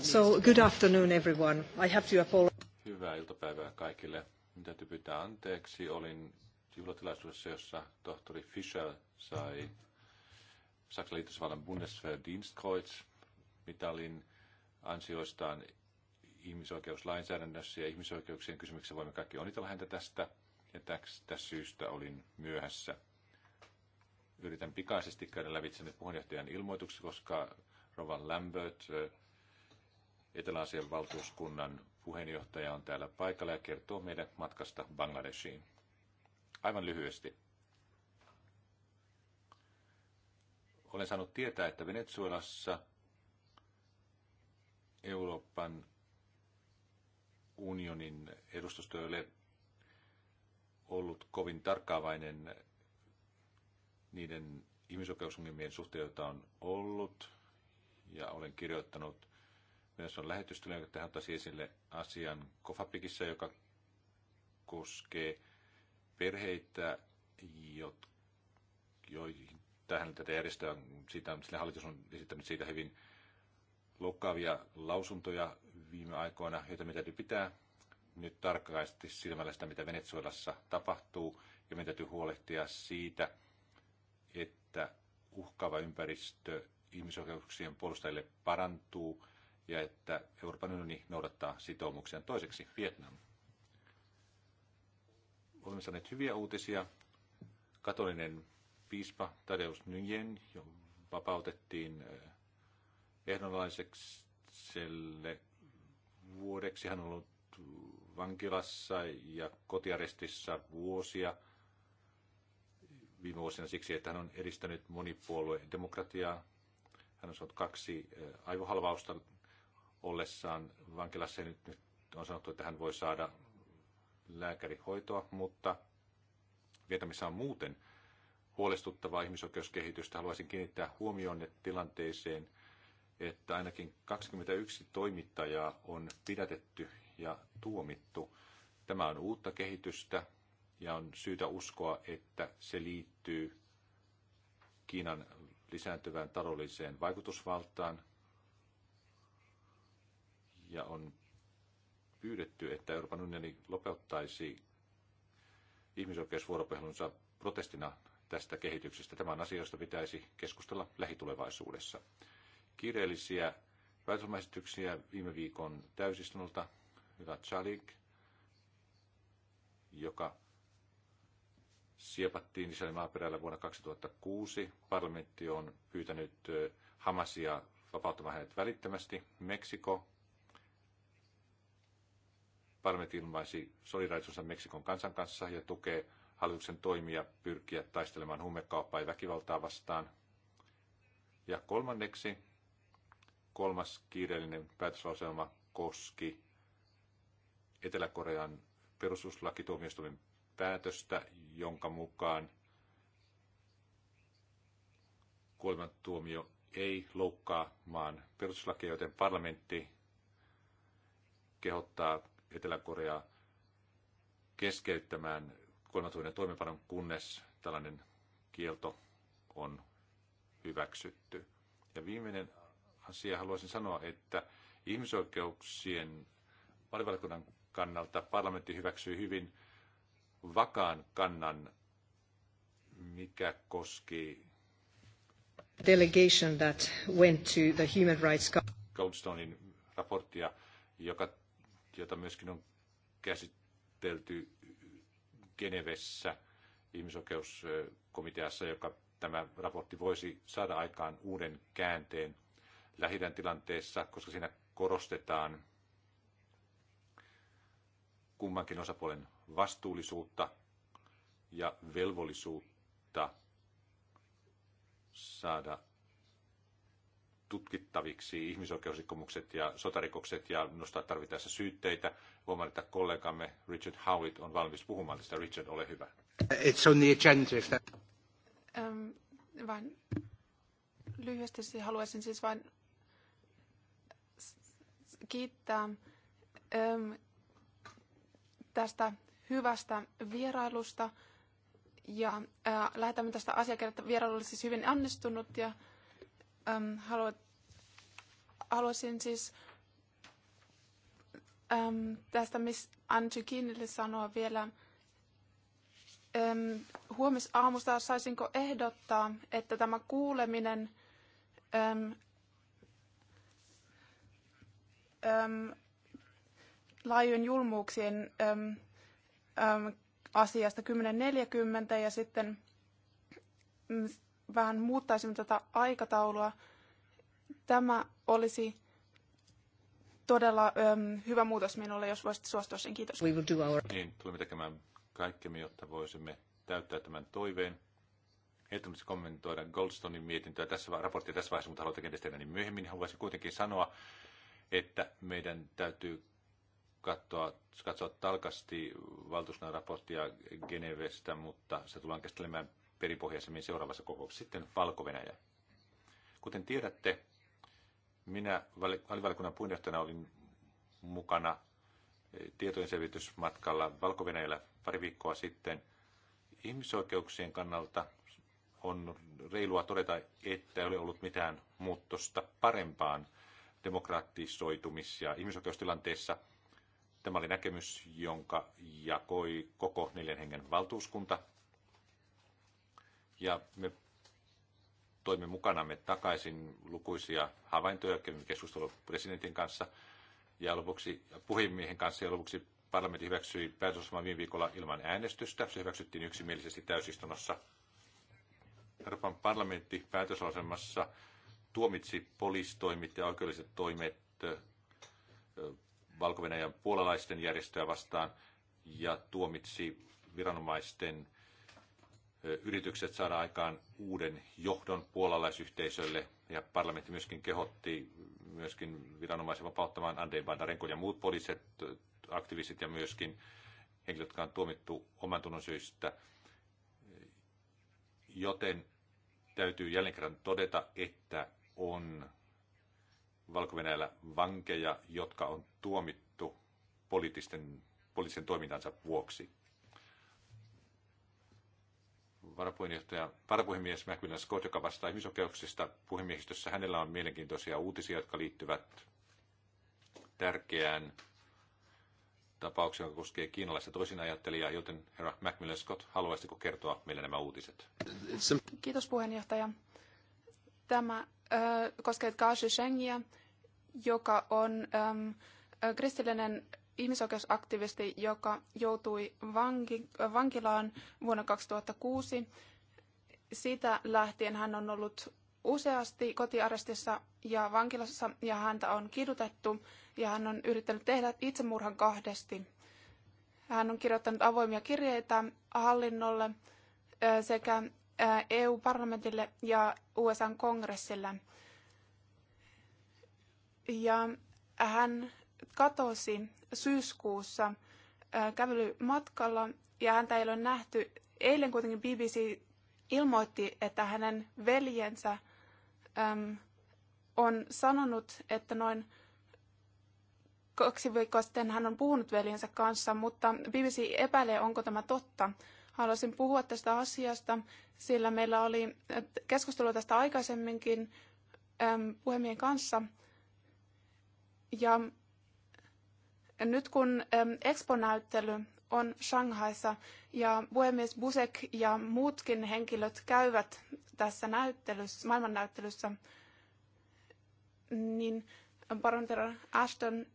So, good afternoon everyone. I have to apologize. Hyvää iltapäivää kaikille. Minä täytyy pyytää anteeksi. Olin juhlatilaisuudessa, jossa tohtori Fischer sai Saksan liittosvallan dienstkreuz mitalin ansioistaan ihmisoikeuslainsäädännössä ja ihmisoikeuksien kysymyksessä voimme kaikki onnitella häntä tästä. Ja tästä syystä olin myöhässä. Yritän pikaisesti käydä lävitse nyt puheenjohtajan ilmoitukset, koska Rovan Lambert Etelä-Aasian valtuuskunnan puheenjohtaja on täällä paikalla ja kertoo meidän matkasta Bangladeshiin. Aivan lyhyesti. Olen saanut tietää, että Venezuelassa Euroopan unionin edustusto ei ole ollut kovin tarkkaavainen niiden ihmisoikeusongelmien suhteen, joita on ollut. Ja olen kirjoittanut myös on lähetys joka tähän ottaisi esille asian Kofapikissa, joka koskee perheitä, joihin tähän tätä järjestää. siitä, sillä hallitus on esittänyt siitä hyvin loukkaavia lausuntoja viime aikoina, joita me täytyy pitää nyt tarkkaasti silmällä sitä, mitä Venezuelassa tapahtuu, ja meidän täytyy huolehtia siitä, että uhkaava ympäristö ihmisoikeuksien puolustajille parantuu ja että Euroopan unioni noudattaa sitoumuksia. Toiseksi Vietnam. Olemme saaneet hyviä uutisia. Katolinen piispa Tadeus Nguyen vapautettiin eh, ehdonalaisekselle vuodeksi. Hän on ollut vankilassa ja kotiarestissa vuosia viime vuosina siksi, että hän on edistänyt monipuolue demokratiaa. Hän on saanut kaksi eh, aivohalvausta ollessaan vankilassa. Nyt, niin nyt on sanottu, että hän voi saada lääkärihoitoa, mutta Vietnamissa on muuten huolestuttavaa ihmisoikeuskehitystä. Haluaisin kiinnittää huomioon tilanteeseen, että ainakin 21 toimittajaa on pidätetty ja tuomittu. Tämä on uutta kehitystä ja on syytä uskoa, että se liittyy Kiinan lisääntyvään taloudelliseen vaikutusvaltaan, ja on pyydetty, että Euroopan unioni lopettaisi ihmisoikeusvuoropuhelunsa protestina tästä kehityksestä. Tämän asiasta pitäisi keskustella lähitulevaisuudessa. Kiireellisiä päätelmäesityksiä viime viikon täysistunnolta Hyvä Chalik, joka siepattiin Israelin maaperällä vuonna 2006. Parlamentti on pyytänyt Hamasia vapauttamaan hänet välittömästi. Meksiko Parlamentti ilmaisi solidaarisuutensa Meksikon kansan kanssa ja tukee hallituksen toimia pyrkiä taistelemaan huumekauppaa ja väkivaltaa vastaan. Ja kolmanneksi, kolmas kiireellinen päätöslauselma koski Etelä-Korean perustuslakituomioistuimen päätöstä, jonka mukaan kuolemantuomio ei loukkaa maan perustuslakia, joten parlamentti kehottaa Etelä-Korea keskeyttämään kolmatuinen toimenpanon, kunnes tällainen kielto on hyväksytty. Ja viimeinen asia haluaisin sanoa, että ihmisoikeuksien valiokunnan kannalta parlamentti hyväksyi hyvin vakaan kannan, mikä koski delegation that went to the Human Rights Goldstonein raporttia, joka jota myöskin on käsitelty Genevessä ihmisoikeuskomiteassa, joka tämä raportti voisi saada aikaan uuden käänteen lähi tilanteessa, koska siinä korostetaan kummankin osapuolen vastuullisuutta ja velvollisuutta saada tutkittaviksi ihmisoikeusrikkomukset ja sotarikokset ja nostaa tarvittaessa syytteitä. Huomaan, että kollegamme Richard Howitt on valmis puhumaan tästä. Richard, ole hyvä. It's on the agenda, if that... um, vain lyhyesti siis haluaisin siis vain kiittää um, tästä hyvästä vierailusta ja uh, lähetämme tästä asiakirjasta. Vierailu oli siis hyvin onnistunut ja äm, haluaisin siis äm, tästä Miss Antikinille sanoa vielä ähm, huomisaamusta, saisinko ehdottaa, että tämä kuuleminen äm, äm, laajojen julmuuksien äm, äm, asiasta 10.40 ja sitten mm, vähän muuttaisimme tätä aikataulua, tämä olisi todella um, hyvä muutos minulle, jos voisit suostua sen. Kiitos. We will do our... Niin, tulemme tekemään kaikkemme, jotta voisimme täyttää tämän toiveen. Ei tulisi kommentoida Goldstonein mietintöä tässä raporttia tässä vaiheessa, mutta haluan tehdä niin myöhemmin. Haluaisin kuitenkin sanoa, että meidän täytyy katsoa, katsoa tarkasti valtuuskunnan raporttia Genevestä, mutta se tullaan käsittelemään peripohjaisemmin seuraavassa kokouksessa. Sitten valko -Venäjä. Kuten tiedätte, minä alivaliokunnan puheenjohtajana olin mukana eh, selvitysmatkalla valko pari viikkoa sitten. Ihmisoikeuksien kannalta on reilua todeta, että ei ole ollut mitään muutosta parempaan demokratisoitumis- ja ihmisoikeustilanteessa. Tämä oli näkemys, jonka jakoi koko neljän hengen valtuuskunta ja me toimme mukanamme takaisin lukuisia havaintoja, kävimme keskustelua presidentin kanssa ja lopuksi puhemiehen kanssa ja lopuksi parlamentti hyväksyi päätösosman viime viikolla ilman äänestystä. Se hyväksyttiin yksimielisesti täysistunnossa. Euroopan parlamentti päätösasemassa tuomitsi poliisitoimit ja oikeudelliset toimet valko puolalaisten järjestöä vastaan ja tuomitsi viranomaisten yritykset saada aikaan uuden johdon puolalaisyhteisölle. Ja parlamentti myöskin kehotti myöskin viranomaisia vapauttamaan Andrei Bandarenko ja muut poliiset aktivistit ja myöskin henkilöt, jotka on tuomittu oman tunnon syystä. Joten täytyy jälleen kerran todeta, että on valko vankeja, jotka on tuomittu poliittisten, poliittisen toimintansa vuoksi varapuheenjohtaja, varapuhemies Mäkylän Scott, joka vastaa ihmisoikeuksista puhemiehistössä. Hänellä on mielenkiintoisia uutisia, jotka liittyvät tärkeään tapaukseen, joka koskee kiinalaista ajattelijaa, joten herra Macmillan Scott, haluaisitko kertoa meille nämä uutiset? Kiitos puheenjohtaja. Tämä äh, koskee Kaashi Shengia, joka on ähm, kristillinen ihmisoikeusaktivisti, joka joutui vanki, vankilaan vuonna 2006. Siitä lähtien hän on ollut useasti kotiarestissa ja vankilassa ja häntä on kidutettu ja hän on yrittänyt tehdä itsemurhan kahdesti. Hän on kirjoittanut avoimia kirjeitä hallinnolle sekä EU-parlamentille ja USA-kongressille. Ja hän katosi syyskuussa kävelymatkalla ja häntä ei ole nähty. Eilen kuitenkin BBC ilmoitti, että hänen veljensä äm, on sanonut, että noin kaksi viikkoa sitten hän on puhunut veljensä kanssa, mutta BBC epäilee, onko tämä totta. Haluaisin puhua tästä asiasta, sillä meillä oli äh, keskustelua tästä aikaisemminkin äm, puhemien kanssa. Ja nyt kun Expo-näyttely on Shanghaissa ja puhemies Busek ja muutkin henkilöt käyvät tässä näyttelyssä, maailmannäyttelyssä, niin Baronter Ashton,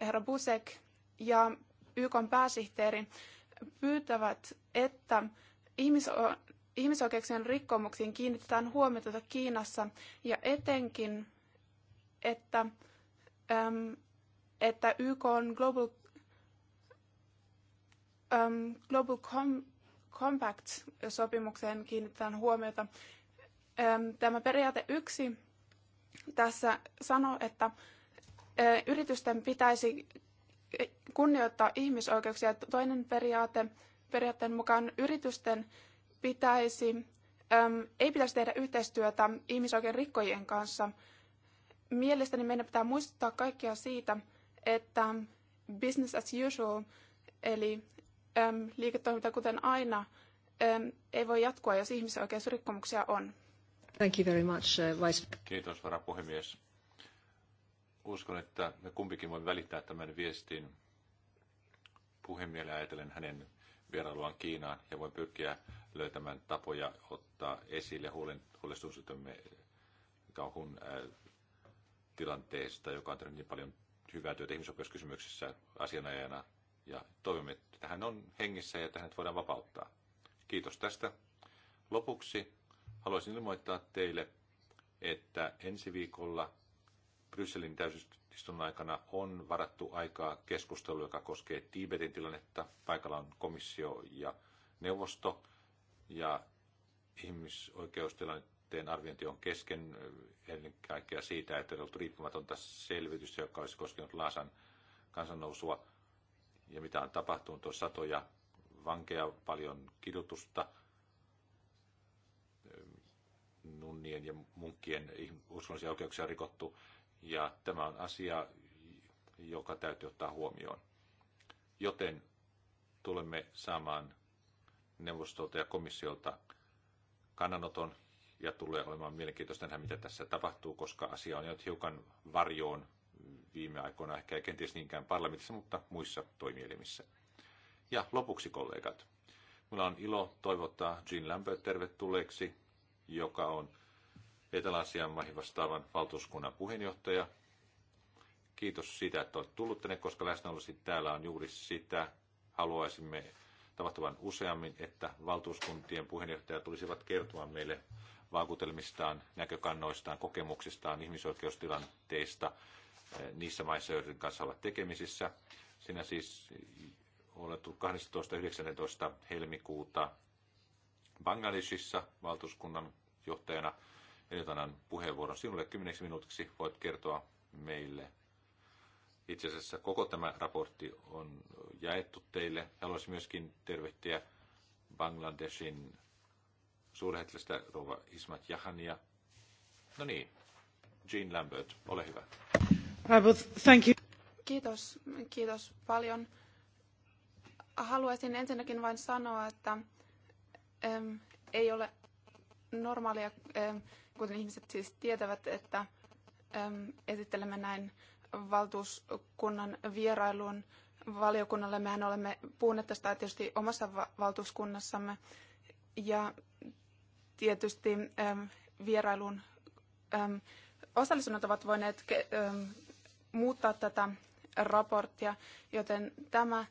herra Busek ja YK pääsihteeri pyytävät, että ihmiso- ihmisoikeuksien rikkomuksiin kiinnitetään huomiota Kiinassa ja etenkin, että äm, että YK on Global, um, Global Com, Compact-sopimukseen kiinnitetään huomiota. Um, tämä periaate yksi tässä sanoo, että äh, yritysten pitäisi kunnioittaa ihmisoikeuksia. Toinen periaate, periaatteen mukaan yritysten pitäisi, um, ei pitäisi tehdä yhteistyötä ihmisoikeuden rikkojien kanssa. Mielestäni meidän pitää muistuttaa kaikkia siitä, että business as usual, eli äm, liiketoiminta kuten aina, äm, ei voi jatkua, jos ihmisoikeusrikkomuksia on. Thank you very much, uh, Vice... Kiitos, varapuhemies. Uskon, että me kumpikin voimme välittää tämän viestin puhemiehelle ajatellen hänen vierailuaan Kiinaan ja voi pyrkiä löytämään tapoja ottaa esille huolestuneisuutemme kauhun äh, tilanteesta, joka on tehnyt niin paljon hyvää työtä ihmisoikeuskysymyksissä asianajajana ja toivomme, että hän on hengissä ja hänet voidaan vapauttaa. Kiitos tästä. Lopuksi haluaisin ilmoittaa teille, että ensi viikolla Brysselin täysistunnon aikana on varattu aikaa keskustelu, joka koskee Tiibetin tilannetta. Paikalla on komissio ja neuvosto ja ihmisoikeustilanne tilanteen arviointi on kesken eh, ennen kaikkea siitä, että on ollut riippumatonta selvitystä, joka olisi koskenut Laasan kansannousua ja mitä on tapahtunut, on satoja vankeja, paljon kidutusta, eh, nunnien ja munkkien uskonnollisia oikeuksia rikottu, ja tämä on asia, joka täytyy ottaa huomioon. Joten tulemme saamaan neuvostolta ja komissiolta kannanoton, ja tulee olemaan mielenkiintoista nähdä, mitä tässä tapahtuu, koska asia on jo hiukan varjoon viime aikoina, ehkä ei kenties niinkään parlamentissa, mutta muissa toimielimissä. Ja lopuksi kollegat, minulla on ilo toivottaa Jean Lambert tervetulleeksi, joka on Etelä-Asian maihin vastaavan valtuuskunnan puheenjohtaja. Kiitos siitä, että olet tullut tänne, koska läsnäolosi täällä on juuri sitä. Haluaisimme tapahtuvan useammin, että valtuuskuntien puheenjohtajat tulisivat kertomaan meille vaikutelmistaan, näkökannoistaan, kokemuksistaan, ihmisoikeustilanteista eh, niissä maissa, joiden kanssa ovat tekemisissä. Siinä siis olettu 12.19. helmikuuta Bangladesissa valtuuskunnan johtajana. Ja nyt annan puheenvuoron sinulle 10 minuutiksi. Voit kertoa meille. Itse asiassa koko tämä raportti on jaettu teille. Haluaisin myöskin tervehtiä Bangladesin suurlähettilästä rouva Ismat Jahania. No niin, Jean Lambert, ole hyvä. thank you. Kiitos, kiitos paljon. Haluaisin ensinnäkin vain sanoa, että äm, ei ole normaalia, äm, kuten ihmiset siis tietävät, että äm, esittelemme näin valtuuskunnan vierailun valiokunnalle. Mehän olemme puhuneet tästä tietysti omassa valtuuskunnassamme. Ja tietysti ähm, vierailun ähm, osallisuudet ovat voineet ähm, muuttaa tätä raporttia, joten tämä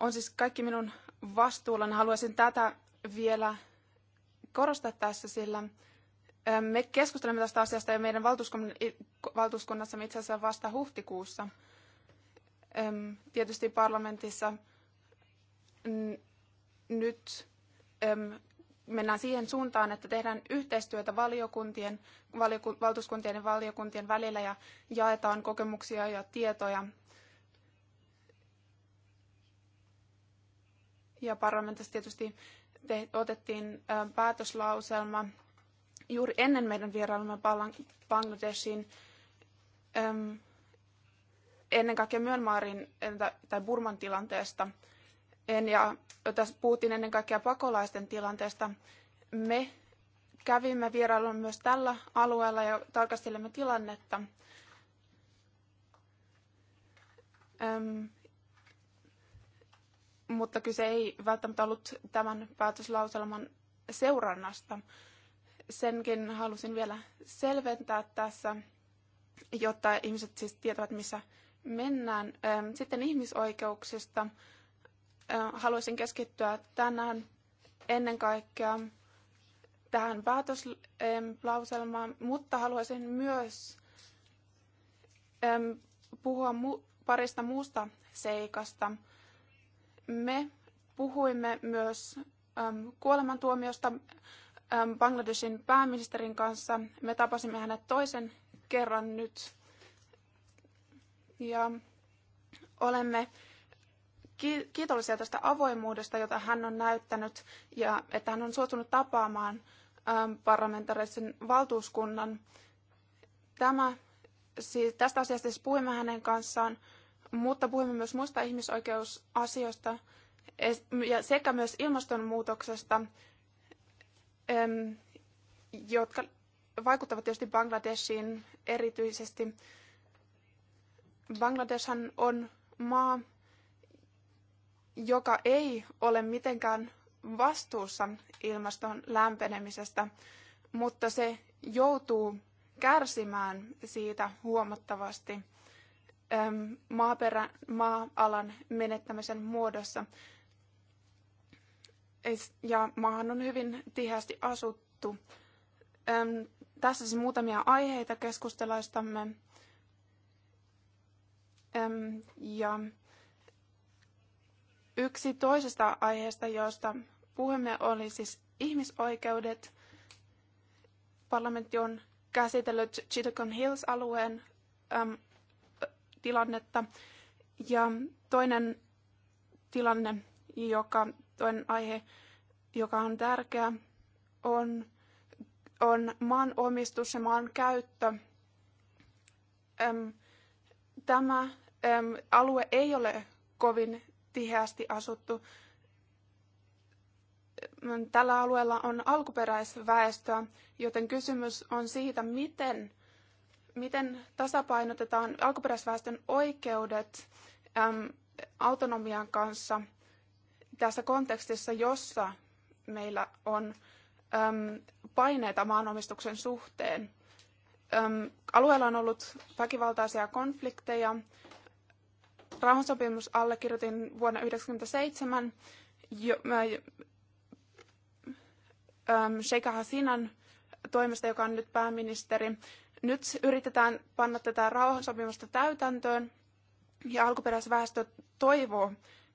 on siis kaikki minun vastuullani. Haluaisin tätä vielä korostaa tässä, sillä me keskustelemme tästä asiasta ja meidän valtuuskunnassa itse asiassa vasta huhtikuussa. Tietysti parlamentissa nyt mennään siihen suuntaan, että tehdään yhteistyötä valiokuntien, valioku, valtuuskuntien ja valiokuntien välillä ja jaetaan kokemuksia ja tietoja. Ja parlamentissa tietysti te, otettiin ä, päätöslauselma juuri ennen meidän vierailumme Bangladeshiin, äm, ennen kaikkea Myönmaarin tai Burman tilanteesta – en, ja tässä puhuttiin ennen kaikkea pakolaisten tilanteesta. Me kävimme vierailun myös tällä alueella ja tarkastelemme tilannetta. Öm, mutta kyse ei välttämättä ollut tämän päätöslauselman seurannasta. Senkin halusin vielä selventää tässä, jotta ihmiset siis tietävät, missä mennään. Sitten ihmisoikeuksista. Äh, haluaisin keskittyä tänään ennen kaikkea tähän päätöslauselmaan, mutta haluaisin myös puhua parista muusta seikasta. Me puhuimme myös kuolemantuomiosta Bangladeshin pääministerin kanssa. Me tapasimme hänet toisen kerran nyt ja olemme kiitollisia tästä avoimuudesta, jota hän on näyttänyt ja että hän on suostunut tapaamaan ähm, parlamentaarisen valtuuskunnan. Tämä, siis tästä asiasta siis puhuimme hänen kanssaan, mutta puhuimme myös muista ihmisoikeusasioista ja sekä myös ilmastonmuutoksesta, ähm, jotka vaikuttavat tietysti Bangladeshiin erityisesti. Bangladeshan on maa, joka ei ole mitenkään vastuussa ilmaston lämpenemisestä, mutta se joutuu kärsimään siitä huomattavasti ähm, maaperän, maa-alan menettämisen muodossa. Ja maahan on hyvin tiheästi asuttu. Ähm, tässä siis muutamia aiheita keskustelaistamme. Ähm, ja Yksi toisesta aiheesta, josta puhumme, oli siis ihmisoikeudet. Parlamentti on käsitellyt Chittagong Hills-alueen äm, tilannetta. Ja toinen tilanne, joka, toinen aihe, joka on tärkeä, on, on maan omistus ja maan käyttö. Äm, tämä äm, alue ei ole kovin tiheästi asuttu. Tällä alueella on alkuperäisväestöä, joten kysymys on siitä, miten, miten tasapainotetaan alkuperäisväestön oikeudet äm, autonomian kanssa tässä kontekstissa, jossa meillä on äm, paineita maanomistuksen suhteen. Äm, alueella on ollut väkivaltaisia konflikteja, rauhansopimus allekirjoitin vuonna 1997 jo, ähm, Sheikh Hasinan toimesta, joka on nyt pääministeri. Nyt yritetään panna tätä rauhansopimusta täytäntöön ja alkuperäisväestö toivoo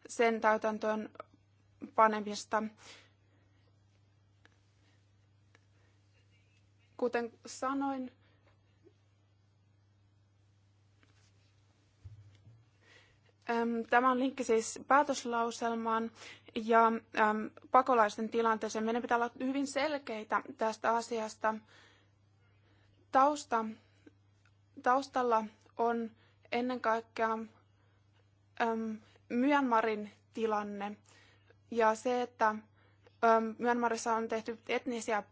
sen täytäntöön panemista. Kuten sanoin, Tämä on linkki siis päätöslauselmaan ja pakolaisten tilanteeseen. Meidän pitää olla hyvin selkeitä tästä asiasta. Tausta, taustalla on ennen kaikkea Myanmarin tilanne ja se, että Myanmarissa on tehty etnisiä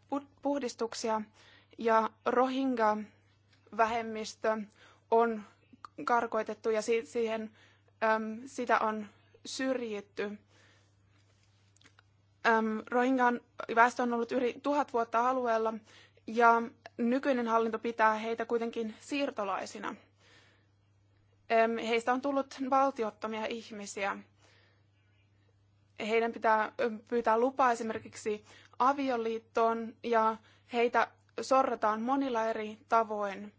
puhdistuksia ja Rohingya-vähemmistö on karkoitettu ja siihen sitä on syrjitty. Rohingan väestö on ollut yli tuhat vuotta alueella ja nykyinen hallinto pitää heitä kuitenkin siirtolaisina. Heistä on tullut valtiottomia ihmisiä. Heidän pitää pyytää lupaa esimerkiksi avioliittoon ja heitä sorrataan monilla eri tavoin.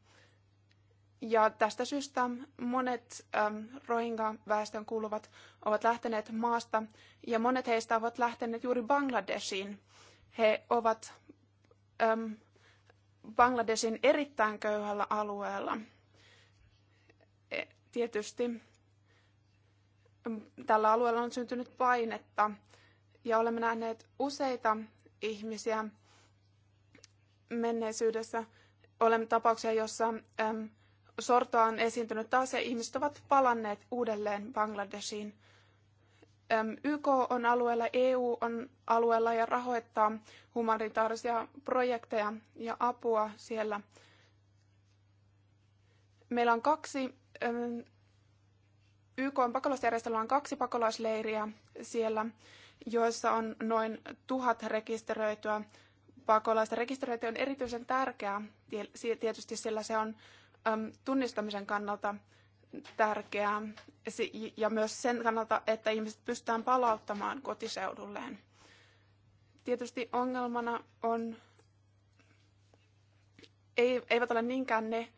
Ja tästä syystä monet ähm, Rohingya-väestön kuuluvat ovat lähteneet maasta ja monet heistä ovat lähteneet juuri Bangladeshiin. He ovat ähm, Bangladesin erittäin köyhällä alueella. E, tietysti ähm, tällä alueella on syntynyt painetta ja olemme nähneet useita ihmisiä menneisyydessä. Olemme tapauksia, joissa ähm, sortoa on esiintynyt taas ja ihmiset ovat palanneet uudelleen Bangladeshiin. YK on alueella, EU on alueella ja rahoittaa humanitaarisia projekteja ja apua siellä. Meillä on kaksi, YK on pakolaisjärjestelmä on kaksi pakolaisleiriä siellä, joissa on noin tuhat rekisteröityä pakolaista. Rekisteröinti on erityisen tärkeää tietysti, sillä se on tunnistamisen kannalta tärkeää ja myös sen kannalta, että ihmiset pystytään palauttamaan kotiseudulleen. Tietysti ongelmana on, ei, eivät ole niinkään ne,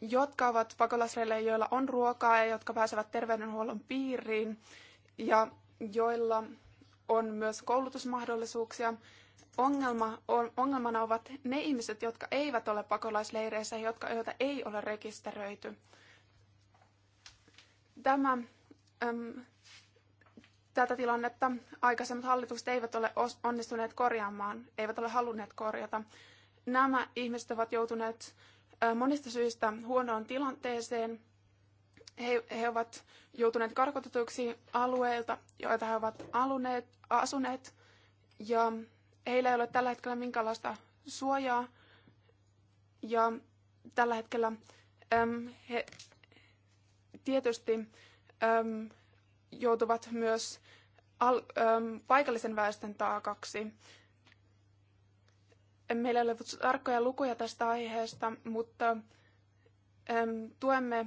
jotka ovat pakolaisreille, joilla on ruokaa ja jotka pääsevät terveydenhuollon piiriin ja joilla on myös koulutusmahdollisuuksia Ongelma on, ongelmana ovat ne ihmiset, jotka eivät ole pakolaisleireissä ja jotka, joita ei ole rekisteröity. Tämä, äm, tätä tilannetta aikaisemmat hallitukset eivät ole onnistuneet korjaamaan, eivät ole halunneet korjata. Nämä ihmiset ovat joutuneet monista syistä huonoon tilanteeseen. He, he ovat joutuneet karkotetuiksi alueilta, joita he ovat aluneet, asuneet, ja heillä ei ole tällä hetkellä minkäänlaista suojaa ja tällä hetkellä äm, he tietysti äm, joutuvat myös al, äm, paikallisen väestön taakaksi. Meillä ei ole tarkkoja lukuja tästä aiheesta, mutta äm, tuemme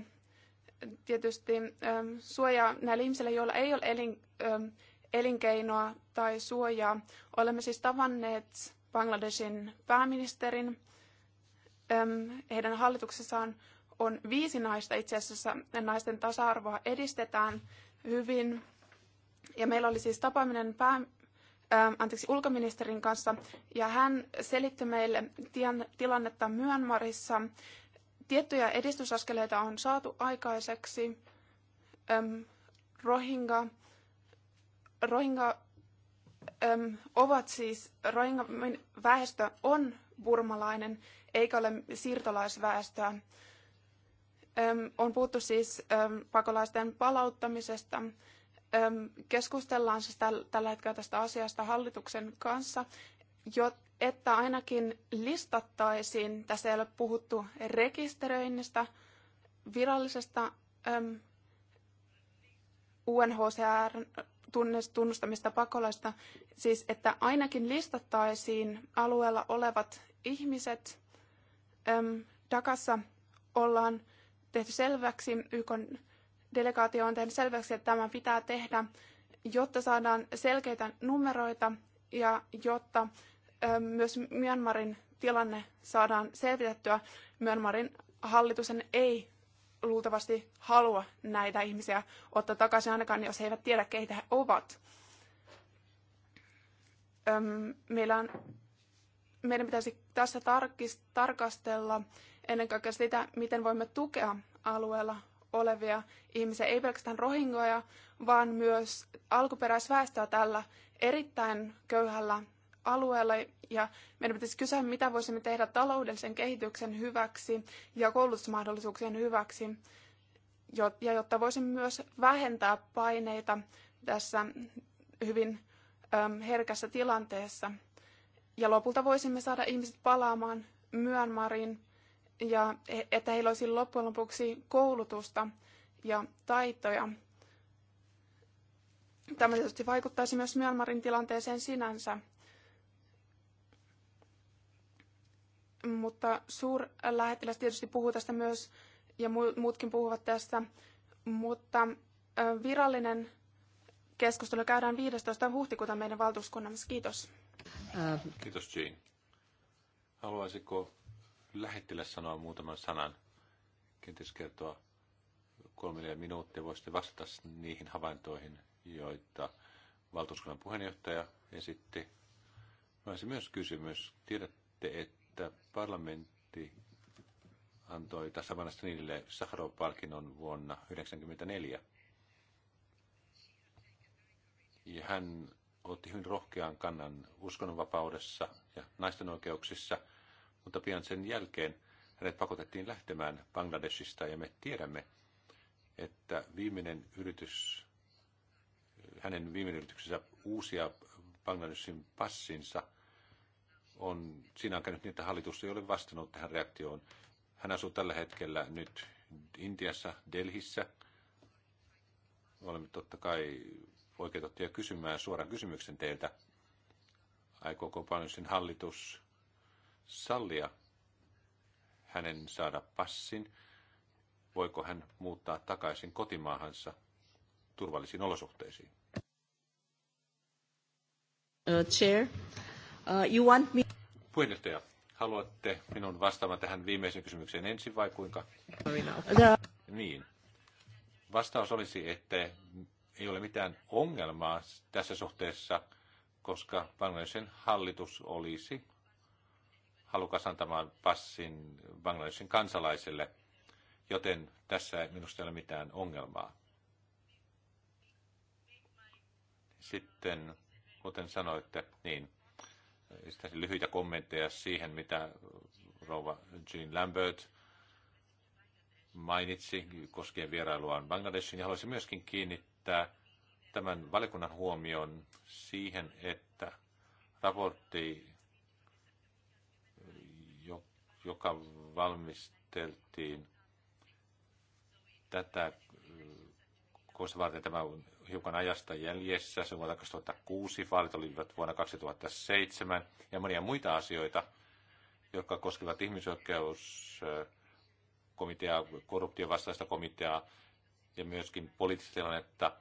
tietysti äm, suojaa näille ihmisille, joilla ei ole elin, äm, elinkeinoa tai suojaa. Olemme siis tavanneet Bangladesin pääministerin. Heidän hallituksessaan on viisi naista itse asiassa. Naisten tasa-arvoa edistetään hyvin. Ja meillä oli siis tapaaminen pää, anteeksi, ulkoministerin kanssa, ja hän selitti meille tilannetta Myanmarissa. Tiettyjä edistysaskeleita on saatu aikaiseksi. Rohingya Rohingya äm, ovat siis, Rohingya väestö on burmalainen, eikä ole siirtolaisväestöä. Äm, on puhuttu siis äm, pakolaisten palauttamisesta. Äm, keskustellaan siis täl, tällä hetkellä tästä asiasta hallituksen kanssa, jo, että ainakin listattaisiin, tässä ei ole puhuttu rekisteröinnistä, virallisesta äm, UNHCR tunnustamista pakolaista, siis että ainakin listattaisiin alueella olevat ihmiset. Öm, Dakassa ollaan tehty selväksi, YK delegaatio on tehnyt selväksi, että tämä pitää tehdä, jotta saadaan selkeitä numeroita ja jotta myös Myanmarin tilanne saadaan selvitettyä. Myanmarin hallituksen ei luultavasti halua näitä ihmisiä ottaa takaisin ainakaan, jos he eivät tiedä, keitä he ovat. Öm, meillä on, meidän pitäisi tässä tarkis, tarkastella ennen kaikkea sitä, miten voimme tukea alueella olevia ihmisiä, ei pelkästään rohingoja, vaan myös alkuperäisväestöä tällä erittäin köyhällä alueella ja meidän pitäisi kysyä, mitä voisimme tehdä taloudellisen kehityksen hyväksi ja koulutusmahdollisuuksien hyväksi, ja jotta voisimme myös vähentää paineita tässä hyvin herkässä tilanteessa. Ja lopulta voisimme saada ihmiset palaamaan Myönmarin ja e-, että heillä olisi loppujen lopuksi koulutusta ja taitoja. Tämä tietysti vaikuttaisi myös Myanmarin tilanteeseen sinänsä. Mutta suurlähettiläs tietysti puhuu tästä myös, ja muutkin puhuvat tästä, mutta virallinen keskustelu käydään 15. huhtikuuta meidän valtuuskunnassa. Kiitos. Äh. Kiitos Jean. Haluaisiko lähettiläs sanoa muutaman sanan? Kenties kertoa kolme minuuttia. Voisitte vastata niihin havaintoihin, joita valtuuskunnan puheenjohtaja esitti. Mä myös kysymys. Tiedätte, että että parlamentti antoi tasavana niille sakharov palkinnon vuonna 1994. Ja hän otti hyvin rohkean kannan uskonnonvapaudessa ja naisten oikeuksissa, mutta pian sen jälkeen hänet pakotettiin lähtemään Bangladesista ja me tiedämme, että viimeinen yritys, hänen viimeinen yrityksensä uusia Bangladesin passinsa – on, siinä on käynyt niin, että hallitus ei ole vastannut tähän reaktioon. Hän asuu tällä hetkellä nyt Intiassa, Delhissä. Olemme totta kai oikeutettuja kysymään suoran kysymyksen teiltä. Aikooko Panusin hallitus sallia hänen saada passin? Voiko hän muuttaa takaisin kotimaahansa turvallisiin olosuhteisiin? Uh, chair. Uh, you want me... Puheenjohtaja, haluatte minun vastaamaan tähän viimeiseen kysymykseen ensin vai kuinka? Niin. Vastaus olisi, että ei ole mitään ongelmaa tässä suhteessa, koska Bangladesin hallitus olisi halukas antamaan passin Bangladesin kansalaiselle, joten tässä ei minusta ole mitään ongelmaa. Sitten, kuten sanoitte, niin lyhyitä kommentteja siihen, mitä rouva Jean Lambert mainitsi koskien vierailuaan Bangladeshiin. Ja haluaisin myöskin kiinnittää tämän valikunnan huomion siihen, että raportti, joka valmisteltiin tätä koska varten tämä on hiukan ajasta jäljessä. Se vuonna 2006, vaalit olivat vuonna 2007 ja monia muita asioita, jotka koskevat ihmisoikeuskomiteaa, korruptiovastaista komiteaa ja myöskin poliittista tilannetta.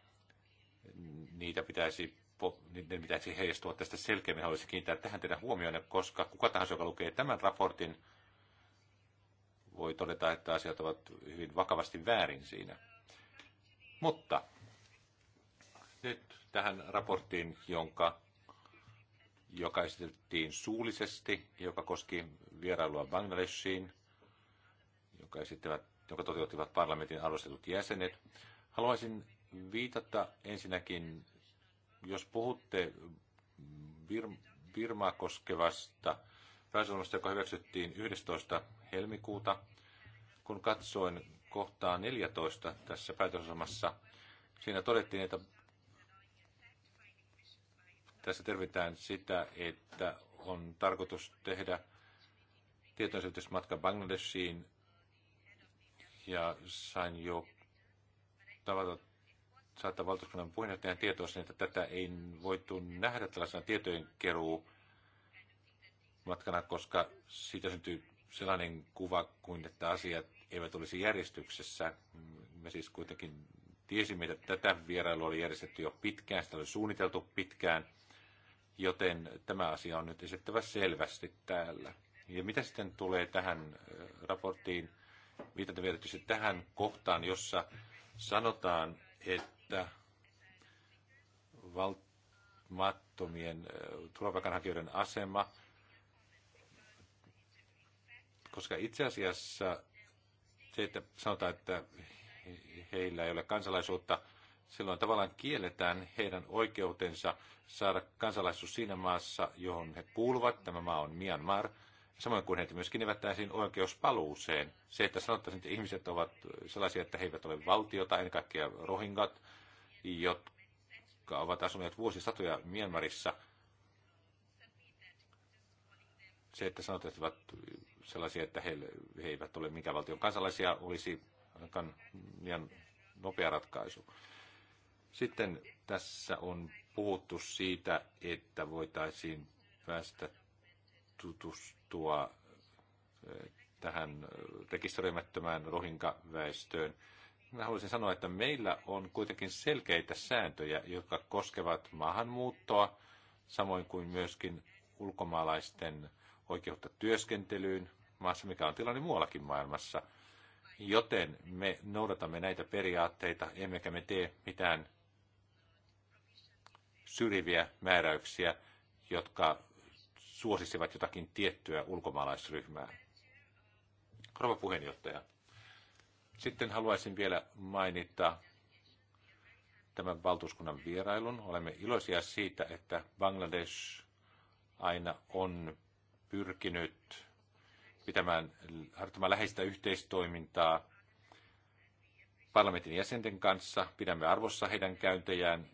Niitä pitäisi niiden pitäisi heijastua tästä selkeämmin. Haluaisin kiinnittää tähän teidän huomioon, koska kuka tahansa, joka lukee tämän raportin, voi todeta, että asiat ovat hyvin vakavasti väärin siinä. Mutta nyt tähän raporttiin, jonka, joka esitettiin suullisesti, joka koski vierailua Bangladeshiin, joka, joka toteuttivat parlamentin arvostetut jäsenet. Haluaisin viitata ensinnäkin, jos puhutte Bir- Birmaa koskevasta pääsylmasta, joka hyväksyttiin 11. helmikuuta, kun katsoin kohtaa 14 tässä päätösosamassa. Siinä todettiin, että tässä tervitään sitä, että on tarkoitus tehdä tietoisuutismatka Bangladeshiin ja sain jo tavata saattaa valtuuskunnan puheenjohtajan tietoisen, että tätä ei voitu nähdä tällaisena tietojen keruu matkana, koska siitä syntyy sellainen kuva kuin, että asiat eivät olisi järjestyksessä. Me siis kuitenkin tiesimme, että tätä vierailua oli järjestetty jo pitkään, sitä oli suunniteltu pitkään, joten tämä asia on nyt esittävä selvästi täällä. Ja mitä sitten tulee tähän äh, raporttiin, viitaten vielä tähän kohtaan, jossa sanotaan, että valtmattomien äh, turvapaikanhakijoiden asema, koska itse asiassa se, että sanotaan, että heillä ei ole kansalaisuutta, silloin tavallaan kielletään heidän oikeutensa saada kansalaisuus siinä maassa, johon he kuuluvat. Tämä maa on Myanmar. Samoin kuin heitä myöskin evättäisiin oikeus paluuseen. Se, että sanottaisiin, että ihmiset ovat sellaisia, että he eivät ole valtiota, ennen kaikkea rohingat, jotka ovat asuneet vuosisatoja Myanmarissa. Se, että sanotaan, että he ovat sellaisia, että he, he eivät ole minkään valtion kansalaisia, olisi ainakaan liian nopea ratkaisu. Sitten tässä on puhuttu siitä, että voitaisiin päästä tutustua eh, tähän eh, rekisteröimättömään rohinkaväestöön. Mä haluaisin sanoa, että meillä on kuitenkin selkeitä sääntöjä, jotka koskevat maahanmuuttoa, samoin kuin myöskin ulkomaalaisten oikeutta työskentelyyn, maassa, mikä on tilanne muuallakin maailmassa. Joten me noudatamme näitä periaatteita, emmekä me tee mitään syrjiviä määräyksiä, jotka suosisivat jotakin tiettyä ulkomaalaisryhmää. Rouva puheenjohtaja. Sitten haluaisin vielä mainita tämän valtuuskunnan vierailun. Olemme iloisia siitä, että Bangladesh aina on pyrkinyt pitämään, harjoittamaan läheistä yhteistoimintaa parlamentin jäsenten kanssa. Pidämme arvossa heidän käyntejään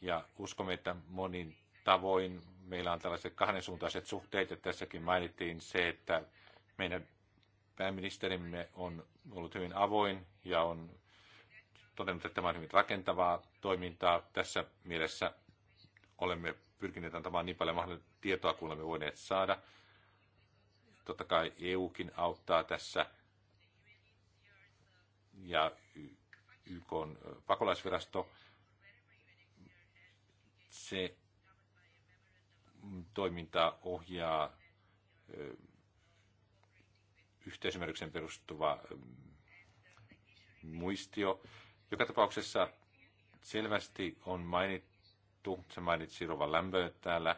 ja uskomme, että monin tavoin meillä on tällaiset kahdensuuntaiset suhteet. Ja tässäkin mainittiin se, että meidän pääministerimme on ollut hyvin avoin ja on todennut, että tämä on hyvin rakentavaa toimintaa. Tässä mielessä olemme pyrkineet antamaan niin paljon mahdollista tietoa kuin olemme voineet saada. Totta kai EUkin auttaa tässä ja YK on pakolaisvirasto. Se toiminta ohjaa yhteisymmärryksen perustuva muistio. Joka tapauksessa selvästi on mainittu, se mainitsi Rova Lämpö täällä,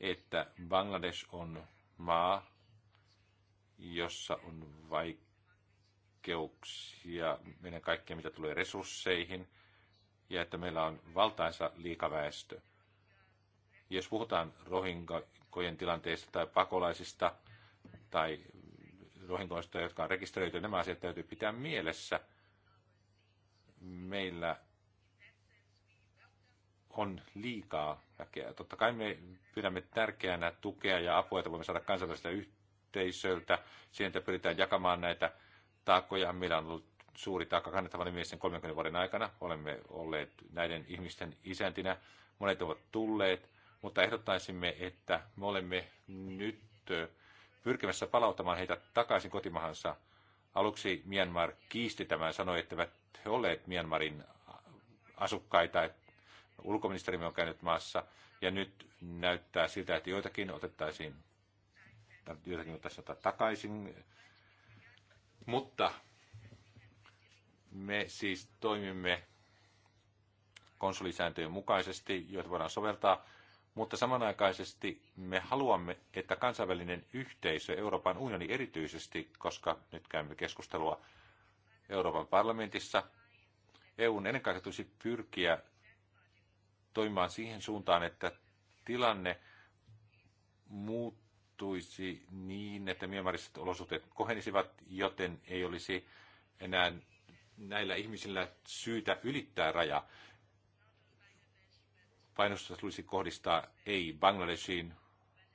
että Bangladesh on maa, jossa on vaikeuksia meidän kaikkea, mitä tulee resursseihin, ja että meillä on valtaisa liikaväestö. Jos puhutaan rohinkojen tilanteesta tai pakolaisista tai rohinkoista, jotka on rekisteröity, nämä asiat täytyy pitää mielessä. Meillä on liikaa väkeä. Totta kai me pidämme tärkeänä tukea ja apua, että voimme saada kansainvälistä yhteyttä yhteisöltä. Sieltä pyritään jakamaan näitä taakkoja. Meillä on ollut suuri taakka kannettavana miesten 30 vuoden aikana. Olemme olleet näiden ihmisten isäntinä. Monet ovat tulleet, mutta ehdottaisimme, että me olemme nyt pyrkimässä palauttamaan heitä takaisin kotimahansa. Aluksi Myanmar kiisti tämän, sanoi, että eivät he olleet Myanmarin asukkaita. Ulkoministerimme on käynyt maassa ja nyt näyttää siltä, että joitakin otettaisiin jotakin pitäisi ottaa takaisin. Mutta me siis toimimme konsulisääntöjen mukaisesti, joita voidaan soveltaa, mutta samanaikaisesti me haluamme, että kansainvälinen yhteisö, Euroopan unioni erityisesti, koska nyt käymme keskustelua Euroopan parlamentissa, EUn ennen kaikkea tulisi pyrkiä toimimaan siihen suuntaan, että tilanne muut tapahtuisi niin, että Myanmarissa olosuhteet kohenisivat, joten ei olisi enää näillä ihmisillä syytä ylittää raja. Painostusta tulisi kohdistaa ei Bangladeshiin,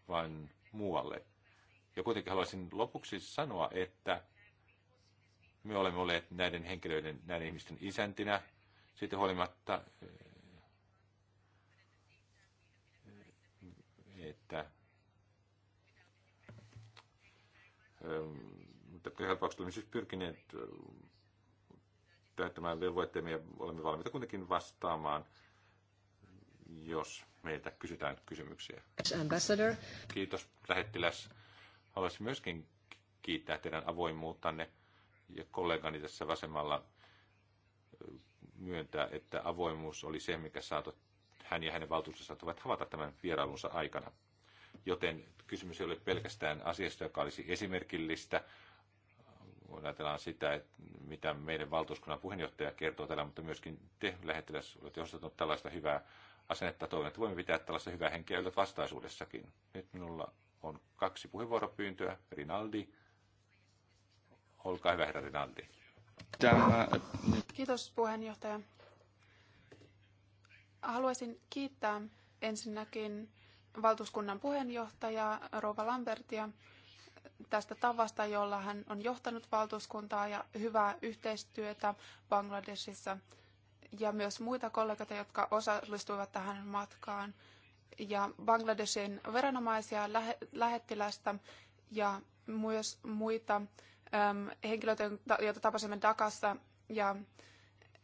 vaan muualle. Ja kuitenkin haluaisin lopuksi sanoa, että me olemme olleet näiden henkilöiden, näiden ihmisten isäntinä, siitä huolimatta, että Mutta tapauksessa olemme siis pyrkineet täyttämään velvoitteemme ja olemme valmiita kuitenkin vastaamaan, jos meiltä kysytään kysymyksiä. Ambassador. Kiitos lähettiläs. Haluaisin myöskin kiittää teidän avoimuuttanne ja kollegani tässä vasemmalla myöntää, että avoimuus oli se, mikä saatot, hän ja hänen valtuustonsa saattavat havaita tämän vierailunsa aikana joten kysymys ei ole pelkästään asiasta, joka olisi esimerkillistä. Ajatellaan sitä, että mitä meidän valtuuskunnan puheenjohtaja kertoo täällä, mutta myöskin te lähettiläs olette osoittanut tällaista hyvää asennetta. Toivon, että voimme pitää tällaista hyvää henkeä yllä vastaisuudessakin. Nyt minulla on kaksi puheenvuoropyyntöä. Rinaldi. Olkaa hyvä, herra Rinaldi. Tämä... Kiitos puheenjohtaja. Haluaisin kiittää ensinnäkin valtuuskunnan puheenjohtaja Rova Lambertia tästä tavasta, jolla hän on johtanut valtuuskuntaa ja hyvää yhteistyötä Bangladesissa ja myös muita kollegoita, jotka osallistuivat tähän matkaan. Ja Bangladesin viranomaisia lähe, lähettilästä ja myös muita äm, henkilöitä, joita tapasimme Dakassa. Ja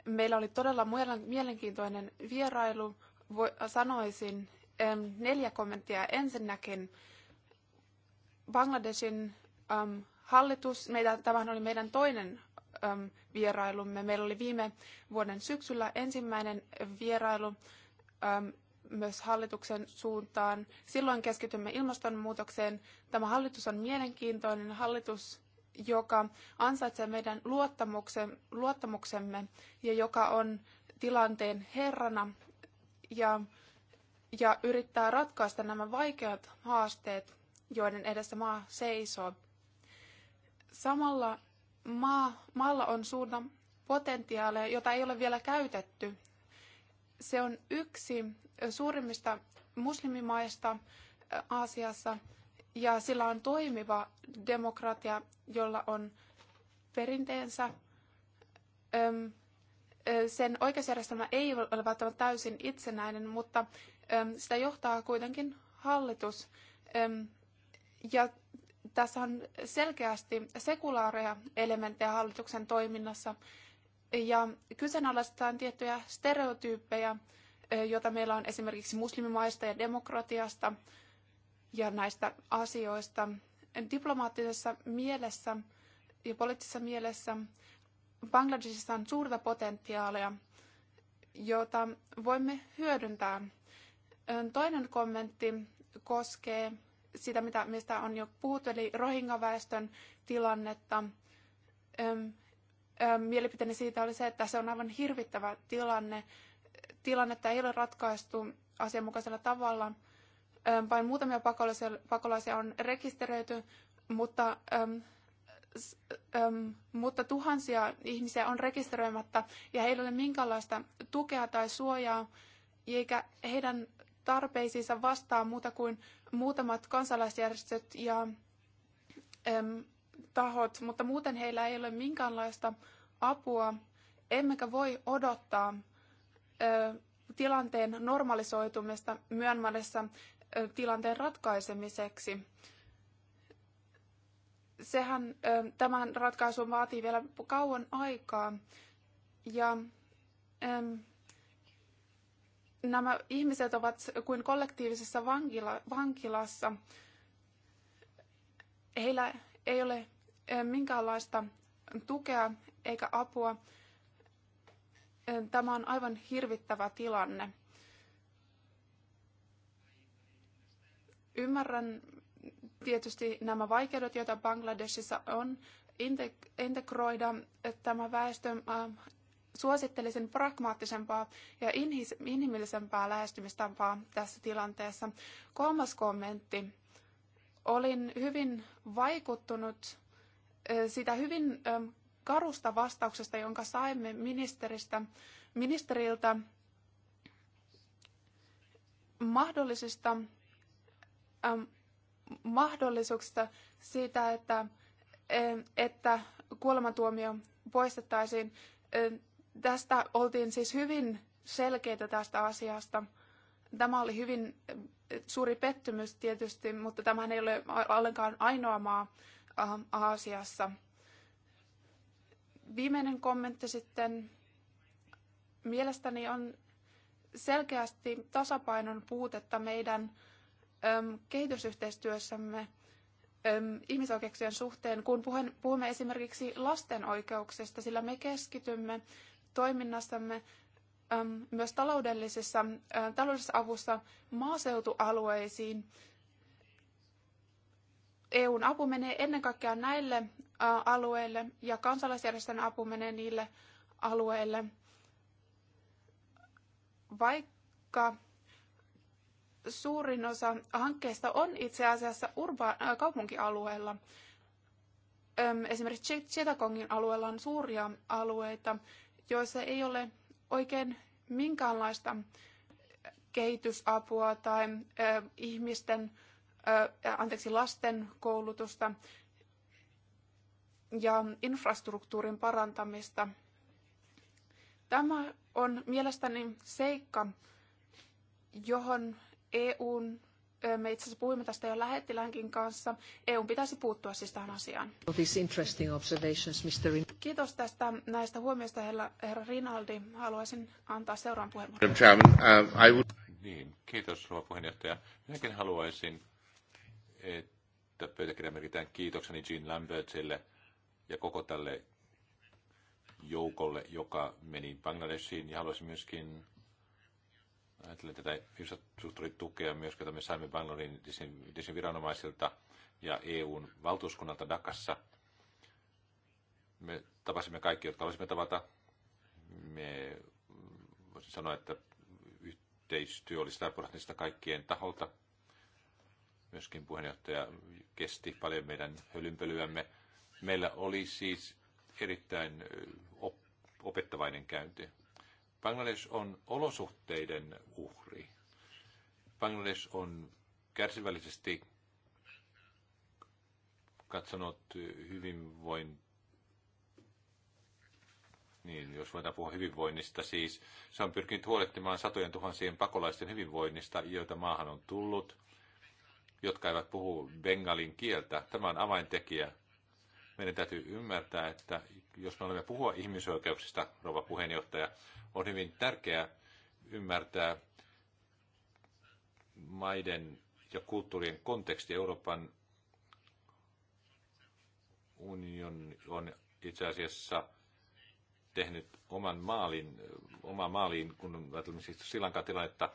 meillä oli todella mielenkiintoinen vierailu. Voi, sanoisin, neljä kommenttia. Ensinnäkin Bangladesin äm, hallitus, meitä, tämähän oli meidän toinen äm, vierailumme. Meillä oli viime vuoden syksyllä ensimmäinen vierailu äm, myös hallituksen suuntaan. Silloin keskitymme ilmastonmuutokseen. Tämä hallitus on mielenkiintoinen hallitus, joka ansaitsee meidän luottamuksen, luottamuksemme ja joka on tilanteen herrana. Ja ja yrittää ratkaista nämä vaikeat haasteet, joiden edessä maa seisoo. Samalla maa, maalla on suurta potentiaalia, jota ei ole vielä käytetty. Se on yksi suurimmista muslimimaista äh, Aasiassa ja sillä on toimiva demokratia, jolla on perinteensä. Sen oikeusjärjestelmä ei ole välttämättä täysin itsenäinen, mutta sitä johtaa kuitenkin hallitus. Ja tässä on selkeästi sekulaareja elementtejä hallituksen toiminnassa ja kyseenalaistetaan tiettyjä stereotyyppejä, joita meillä on esimerkiksi muslimimaista ja demokratiasta ja näistä asioista. Diplomaattisessa mielessä ja poliittisessa mielessä Bangladesissa on suurta potentiaalia, jota voimme hyödyntää – Toinen kommentti koskee sitä, mitä, mistä on jo puhuttu, eli rohingaväestön tilannetta. mielipiteeni siitä oli se, että se on aivan hirvittävä tilanne. Tilannetta ei ole ratkaistu asianmukaisella tavalla. vain muutamia pakolaisia, on rekisteröity, mutta, mutta tuhansia ihmisiä on rekisteröimättä ja heillä ei ole minkäänlaista tukea tai suojaa, eikä heidän tarpeisiinsa vastaa muuta kuin muutamat kansalaisjärjestöt ja äm, tahot, mutta muuten heillä ei ole minkäänlaista apua, emmekä voi odottaa tilanteen normalisoitumista Myönmarissa tilanteen ratkaisemiseksi. Sehän tämän ratkaisun vaatii vielä kauan aikaa. Ja, nämä ihmiset ovat kuin kollektiivisessa vankila, vankilassa. Heillä ei ole minkäänlaista tukea eikä apua. Tämä on aivan hirvittävä tilanne. Ymmärrän tietysti nämä vaikeudet, joita Bangladesissa on, integroida tämä väestö Suosittelisin pragmaattisempaa ja inhimillisempää lähestymistapaa tässä tilanteessa. Kolmas kommentti. Olin hyvin vaikuttunut sitä hyvin karusta vastauksesta, jonka saimme ministeristä, ministeriltä mahdollisista mahdollisuuksista siitä, että, että kuolemantuomio poistettaisiin. Tästä oltiin siis hyvin selkeitä tästä asiasta. Tämä oli hyvin eh, suuri pettymys tietysti, mutta tämä ei ole ollenkaan ainoa maa eh, Aasiassa. Viimeinen kommentti sitten. Mielestäni on selkeästi tasapainon puutetta meidän eh, kehitysyhteistyössämme ihmisoikeuksien suhteen, kun puhumme esimerkiksi lasten oikeuksista, sillä me keskitymme toiminnastamme myös taloudellisessa, taloudellisessa avussa maaseutualueisiin. EUn apu menee ennen kaikkea näille alueille ja kansalaisjärjestön apu menee niille alueille. Vaikka suurin osa hankkeista on itse asiassa urba- kaupunkialueella, esimerkiksi Chittagongin alueella on suuria alueita, joissa ei ole oikein minkäänlaista kehitysapua tai ö, ihmisten, ö, anteeksi, lasten koulutusta ja infrastruktuurin parantamista. Tämä on mielestäni seikka, johon EUn me itse asiassa puhuimme tästä jo lähettiläänkin kanssa. EUn pitäisi puuttua siis tähän asiaan. Kiitos tästä näistä huomioista, herra, herra Rinaldi. Haluaisin antaa seuraavan puheenvuoron. Uh, niin, kiitos rouva puheenjohtaja. Minäkin haluaisin, että pöytäkirja merkitään kiitokseni Jean Lambertsille ja koko tälle joukolle, joka meni Bangladeshiin. Ja haluaisin myöskin Ajattelen tätä infrastruktuuritukea myös, jota me saimme Bangladesin viranomaisilta ja EUn valtuuskunnalta Dakassa. Me tapasimme kaikki, jotka halusimme tavata. Me voisin sanoa, että yhteistyö oli sitä kaikkien taholta. Myöskin puheenjohtaja kesti paljon meidän hölympölyämme. Meillä oli siis erittäin opettavainen käynti. Bangladesh on olosuhteiden uhri. Bangladesh on kärsivällisesti katsonut hyvinvoin... Niin, jos voidaan puhua hyvinvoinnista, siis se on pyrkinyt huolehtimaan satojen tuhansien pakolaisten hyvinvoinnista, joita maahan on tullut, jotka eivät puhu bengalin kieltä. Tämä on avaintekijä. Meidän täytyy ymmärtää, että jos me olemme puhua ihmisoikeuksista, rouva puheenjohtaja, on hyvin tärkeää ymmärtää maiden ja kulttuurien konteksti. Euroopan union on itse asiassa tehnyt oman maalin, oma maaliin, kun ajatellaan siis Sri Lankan tilannetta,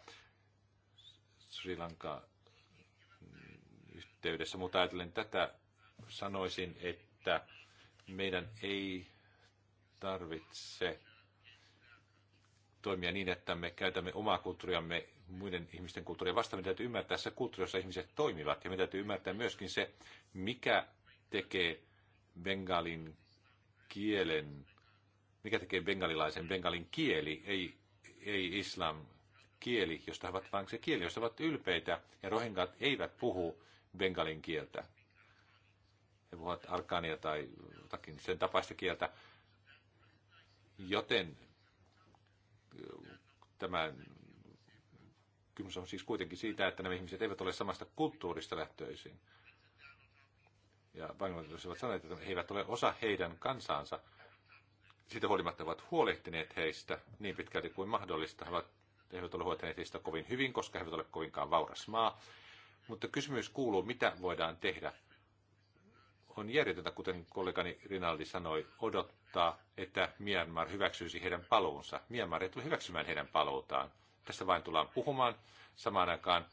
Sri Lanka yhteydessä, mutta ajatellen tätä sanoisin, että että meidän ei tarvitse toimia niin, että me käytämme omaa kulttuuriamme muiden ihmisten kulttuuria vastaan. Meidän täytyy ymmärtää se kulttuuri, jossa ihmiset toimivat. Ja meidän täytyy ymmärtää myöskin se, mikä tekee bengalin kielen, mikä tekee bengalilaisen bengalin kieli, ei, ei islam kieli, josta he ovat vain se kieli, josta ovat ylpeitä. Ja rohingat eivät puhu bengalin kieltä ne puhuvat arkaania tai jotakin sen tapaista kieltä. Joten äh, tämä kysymys on siis kuitenkin siitä, että nämä ihmiset eivät ole samasta kulttuurista lähtöisin. Ja bangladesilaiset ovat sanoneet, että he eivät ole osa heidän kansaansa. Siitä huolimatta ovat huolehtineet heistä niin pitkälti kuin mahdollista. He ovat, he eivät ole huolehtineet heistä kovin hyvin, koska he eivät ole kovinkaan vauras maa. Mutta kysymys kuuluu, mitä voidaan tehdä on järjetöntä, kuten kollegani Rinaldi sanoi, odottaa, että Myanmar hyväksyisi heidän paluunsa. Myanmar ei tule hyväksymään heidän paluutaan. Tästä vain tullaan puhumaan. Samaan aikaan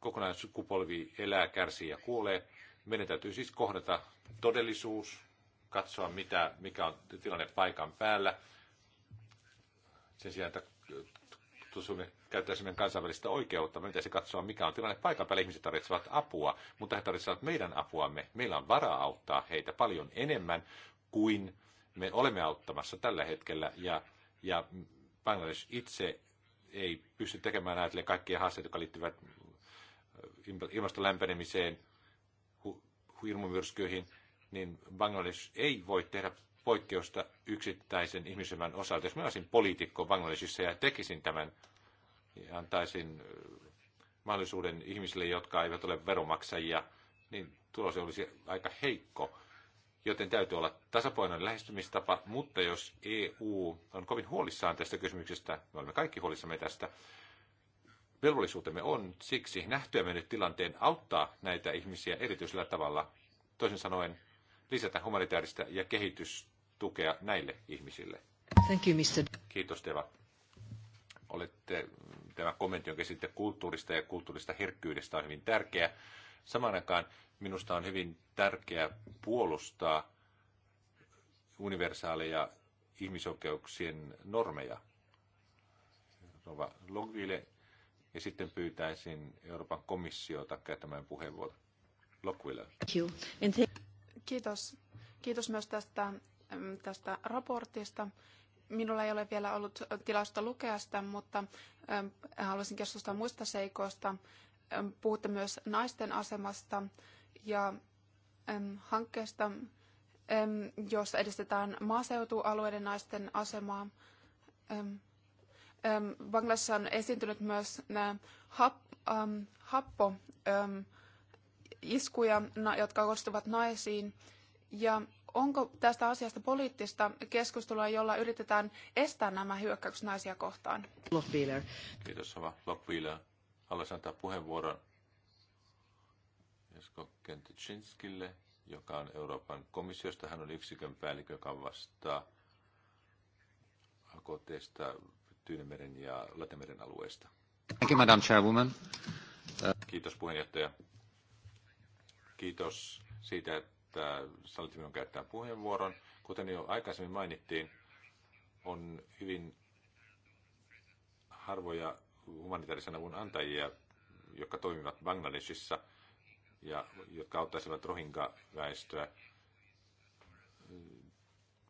kokonainen sukupolvi elää, kärsii ja kuolee. Meidän täytyy siis kohdata todellisuus, katsoa mitä, mikä on tilanne paikan päällä. Sen sijaan, että käyttäisimme kansainvälistä oikeutta. Meidän pitäisi katsoa, mikä on tilanne. Paikan päällä ihmiset tarvitsevat apua, mutta he tarvitsevat meidän apuamme. Meillä on varaa auttaa heitä paljon enemmän kuin me olemme auttamassa tällä hetkellä. Ja, ja Bangladesh itse ei pysty tekemään ajatellen kaikkia haasteita, jotka liittyvät äh, ilmaston lämpenemiseen, hu, hu, ilmamyrskyihin, niin Bangladesh ei voi tehdä poikkeusta yksittäisen ihmisen osalta. Jos minä olisin poliitikko Bangladesissa ja tekisin tämän ja antaisin mahdollisuuden ihmisille, jotka eivät ole veromaksajia, niin tulos olisi aika heikko. Joten täytyy olla tasapainoinen lähestymistapa, mutta jos EU on kovin huolissaan tästä kysymyksestä, me olemme kaikki huolissamme tästä, velvollisuutemme on siksi nähtyämme nyt tilanteen auttaa näitä ihmisiä erityisellä tavalla, toisin sanoen lisätä humanitaarista ja kehitys, tukea näille ihmisille. Thank you, Mr. Kiitos Teva. Olette, tämä kommentti, jonka sitten kulttuurista ja kulttuurista herkkyydestä on hyvin tärkeä. Samaan aikaan minusta on hyvin tärkeää puolustaa universaaleja ihmisoikeuksien normeja. Rova Logville ja sitten pyytäisin Euroopan komissiota käyttämään puheenvuoron. Logville. Kiitos. Kiitos myös tästä tästä raportista. Minulla ei ole vielä ollut tilausta lukea sitä, mutta haluaisin keskustella muista seikoista. Puhutte myös naisten asemasta ja hankkeesta, jossa edistetään maaseutualueiden naisten asemaa. Bangladesissa on esiintynyt myös happoiskuja, jotka kohdistuvat naisiin. Ja onko tästä asiasta poliittista keskustelua, jolla yritetään estää nämä hyökkäykset naisia kohtaan? Lockbeeler. Kiitos Sava. Lockbeeler. Haluaisin antaa puheenvuoron Jasko Kentychinskille, joka on Euroopan komissiosta. Hän on yksikön päällikkö, joka vastaa AKTsta, Tyynemeren ja Latemeren alueesta. Thank you, Madam Chairwoman. Kiitos puheenjohtaja. Kiitos siitä, että että sallitte minun käyttää puheenvuoron. Kuten jo aikaisemmin mainittiin, on hyvin harvoja humanitaarisen avun antajia, jotka toimivat Bangladesissa ja jotka auttaisivat Rohingya-väestöä.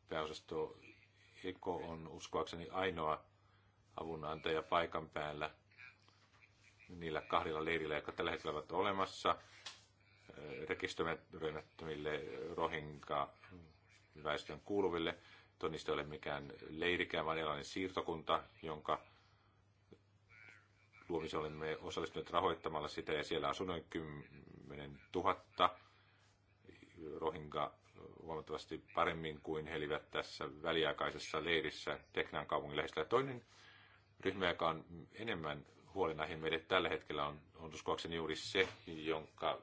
Pääosasto Eko on uskoakseni ainoa avunantaja paikan päällä niillä kahdella leirillä, jotka tällä hetkellä ovat olemassa rekisteröimättömille rohinka väestön kuuluville. Tonista ei ole mikään leirikään, vaan erilainen siirtokunta, jonka luomisen olemme osallistuneet rahoittamalla sitä, ja siellä asuu noin 10 000 rohinka huomattavasti paremmin kuin he elivät tässä väliaikaisessa leirissä Teknan kaupungin läheisellä. Toinen ryhmä, joka on enemmän huolenaihe meille tällä hetkellä, on, on uskoakseni juuri se, jonka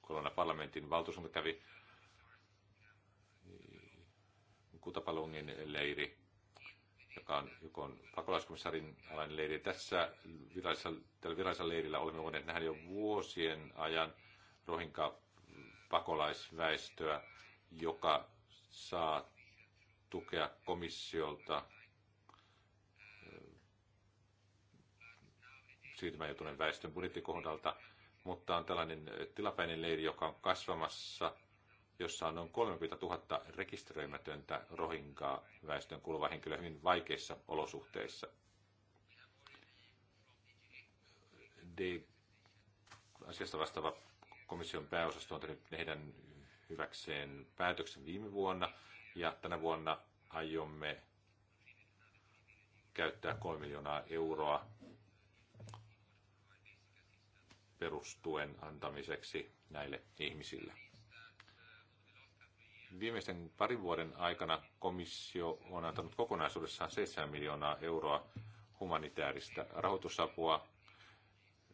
kolona parlamentin valtuuskunta kävi Kutapalungin leiri, joka on, joka on alainen leiri. Tässä virallisella, tällä virallisella leirillä olemme voineet nähdä jo vuosien ajan rohinka pakolaisväestöä, joka saa tukea komissiolta siirtymään joutuneen väestön budjettikohdalta – mutta on tällainen äh, tilapäinen leiri, joka on kasvamassa, jossa on noin 30 000 rekisteröimätöntä rohinkaa väestön kuuluva henkilö hyvin vaikeissa olosuhteissa. De asiasta vastaava komission pääosasto on tehnyt heidän hyväkseen päätöksen viime vuonna, ja tänä vuonna aiomme käyttää 3 miljoonaa euroa perustuen antamiseksi näille ihmisille. Viimeisten parin vuoden aikana komissio on antanut kokonaisuudessaan 7 miljoonaa euroa humanitaarista rahoitusapua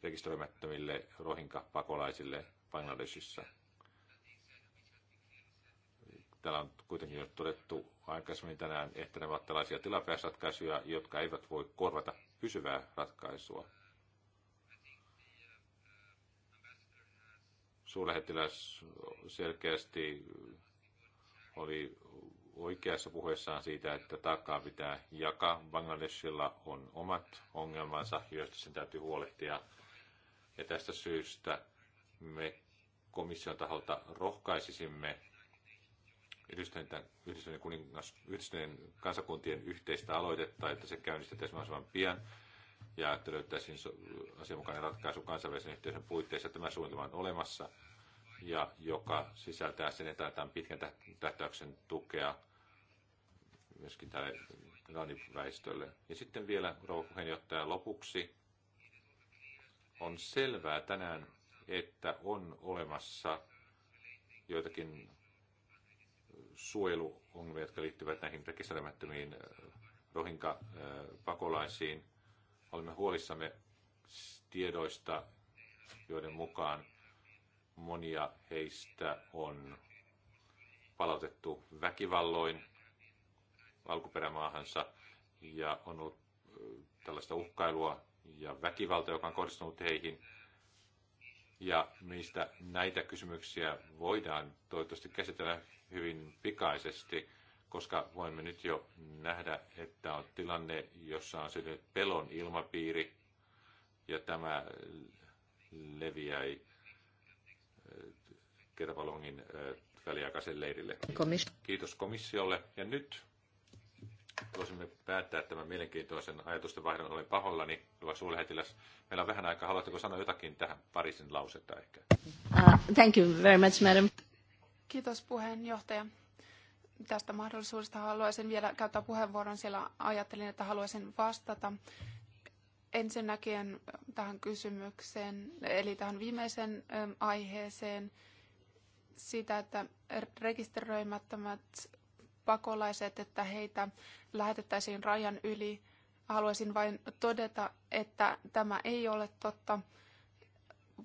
rekisteröimättömille rohinka-pakolaisille Bangladesissa. Täällä on kuitenkin jo todettu aikaisemmin tänään, että ne ovat tällaisia tilapäisratkaisuja, jotka eivät voi korvata pysyvää ratkaisua. suurlähettiläs selkeästi oli oikeassa puheessaan siitä, että taakkaa pitää jakaa. Bangladeshilla on omat ongelmansa, joista sen täytyy huolehtia. Ja tästä syystä me komission taholta rohkaisisimme yhdistyneiden kansakuntien yhteistä aloitetta, että se käynnistetään mahdollisimman pian ja että löytäisiin asianmukainen ratkaisu kansainvälisen yhteisön puitteissa. Tämä suunnitelma on olemassa ja joka sisältää sen, että tämän pitkän tähtäyksen tukea myöskin tälle raniväestölle. Ja sitten vielä rouva puheenjohtaja lopuksi. On selvää tänään, että on olemassa joitakin suojeluongelmia, jotka liittyvät näihin rekisteröimättömiin äh, rohinka-pakolaisiin äh, – Olemme huolissamme tiedoista, joiden mukaan monia heistä on palautettu väkivalloin alkuperämaahansa ja on ollut tällaista uhkailua ja väkivaltaa, joka on kohdistunut heihin. Ja mistä näitä kysymyksiä voidaan toivottavasti käsitellä hyvin pikaisesti koska voimme nyt jo nähdä, että on tilanne, jossa on syntynyt pelon ilmapiiri ja tämä leviäi äh, Ketapalongin äh, väliaikaisen leirille. Komis- Kiitos komissiolle. Ja nyt voisimme päättää tämän mielenkiintoisen ajatusten vaihdon. Olen pahoillani, hyvä suurlähetiläs. Meillä on vähän aikaa. Haluatteko sanoa jotakin tähän parisin lausetta ehkä? Uh, thank you very much, madam. Kiitos puheenjohtaja tästä mahdollisuudesta haluaisin vielä käyttää puheenvuoron, sillä ajattelin, että haluaisin vastata ensinnäkin tähän kysymykseen, eli tähän viimeiseen aiheeseen, sitä, että rekisteröimättömät pakolaiset, että heitä lähetettäisiin rajan yli. Haluaisin vain todeta, että tämä ei ole totta.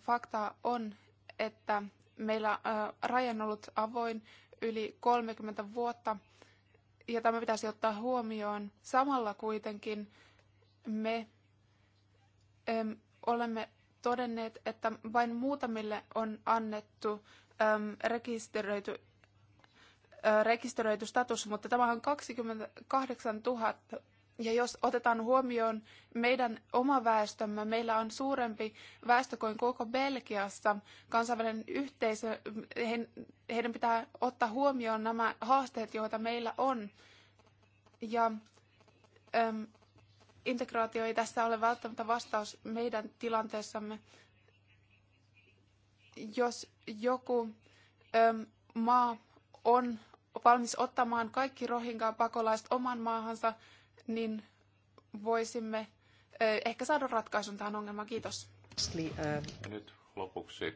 Fakta on, että meillä raja on ollut avoin yli 30 vuotta, ja tämä pitäisi ottaa huomioon. Samalla kuitenkin me äm, olemme todenneet, että vain muutamille on annettu äm, rekisteröity, ä, rekisteröity status, mutta tämä on 28 000 ja jos otetaan huomioon meidän oma väestömme, meillä on suurempi väestö kuin koko Belgiassa. Kansainvälinen yhteisö, heidän pitää ottaa huomioon nämä haasteet, joita meillä on. Ja äm, integraatio ei tässä ole välttämättä vastaus meidän tilanteessamme. Jos joku äm, maa on valmis ottamaan kaikki rohinkaan pakolaiset oman maahansa, niin voisimme ehkä saada ratkaisun tähän ongelmaan. Kiitos. Nyt lopuksi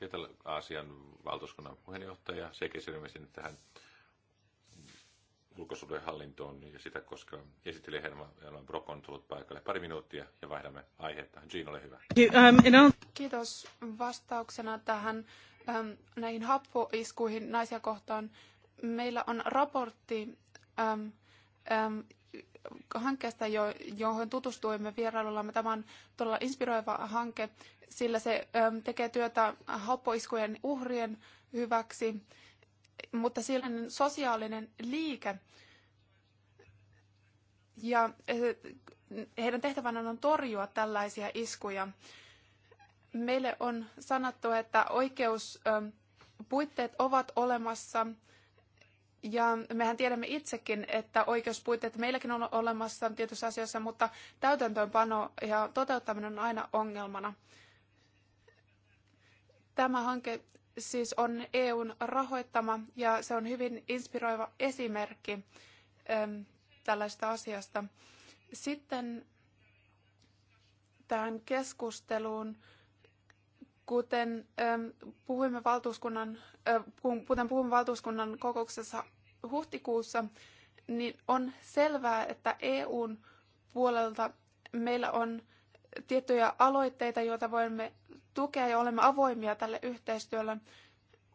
Etelä-Aasian valtuuskunnan puheenjohtaja sekä ilmeisesti tähän ulkosuhdehallintoon ja sitä koska esitteli Helma, Helma Brock on tullut paikalle pari minuuttia ja vaihdamme aihetta. Jean, ole hyvä. Um, Kiitos vastauksena tähän näihin happoiskuihin naisia kohtaan meillä on raportti äm, äm, hankkeesta, jo, johon tutustuimme vierailullamme. Tämä on todella inspiroiva hanke, sillä se äm, tekee työtä happoiskujen uhrien hyväksi, mutta sellainen sosiaalinen liike. Ja äh, heidän tehtävänään on torjua tällaisia iskuja. Meille on sanottu, että oikeuspuitteet ähm, ovat olemassa – ja mehän tiedämme itsekin, että oikeuspuitteet meilläkin on olemassa tietyissä asioissa, mutta täytäntöönpano ja toteuttaminen on aina ongelmana. Tämä hanke siis on EUn rahoittama ja se on hyvin inspiroiva esimerkki äm, tällaista asiasta. Sitten tähän keskusteluun Ähm, äh, kuten puhuimme valtuuskunnan, kuten puhumme valtuuskunnan kokouksessa huhtikuussa, niin on selvää, että EUn puolelta meillä on tiettyjä aloitteita, joita voimme tukea ja olemme avoimia tälle yhteistyölle.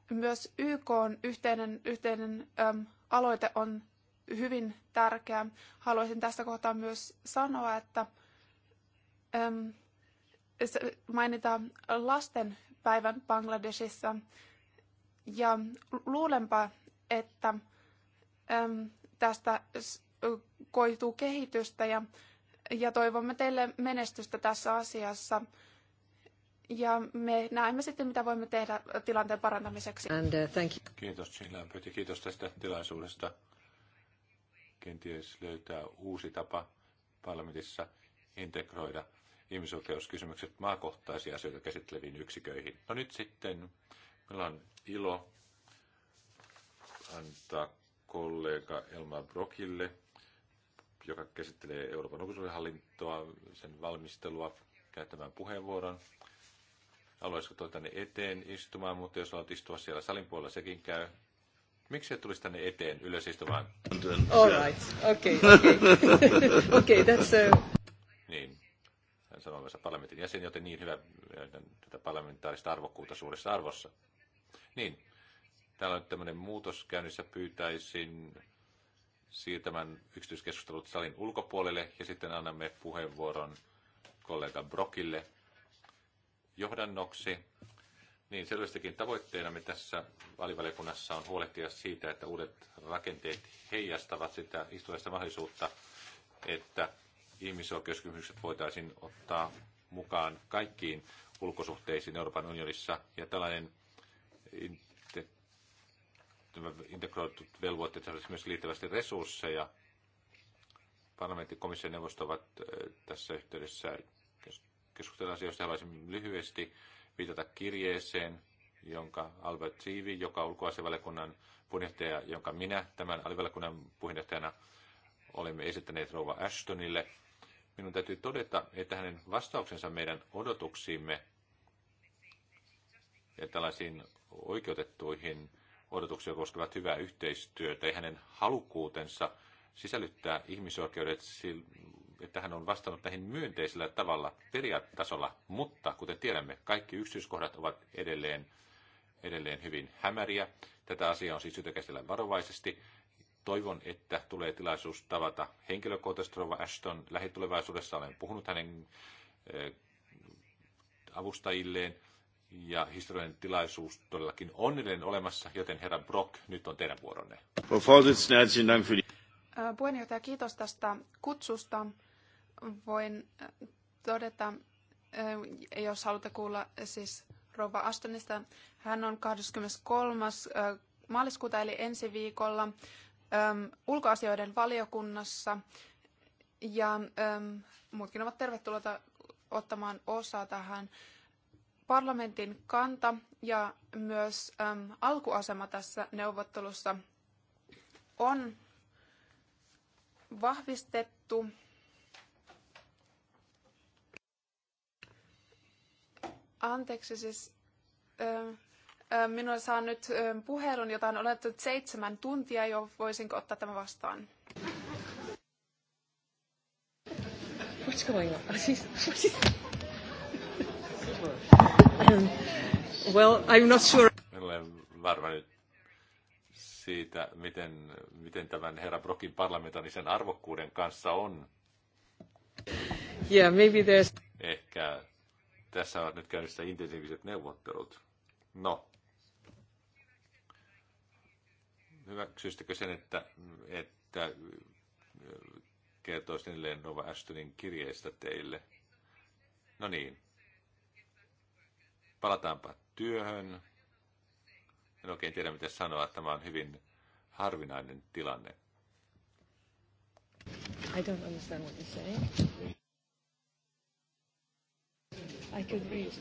Myös YK on yhteinen, yhteinen äm, aloite on hyvin tärkeä. Haluaisin tästä kohtaa myös sanoa, että äm, mainita lasten päivän Bangladesissa. Ja luulenpa, että tästä koituu kehitystä ja, ja toivomme teille menestystä tässä asiassa. Ja me näemme sitten, mitä voimme tehdä tilanteen parantamiseksi. And, uh, thank you. Kiitos Jean kiitos tästä tilaisuudesta. Kenties löytää uusi tapa parlamentissa integroida ihmisoikeuskysymykset maakohtaisia asioita käsitteleviin yksiköihin. No nyt sitten meillä on ilo antaa kollega Elmar Brokille, joka käsittelee Euroopan hallintoa sen valmistelua, käyttämään puheenvuoron. Haluaisiko tulla tänne eteen istumaan, mutta jos haluat istua siellä salin puolella, sekin käy. Miksi et tulisi tänne eteen ylös istumaan? All right, okay, okay. okay, that's a... Uh, niin, hän sanoi olevansa parlamentin jäsen, joten niin hyvä tätä parlamentaarista arvokkuutta suuressa arvossa. Niin, täällä on nyt tämmöinen muutos käynnissä, pyytäisin siirtämään yksityiskeskustelut salin ulkopuolelle ja sitten annamme puheenvuoron kollega Brokille johdannoksi. Niin, selvästikin tavoitteena me tässä valivaliokunnassa on huolehtia siitä, että uudet rakenteet heijastavat sitä istuessa mahdollisuutta, että ihmisoikeuskysymykset voitaisiin ottaa mukaan kaikkiin ulkosuhteisiin Euroopan unionissa. Ja tällainen integroitu velvoitteet saisivat myös liittävästi resursseja. Parlamentin komission neuvosto ovat äh, tässä yhteydessä keskustella asioista. Haluaisin lyhyesti viitata kirjeeseen, jonka Albert Siivi, joka on ulkoasiavaliokunnan puheenjohtaja, jonka minä tämän alivaliokunnan puheenjohtajana olemme esittäneet rouva Ashtonille – minun täytyy todeta, että hänen vastauksensa meidän odotuksiimme ja tällaisiin oikeutettuihin odotuksia koskevat hyvää yhteistyötä ja hänen halukkuutensa sisällyttää ihmisoikeudet, että hän on vastannut näihin myönteisellä tavalla periaattasolla, mutta kuten tiedämme, kaikki yksityiskohdat ovat edelleen, edelleen hyvin hämäriä. Tätä asiaa on siis syytä käsitellä varovaisesti Toivon, että tulee tilaisuus tavata henkilökohtaisesti Rova Ashton. Lähitulevaisuudessa olen puhunut hänen eh, avustajilleen ja historiallinen tilaisuus todellakin on edelleen olemassa, joten herra Brock, nyt on teidän vuoronne. Puheenjohtaja, kiitos tästä kutsusta. Voin eh, todeta, eh, jos haluatte kuulla siis Rova Astonista, hän on 23. maaliskuuta eli ensi viikolla äm, ulkoasioiden valiokunnassa ja äm, muutkin ovat tervetulleita ottamaan osaa tähän parlamentin kanta ja myös äm, alkuasema tässä neuvottelussa on vahvistettu. Anteeksi siis. Minua saan nyt puhelun, jota on olettanut seitsemän tuntia jo. Voisinko ottaa tämän vastaan? What's going on? well, I'm not sure. En ole varma nyt siitä, miten, miten tämän herra Brokin parlamentaarisen arvokkuuden kanssa on. Yeah, maybe there's... Ehkä tässä on nyt käynnissä intensiiviset neuvottelut. No, hyväksyisittekö sen, että, että äh, kertoisin Lennova Ashtonin kirjeestä teille? No niin, palataanpa työhön. En oikein tiedä, mitä sanoa. Tämä on hyvin harvinainen tilanne. I don't understand what you're saying. I could read.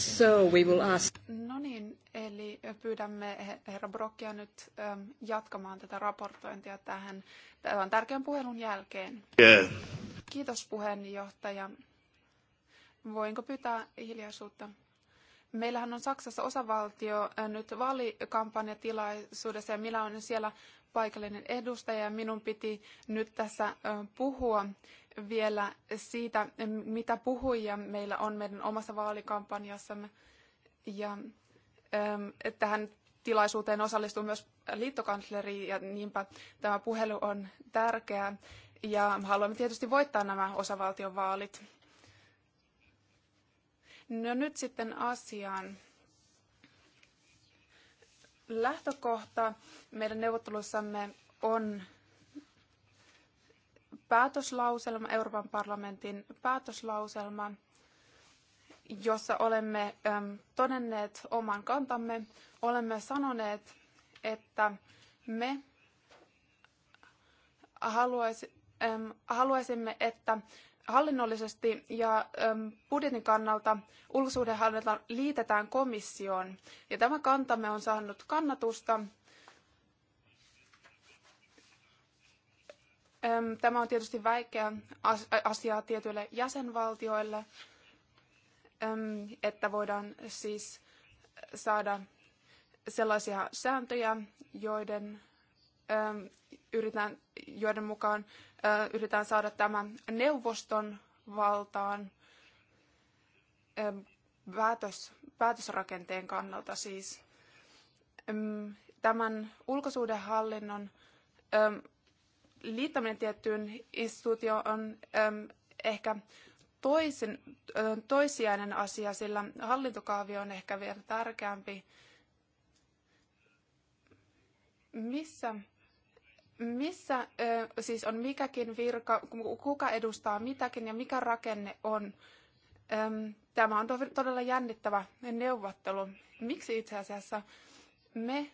So we will ask. No niin, eli pyydämme herra Brokia nyt ähm, jatkamaan tätä raportointia tähän tämän tärkeän puhelun jälkeen. Yeah. Kiitos puheenjohtaja. Voinko pyytää hiljaisuutta? Meillähän on Saksassa osavaltio äh, nyt vaalikampanjatilaisuudessa ja minä olen siellä paikallinen edustaja ja minun piti nyt tässä äh, puhua vielä siitä, mitä puhujia meillä on meidän omassa vaalikampanjassamme. Ja ähm, tähän tilaisuuteen osallistuu myös liittokansleri ja niinpä tämä puhelu on tärkeää. Ja haluamme tietysti voittaa nämä osavaltion vaalit. No nyt sitten asiaan. Lähtökohta meidän neuvottelussamme on päätöslauselma, Euroopan parlamentin päätöslauselma, jossa olemme ähm, todenneet oman kantamme. Olemme sanoneet, että me ähm, haluaisimme, että hallinnollisesti ja budjetin kannalta ulkosuhdehallinta liitetään komissioon. Ja tämä kantamme on saanut kannatusta. Tämä on tietysti vaikea asia tietyille jäsenvaltioille, että voidaan siis saada sellaisia sääntöjä, joiden yritetään, joiden mukaan ö, yritetään saada tämä neuvoston valtaan ö, päätös, päätösrakenteen kannalta siis. Tämän ulkosuudenhallinnon ö, liittäminen tiettyyn instituutioon on ö, ehkä toisen, ö, toisijainen asia, sillä hallintokaavio on ehkä vielä tärkeämpi. Missä missä siis on mikäkin virka, kuka edustaa mitäkin ja mikä rakenne on. Tämä on todella jännittävä neuvottelu. Miksi itse asiassa me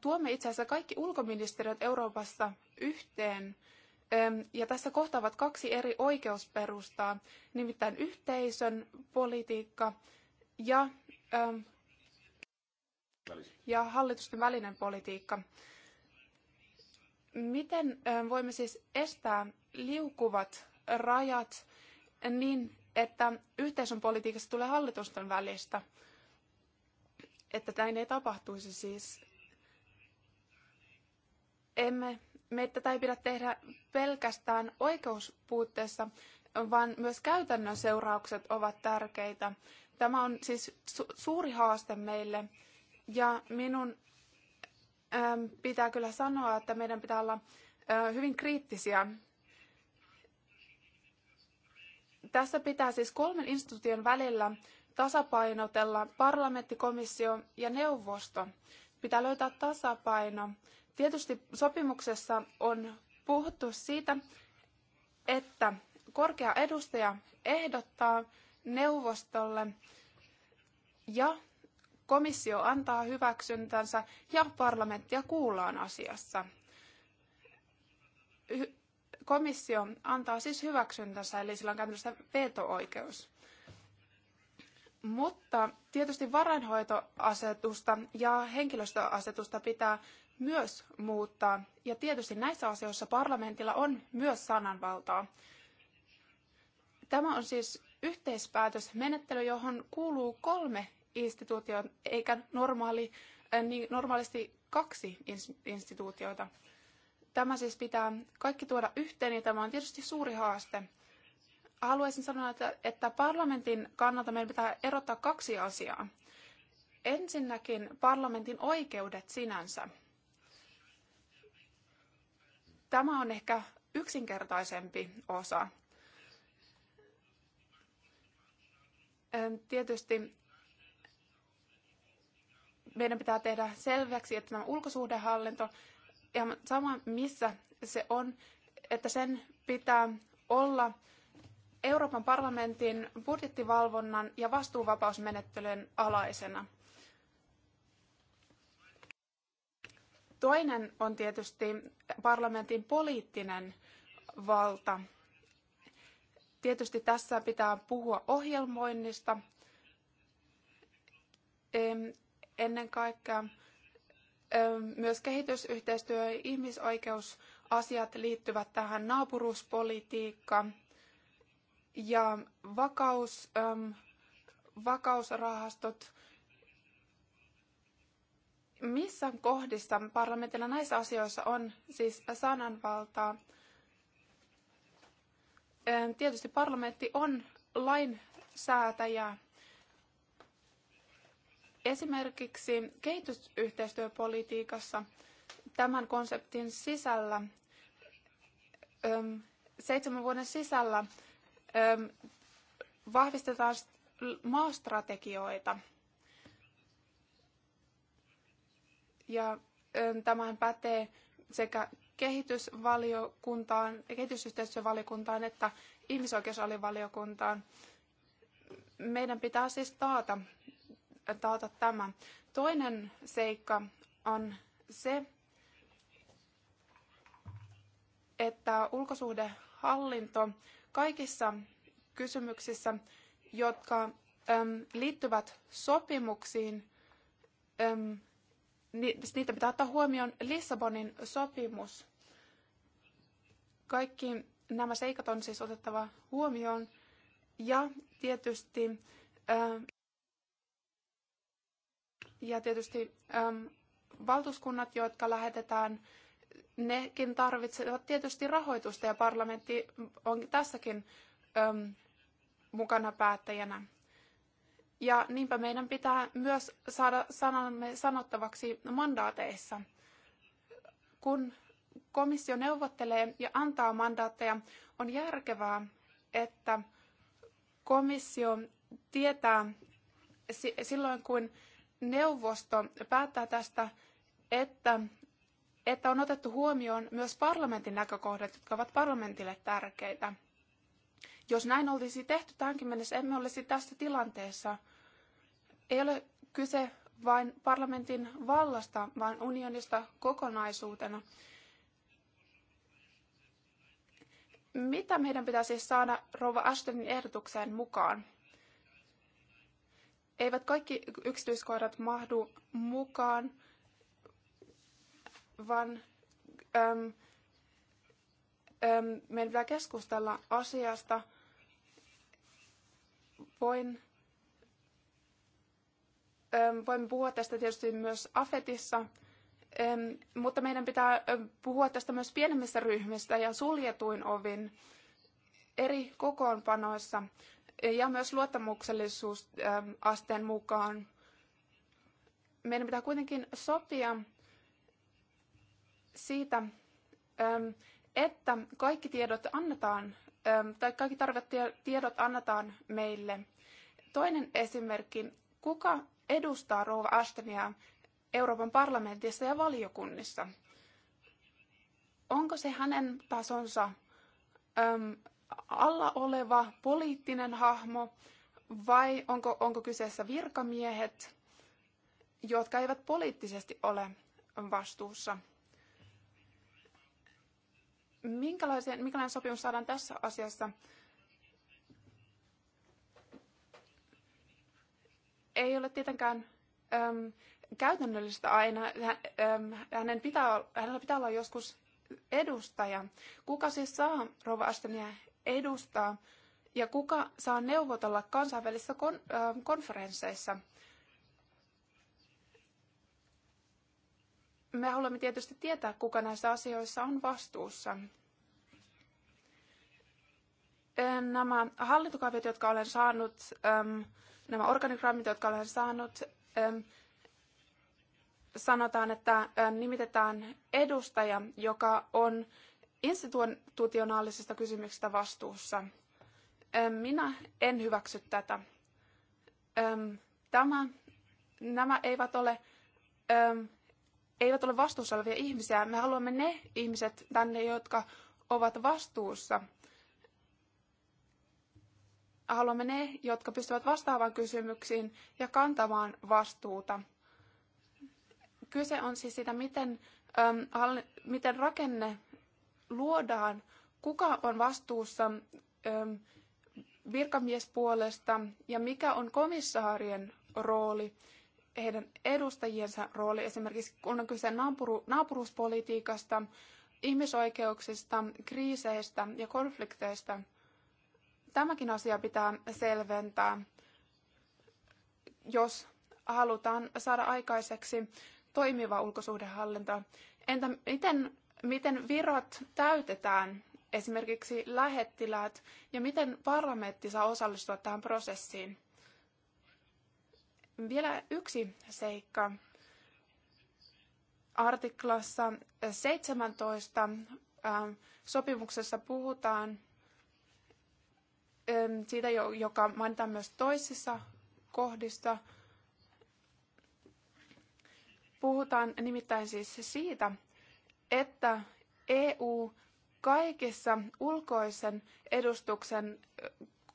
tuomme itse asiassa kaikki ulkoministeriöt Euroopassa yhteen. Ja tässä kohtaavat kaksi eri oikeusperustaa, nimittäin yhteisön politiikka ja, ja hallitusten välinen politiikka. Miten voimme siis estää liukuvat rajat niin, että yhteisön politiikasta tulee hallitusten välistä? Että näin ei tapahtuisi siis. Emme, me tätä ei pidä tehdä pelkästään oikeuspuutteessa, vaan myös käytännön seuraukset ovat tärkeitä. Tämä on siis su- suuri haaste meille. Ja minun Ähm, pitää kyllä sanoa, että meidän pitää olla hyvin kriittisiä. Tässä pitää siis kolmen instituution välillä tasapainotella parlamentti, komissio ja neuvosto. Pitää löytää tasapaino. Tietysti sopimuksessa on puhuttu siitä, että korkea edustaja ehdottaa neuvostolle ja Komissio antaa hyväksyntänsä ja parlamenttia kuullaan asiassa. komissio antaa siis hyväksyntänsä, eli sillä on käytännössä veto-oikeus. Mutta tietysti varainhoitoasetusta ja henkilöstöasetusta pitää myös muuttaa. Ja tietysti näissä asioissa parlamentilla on myös sananvaltaa. Tämä on siis yhteispäätösmenettely, johon kuuluu kolme instituutio, eikä normaali, äh, niin normaalisti kaksi instituutiota. Tämä siis pitää kaikki tuoda yhteen ja tämä on tietysti suuri haaste. Haluaisin sanoa, että, että parlamentin kannalta meidän pitää erottaa kaksi asiaa. Ensinnäkin parlamentin oikeudet sinänsä. Tämä on ehkä yksinkertaisempi osa. Tietysti meidän pitää tehdä selväksi, että tämä ulkosuhdehallinto ja sama missä se on, että sen pitää olla Euroopan parlamentin budjettivalvonnan ja vastuuvapausmenettelyn alaisena. Toinen on tietysti parlamentin poliittinen valta. Tietysti tässä pitää puhua ohjelmoinnista ennen kaikkea myös kehitysyhteistyö ja ihmisoikeusasiat liittyvät tähän naapuruuspolitiikka ja vakaus, vakausrahastot. Missä kohdissa parlamentilla näissä asioissa on siis sananvaltaa? Tietysti parlamentti on lainsäätäjä Esimerkiksi kehitysyhteistyöpolitiikassa tämän konseptin sisällä, seitsemän vuoden sisällä vahvistetaan maastrategioita. Ja tämähän pätee sekä kehitysvaliokuntaan, kehitysyhteistyövaliokuntaan että ihmisoikeusalivaliokuntaan. Meidän pitää siis taata taata tämä. Toinen seikka on se, että ulkosuhdehallinto kaikissa kysymyksissä, jotka liittyvät sopimuksiin, niitä pitää ottaa huomioon Lissabonin sopimus. Kaikki nämä seikat on siis otettava huomioon. Ja tietysti ja tietysti äm, valtuuskunnat, jotka lähetetään, nekin tarvitsevat tietysti rahoitusta ja parlamentti on tässäkin äm, mukana päättäjänä. Ja niinpä meidän pitää myös saada sanamme sanottavaksi mandaateissa. Kun komissio neuvottelee ja antaa mandaatteja, on järkevää, että komissio tietää silloin, kun neuvosto päättää tästä, että, että on otettu huomioon myös parlamentin näkökohdat, jotka ovat parlamentille tärkeitä. Jos näin olisi tehty tähänkin mennessä, emme olisi tässä tilanteessa. Ei ole kyse vain parlamentin vallasta, vaan unionista kokonaisuutena. Mitä meidän pitäisi saada Rova Ashtonin ehdotukseen mukaan? eivät kaikki yksityiskohdat mahdu mukaan, vaan äm, äm, meidän pitää keskustella asiasta. Voin, äm, voin puhua tästä tietysti myös AFETissa, äm, mutta meidän pitää puhua tästä myös pienemmissä ryhmissä ja suljetuin ovin eri kokoonpanoissa ja myös luottamuksellisuusasteen mukaan. Meidän pitää kuitenkin sopia siitä, ähm, että kaikki tiedot annetaan, ähm, tai kaikki tarvittavat tiedot annetaan meille. Toinen esimerkki, kuka edustaa Rouva Ashtonia Euroopan parlamentissa ja valiokunnissa? Onko se hänen tasonsa ähm, alla oleva poliittinen hahmo vai onko, onko kyseessä virkamiehet, jotka eivät poliittisesti ole vastuussa? Minkälaisen, minkälainen sopimus saadaan tässä asiassa? Ei ole tietenkään äm, käytännöllistä aina. Hän, äm, hänen pitää, hänellä pitää olla joskus edustaja. Kuka siis saa Rova Ashtonia edustaa ja kuka saa neuvotella kansainvälisissä kon, äh, konferensseissa. Me haluamme tietysti tietää, kuka näissä asioissa on vastuussa. Nämä hallintokaviot, jotka olen saanut, äm, nämä organigrammit, jotka olen saanut, äm, sanotaan, että nimitetään edustaja, joka on institutionaalisista kysymyksistä vastuussa. Minä en hyväksy tätä. Tämä, nämä eivät ole, eivät ole vastuussa olevia ihmisiä. Me haluamme ne ihmiset tänne, jotka ovat vastuussa. Haluamme ne, jotka pystyvät vastaamaan kysymyksiin ja kantamaan vastuuta. Kyse on siis siitä, miten, miten rakenne luodaan, kuka on vastuussa ähm, virkamiespuolesta ja mikä on komissaarien rooli, heidän edustajiensa rooli, esimerkiksi kun on kyse naapuru- naapuruuspolitiikasta, ihmisoikeuksista, kriiseistä ja konflikteista. Tämäkin asia pitää selventää, jos halutaan saada aikaiseksi toimiva ulkosuhdehallinto. Entä miten miten virot täytetään, esimerkiksi lähettiläät, ja miten parlamentti saa osallistua tähän prosessiin. Vielä yksi seikka. Artiklassa 17 sopimuksessa puhutaan siitä, joka mainitaan myös toisissa kohdissa. Puhutaan nimittäin siis siitä, että EU kaikissa ulkoisen edustuksen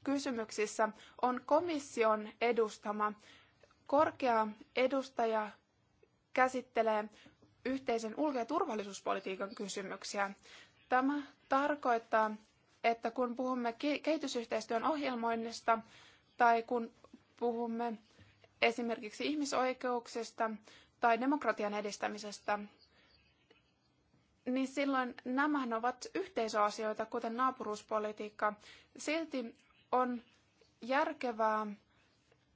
kysymyksissä on komission edustama. Korkea edustaja käsittelee yhteisen ulko- ja turvallisuuspolitiikan kysymyksiä. Tämä tarkoittaa, että kun puhumme kehitysyhteistyön ohjelmoinnista tai kun puhumme esimerkiksi ihmisoikeuksista tai demokratian edistämisestä, niin silloin nämä ovat yhteisöasioita, kuten naapuruuspolitiikka. Silti on järkevää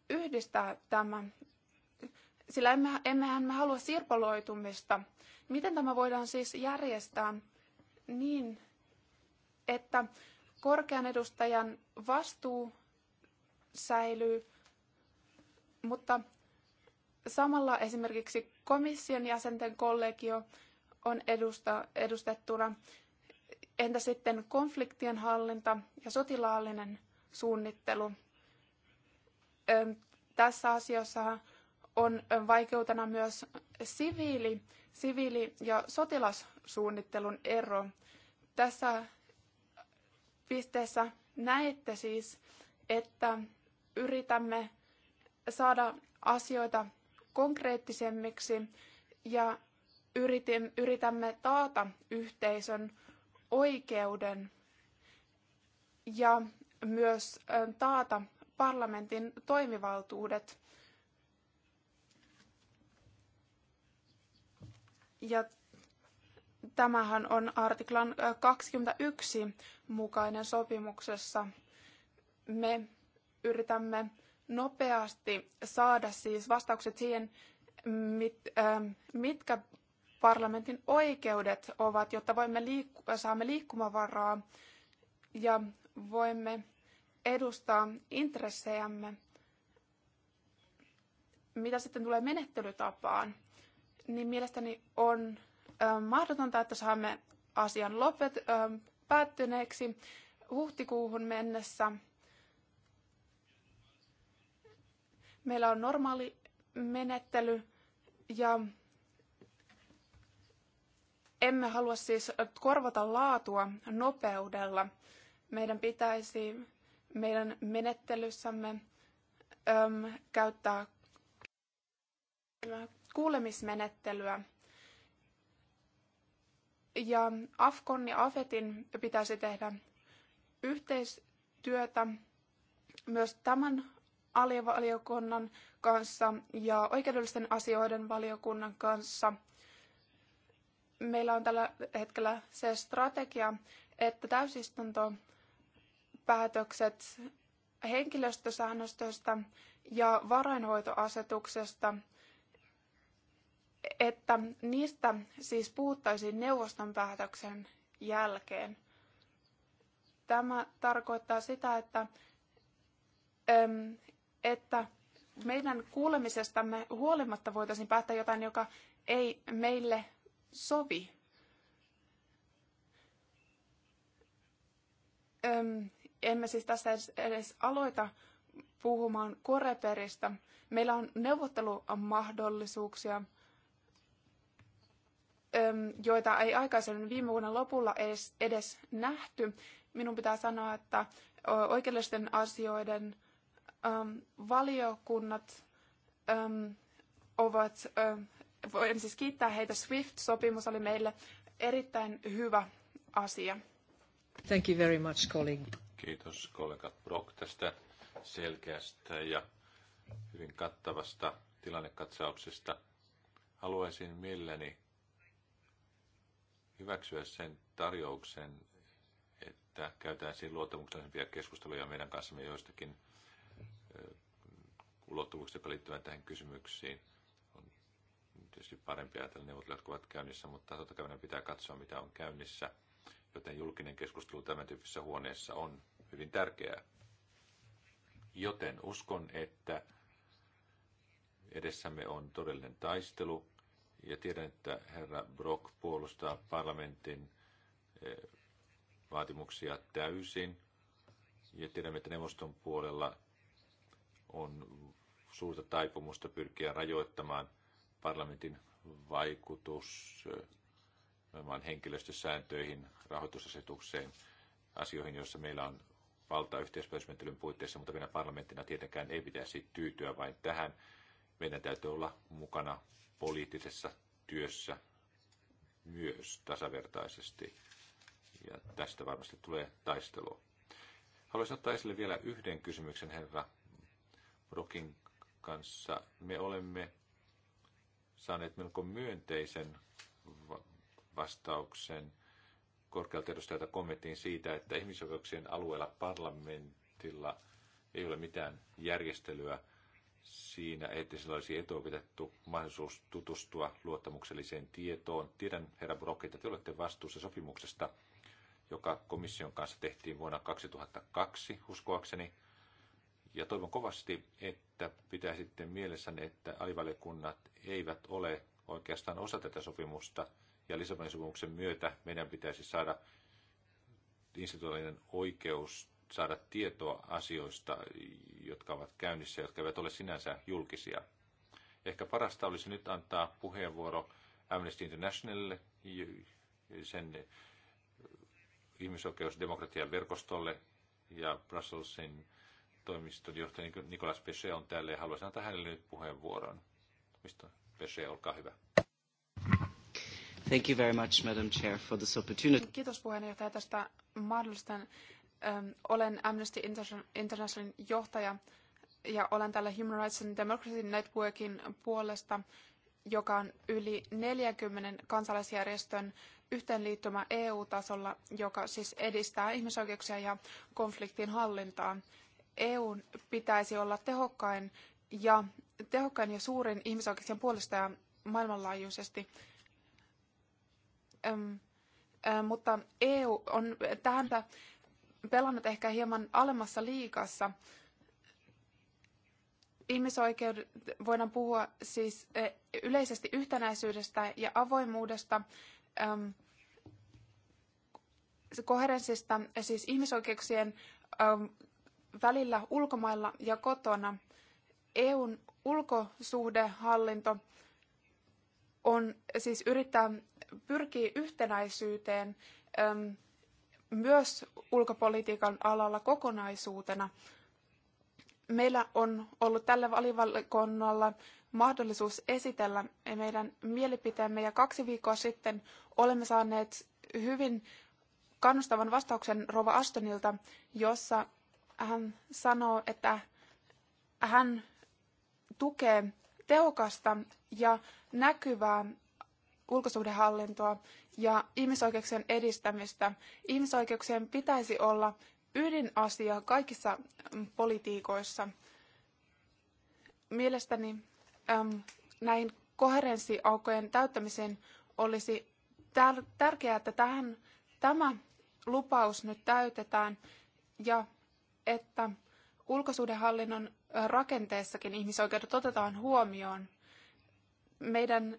yhdistää tämä, sillä emme, emmehän me halua sirpaloitumista. Miten tämä voidaan siis järjestää niin, että korkean edustajan vastuu säilyy, mutta samalla esimerkiksi komission jäsenten kollegio on edusta, edustettuna. Entä sitten konfliktien hallinta ja sotilaallinen suunnittelu? Tässä asiassa on vaikeutena myös siviili, siviili- ja sotilassuunnittelun ero. Tässä pisteessä näette siis, että yritämme saada asioita konkreettisemmiksi ja yritämme taata yhteisön oikeuden ja myös taata parlamentin toimivaltuudet. Ja tämähän on artiklan 21 mukainen sopimuksessa. Me yritämme nopeasti saada siis vastaukset siihen, mitkä parlamentin oikeudet ovat, jotta voimme liikku- saamme liikkumavaraa ja voimme edustaa intressejämme. Mitä sitten tulee menettelytapaan, niin mielestäni on ö, mahdotonta, että saamme asian lopet ö, päättyneeksi huhtikuuhun mennessä. Meillä on normaali menettely ja emme halua siis korvata laatua nopeudella. Meidän pitäisi meidän menettelyssämme äm, käyttää kuulemismenettelyä. Ja Afkon ja Afetin pitäisi tehdä yhteistyötä myös tämän alivaliokunnan kanssa ja oikeudellisten asioiden valiokunnan kanssa – meillä on tällä hetkellä se strategia, että täysistuntopäätökset henkilöstösäännöstöstä ja varainhoitoasetuksesta, että niistä siis puhuttaisiin neuvoston päätöksen jälkeen. Tämä tarkoittaa sitä, että, että meidän kuulemisestamme huolimatta voitaisiin päättää jotain, joka ei meille sovi. Öm, emme siis tässä edes, edes aloita puhumaan koreperistä. Meillä on neuvottelumahdollisuuksia, joita ei aikaisemmin viime vuoden lopulla edes, edes nähty. Minun pitää sanoa, että oikeudellisten asioiden valiokunnat ovat voimme siis kiittää heitä. SWIFT-sopimus oli meille erittäin hyvä asia. Thank you very much, colleague. Kiitos kollega Brock tästä selkeästä ja hyvin kattavasta tilannekatsauksesta. Haluaisin mielelläni hyväksyä sen tarjouksen, että siinä luottamuksellisempia keskusteluja meidän kanssamme joistakin ulottuvuuksista, jotka liittyvät tähän kysymyksiin tietysti parempi ajatella neuvottelut, jotka ovat käynnissä, mutta totta kai pitää katsoa, mitä on käynnissä. Joten julkinen keskustelu tämän tyyppisessä huoneessa on hyvin tärkeää. Joten uskon, että edessämme on todellinen taistelu. Ja tiedän, että herra Brock puolustaa parlamentin eh, vaatimuksia täysin. Ja tiedämme, että neuvoston puolella on suurta taipumusta pyrkiä rajoittamaan – parlamentin vaikutus maan henkilöstösääntöihin, rahoitusasetukseen, asioihin, joissa meillä on valta yhteispäätösmenettelyn puitteissa, mutta meidän parlamenttina tietenkään ei pitäisi tyytyä vain tähän. Meidän täytyy olla mukana poliittisessa työssä myös tasavertaisesti. Ja tästä varmasti tulee taistelua. Haluaisin ottaa esille vielä yhden kysymyksen herra Brokin kanssa. Me olemme saaneet melko myönteisen vastauksen korkealta edustajalta kommenttiin siitä, että ihmisoikeuksien alueella parlamentilla ei ole mitään järjestelyä siinä, että sillä olisi etuopitettu mahdollisuus tutustua luottamukselliseen tietoon. Tiedän, herra Brock, että te olette vastuussa sopimuksesta, joka komission kanssa tehtiin vuonna 2002, uskoakseni. Ja toivon kovasti, että pitää sitten mielessä, että alivaliokunnat eivät ole oikeastaan osa tätä sopimusta. Ja Lissabonin sopimuksen myötä meidän pitäisi saada instituutioiden oikeus saada tietoa asioista, jotka ovat käynnissä, jotka eivät ole sinänsä julkisia. Ehkä parasta olisi nyt antaa puheenvuoro Amnesty Internationalille, sen ihmisoikeusdemokratian verkostolle ja Brusselsin toimiston johtaja Nikolas Pesce on täällä ja haluaisin antaa hänelle nyt puheenvuoron. Mistä Pesce, olkaa hyvä. Thank you very much, Madam Chair, for this opportunity. Kiitos puheenjohtaja tästä mahdollisesta. Ähm, olen Amnesty Internationalin johtaja ja olen täällä Human Rights and Democracy Networkin puolesta, joka on yli 40 kansalaisjärjestön yhteenliittymä EU-tasolla, joka siis edistää ihmisoikeuksia ja konfliktin hallintaa. EUn pitäisi olla tehokkain ja, tehokkain ja suurin ihmisoikeuksien puolustaja maailmanlaajuisesti. Öm, ö, mutta EU on tähän pelannut ehkä hieman alemmassa liikassa. Ihmisoikeudet voidaan puhua siis e, yleisesti yhtenäisyydestä ja avoimuudesta, äm, koherenssista, siis ihmisoikeuksien välillä ulkomailla ja kotona. EUn ulkosuhdehallinto on siis yrittää pyrkiä yhtenäisyyteen ähm, myös ulkopolitiikan alalla kokonaisuutena. Meillä on ollut tällä valivalkonnalla mahdollisuus esitellä meidän mielipiteemme ja kaksi viikkoa sitten olemme saaneet hyvin kannustavan vastauksen Rova Astonilta, jossa hän sanoo, että hän tukee tehokasta ja näkyvää ulkosuhdehallintoa ja ihmisoikeuksien edistämistä. Ihmisoikeuksien pitäisi olla ydinasia kaikissa mm, politiikoissa. Mielestäni äm, näin koherenssiaukojen täyttämiseen olisi tär- tärkeää, että tähän, tämä lupaus nyt täytetään ja että ulkosuhdehallinnon rakenteessakin ihmisoikeudet otetaan huomioon. Meidän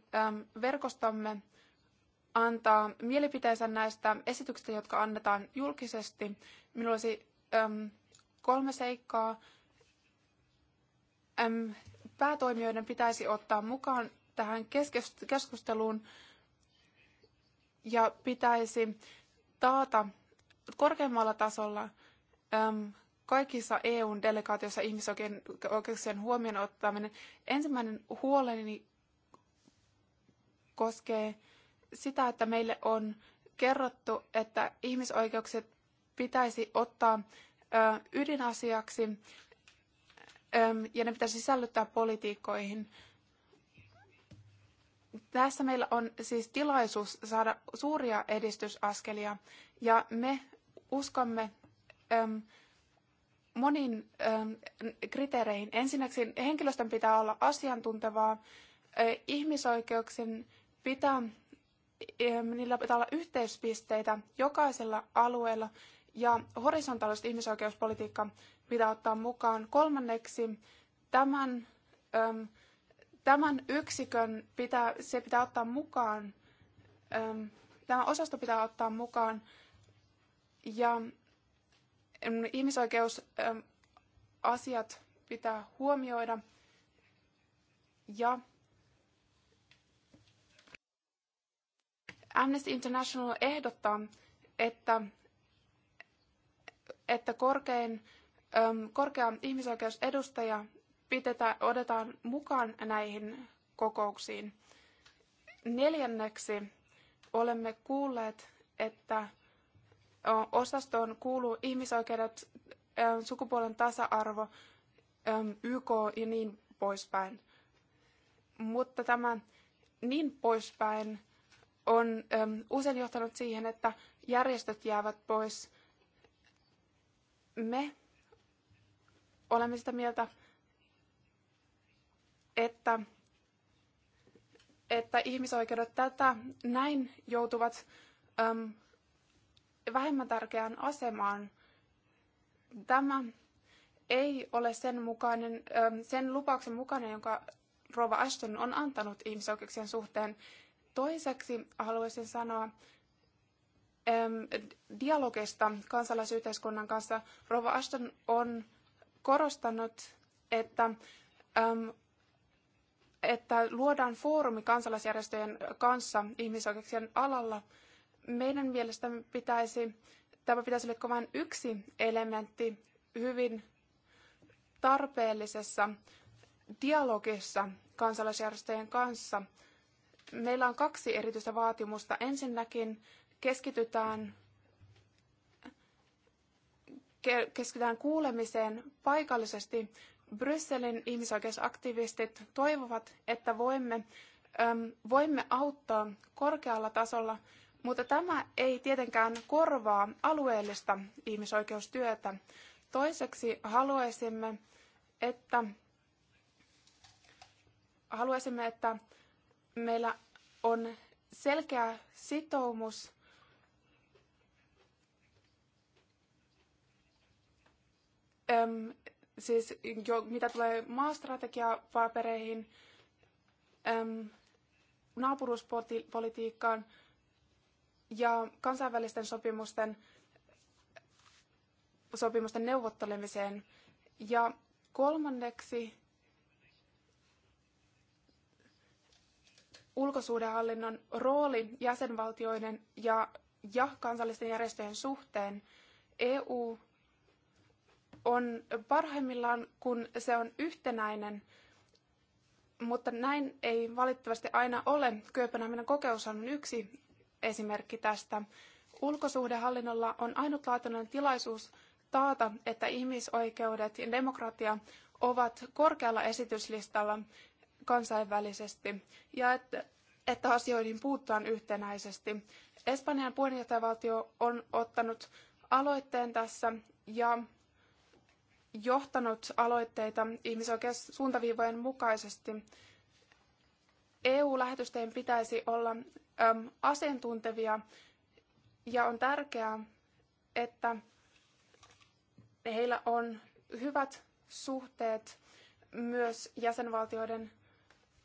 verkostomme antaa mielipiteensä näistä esityksistä, jotka annetaan julkisesti. Minulla olisi kolme seikkaa. Päätoimijoiden pitäisi ottaa mukaan tähän keskusteluun ja pitäisi taata korkeammalla tasolla kaikissa EUn delegaatioissa ihmisoikeuksien huomioon ottaminen. Ensimmäinen huoleni koskee sitä, että meille on kerrottu, että ihmisoikeukset pitäisi ottaa ydinasiaksi ja ne pitäisi sisällyttää politiikkoihin. Tässä meillä on siis tilaisuus saada suuria edistysaskelia ja me uskomme, moniin ähm, kriteereihin. Ensinnäkin henkilöstön pitää olla asiantuntevaa, äh, ihmisoikeuksien pitää, ähm, niillä pitää olla yhteyspisteitä jokaisella alueella ja horisontaalista ihmisoikeuspolitiikka pitää ottaa mukaan. Kolmanneksi tämän, ähm, tämän yksikön pitää, se pitää ottaa mukaan, tämä osasto pitää ottaa mukaan ja ihmisoikeusasiat pitää huomioida ja Amnesty International ehdottaa, että, että korkein, korkea ihmisoikeusedustaja pidetään, odetaan mukaan näihin kokouksiin. Neljänneksi olemme kuulleet, että osastoon kuuluu ihmisoikeudet, ähm, sukupuolen tasa-arvo, ähm, YK ja niin poispäin. Mutta tämä niin poispäin on ähm, usein johtanut siihen, että järjestöt jäävät pois. Me olemme sitä mieltä, että, että ihmisoikeudet tätä näin joutuvat vähemmän tärkeään asemaan. Tämä ei ole sen, mukainen, sen lupauksen mukainen, jonka Rova Ashton on antanut ihmisoikeuksien suhteen. Toiseksi haluaisin sanoa dialogista kansalaisyhteiskunnan kanssa. Rova Ashton on korostanut, että, että luodaan foorumi kansalaisjärjestöjen kanssa ihmisoikeuksien alalla – meidän mielestämme pitäisi, tämä pitäisi olla vain yksi elementti hyvin tarpeellisessa dialogissa kansalaisjärjestöjen kanssa. Meillä on kaksi erityistä vaatimusta. Ensinnäkin keskitytään, keskitytään kuulemiseen paikallisesti. Brysselin ihmisoikeusaktivistit toivovat, että voimme, voimme auttaa korkealla tasolla mutta tämä ei tietenkään korvaa alueellista ihmisoikeustyötä. Toiseksi haluaisimme, että haluaisimme, että meillä on selkeä sitoumus Öm, siis jo, mitä tulee maastrategiapapereihin, öm, naapuruuspolitiikkaan, ja kansainvälisten sopimusten, sopimusten neuvottelemiseen. Ja kolmanneksi ulkosuhdehallinnon rooli jäsenvaltioiden ja, ja kansallisten järjestöjen suhteen. EU on parhaimmillaan, kun se on yhtenäinen, mutta näin ei valitettavasti aina ole. Kööpenhaminan kokeus on yksi esimerkki tästä. Ulkosuhdehallinnolla on ainutlaatuinen tilaisuus taata, että ihmisoikeudet ja demokratia ovat korkealla esityslistalla kansainvälisesti ja että, että asioihin puuttuaan yhtenäisesti. Espanjan puheenjohtajavaltio on ottanut aloitteen tässä ja johtanut aloitteita ihmisoikeussuuntaviivojen mukaisesti. EU-lähetystöjen pitäisi olla äm, asiantuntevia ja on tärkeää, että heillä on hyvät suhteet myös jäsenvaltioiden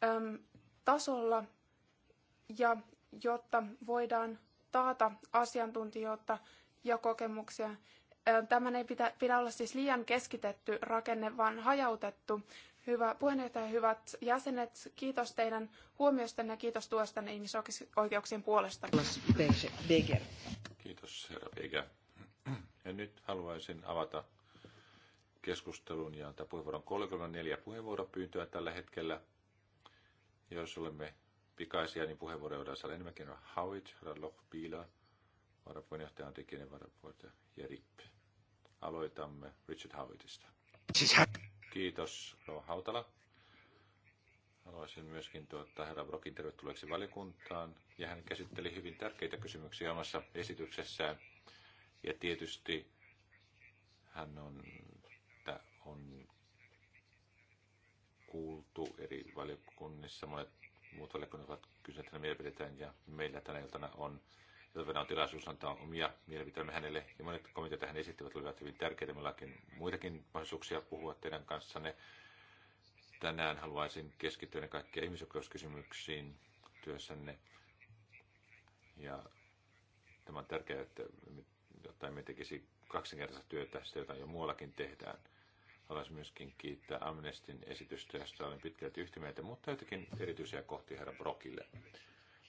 äm, tasolla ja jotta voidaan taata asiantuntijoita ja kokemuksia. Tämän ei pitä, pidä olla siis liian keskitetty rakenne, vaan hajautettu. Hyvä puheenjohtaja, hyvät jäsenet, kiitos teidän huomiostanne ja kiitos tuostanne ihmisoikeuksien puolesta. Kiitos herra Beger. Ja nyt haluaisin avata keskustelun ja antaa puheenvuoron 34 puheenvuoropyyntöä tällä hetkellä. Jos olemme pikaisia, niin puheenvuoroja voidaan saada enemmänkin. Howitz, Lochbila, varapuheenjohtaja Antti Kinen, varapuheenjohtaja ja Ripp. Aloitamme Richard Howittista. Kiitos, Rova Hautala. Haluaisin myöskin tuottaa herra Brokin tervetulleeksi valiokuntaan, ja hän käsitteli hyvin tärkeitä kysymyksiä omassa esityksessään. Ja tietysti hän on, on kuultu eri valiokunnissa, monet muut valiokunnat ovat kysyneet mielipiteitään, ja meillä tänä iltana on jotta on tilaisuus antaa omia mielipiteitämme hänelle. Ja monet komiteat hän esittivät olivat hyvin tärkeitä. Meillä onkin muitakin mahdollisuuksia puhua teidän kanssanne. Tänään haluaisin keskittyä ne kaikkia ihmisoikeuskysymyksiin työssänne. Ja tämä on tärkeää, että jotta emme tekisi kaksinkertaista työtä, sitä jota jo muuallakin tehdään. Haluaisin myöskin kiittää Amnestin esitystä, josta olen pitkälti yhtä mieltä, mutta jotakin erityisiä kohtia herra Brokille.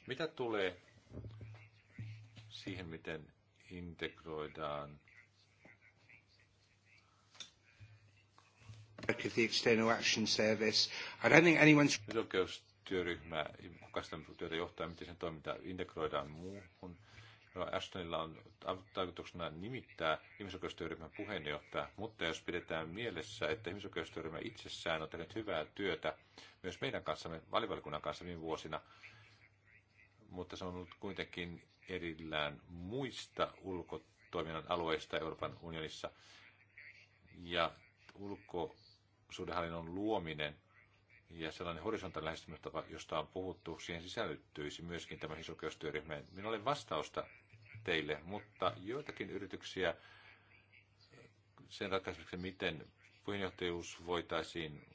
Mitä tulee siihen, miten integroidaan of the External Action Service. I don't think Oikeustyöryhmä, kuka sitä työtä johtaa, miten sen toiminta integroidaan muuhun. No, Ashtonilla on tarkoituksena nimittää ihmisoikeustyöryhmän puheenjohtaja, mutta jos pidetään mielessä, että ihmisoikeustyöryhmä itsessään on tehnyt hyvää työtä myös meidän kanssamme, valivalikunnan kanssa viime vuosina, mutta se on ollut kuitenkin erillään muista ulkotoiminnan alueista Euroopan unionissa. Ja ulkosuhdehallinnon luominen ja sellainen horisontaalinen lähestymistapa, josta on puhuttu, siihen sisällyttyisi myöskin tämä isokyöstyöryhmään. Minulla oli vastausta teille, mutta joitakin yrityksiä sen ratkaisemiseksi, miten puheenjohtajuus voitaisiin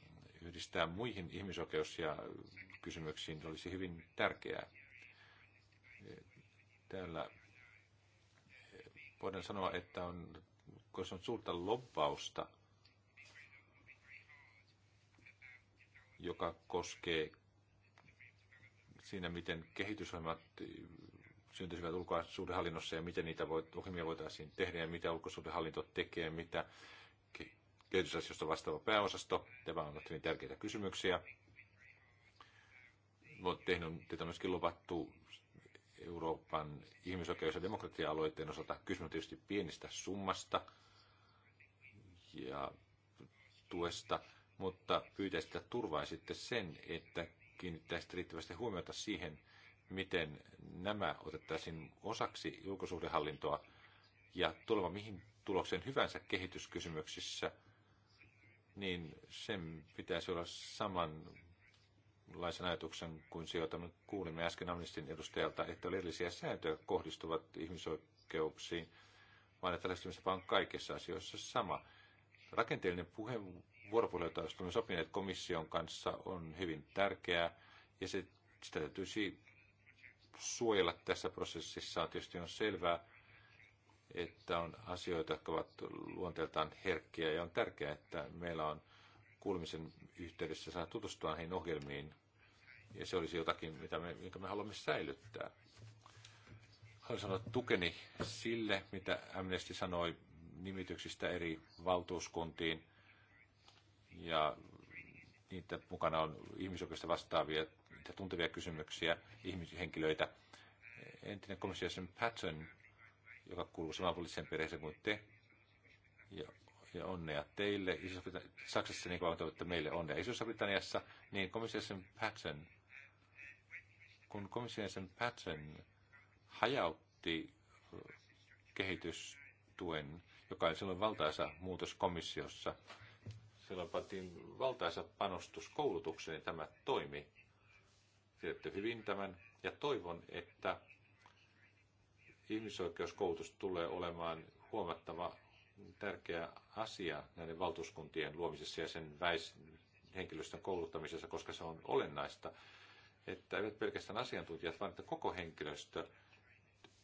yhdistää muihin ihmisoikeus- ja kysymyksiin, olisi hyvin tärkeää. Täällä voidaan sanoa, että on, kun se on suurta lobbausta, joka koskee siinä, miten kehitysohjelmat syntyisivät ulkosuhdehallinnossa ja miten niitä voit, ohjelmia voitaisiin tehdä ja mitä ulkosuhdehallinto tekee, mitä kehitysasioista vastaava pääosasto. Tämä on hyvin niin tärkeitä kysymyksiä. Mutta tehnyt, myöskin luvattu Euroopan ihmisoikeus- ja demokratia-aloitteen osalta. Kysymys on tietysti pienistä summasta ja tuesta, mutta pyytäisitte turvaisitte sen, että kiinnittäisitte riittävästi huomiota siihen, miten nämä otettaisiin osaksi julkisuhdehallintoa ja tuleva mihin tulokseen hyvänsä kehityskysymyksissä, niin sen pitäisi olla saman samanlaisen ajatuksen kuin se, jota me kuulimme äsken Amnestin edustajalta, että oli erillisiä sääntöjä kohdistuvat ihmisoikeuksiin, vaan että lähestymistä on kaikissa asioissa sama. Rakenteellinen puheen jota olemme sopineet komission kanssa, on hyvin tärkeää, ja se, sitä täytyisi suojella tässä prosessissa. Tietysti on selvää, että on asioita, jotka ovat luonteeltaan herkkiä, ja on tärkeää, että meillä on – kuulemisen yhteydessä saa tutustua näihin ohjelmiin. Ja se olisi jotakin, mitä me, minkä me haluamme säilyttää. Haluan sanoa tukeni sille, mitä Amnesty sanoi nimityksistä eri valtuuskuntiin. Ja niitä mukana on ihmisoikeudesta vastaavia ja tuntevia kysymyksiä, ihmishenkilöitä. Entinen komissio Patson, joka kuuluu samaan poliittiseen perheeseen kuin te, ja ja onnea teille. Saksassa niin kuin että meille onnea Iso-Britanniassa, niin komission Patson, kun komission Patson hajautti kehitystuen, joka oli silloin valtaisa muutos komissiossa, silloin pantiin valtaisa panostus koulutukseen niin tämä toimi. Tiedätte hyvin tämän ja toivon, että ihmisoikeuskoulutus tulee olemaan huomattava tärkeä asia näiden valtuuskuntien luomisessa ja sen väis- henkilöstön kouluttamisessa, koska se on olennaista, että eivät pelkästään asiantuntijat, vaan että koko henkilöstö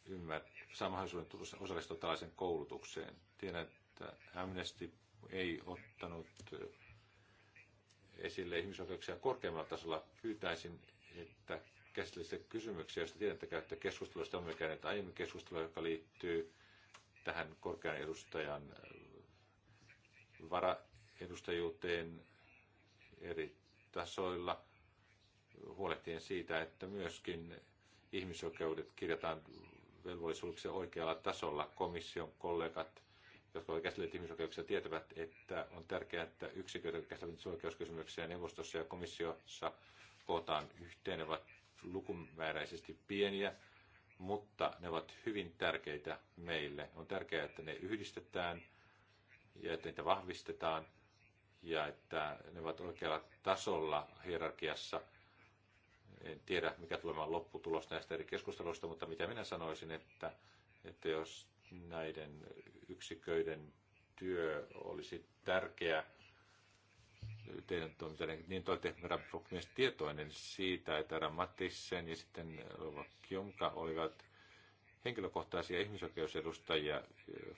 ymmär, saa mahdollisuuden osallistua tällaisen koulutukseen. Tiedän, että Amnesty ei ottanut eh, esille ihmisoikeuksia korkeammalla tasolla. Pyytäisin, että käsittelisitte kysymyksiä, joista tiedän, että käytte keskustelusta. Olemme käyneet aiemmin keskustelua, joka liittyy tähän korkean edustajan äh, varaedustajuuteen eri tasoilla huolehtien siitä, että myöskin ihmisoikeudet kirjataan velvollisuuksia oikealla tasolla. Komission kollegat, jotka ovat käsitelleet ihmisoikeuksia, tietävät, että on tärkeää, että yksiköitä jotka käsittelevät oikeuskysymyksiä neuvostossa ja komissiossa kootaan yhteen, ne ovat lukumääräisesti pieniä mutta ne ovat hyvin tärkeitä meille. On tärkeää, että ne yhdistetään ja että niitä vahvistetaan ja että ne ovat oikealla tasolla hierarkiassa. En tiedä, mikä tulee lopputulos näistä eri keskusteluista, mutta mitä minä sanoisin, että, että jos näiden yksiköiden työ olisi tärkeä teidän toimintanne, niin toi olette myös tietoinen siitä, että herra ja sitten Rova Kionka olivat henkilökohtaisia ihmisoikeusedustajia eh,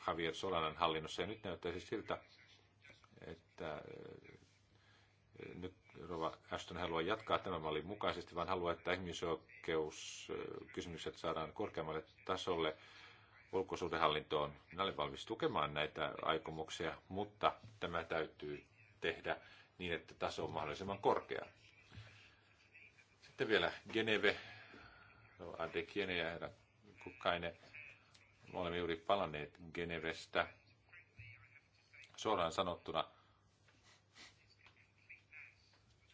Javier Solanan hallinnossa. Ja nyt näyttäisi siltä, että eh, nyt Rova Ashton haluaa jatkaa tämän mallin mukaisesti, vaan haluaa, että ihmisoikeuskysymykset saadaan korkeammalle tasolle ulkosuhdehallintoon. Minä olen valmis tukemaan näitä aikomuksia, mutta tämä täytyy tehdä niin, että taso on mahdollisimman korkea. Sitten vielä Geneve, no, Ade Kiene ja herra Kukkainen. Me olemme juuri palanneet Genevestä. Suoraan sanottuna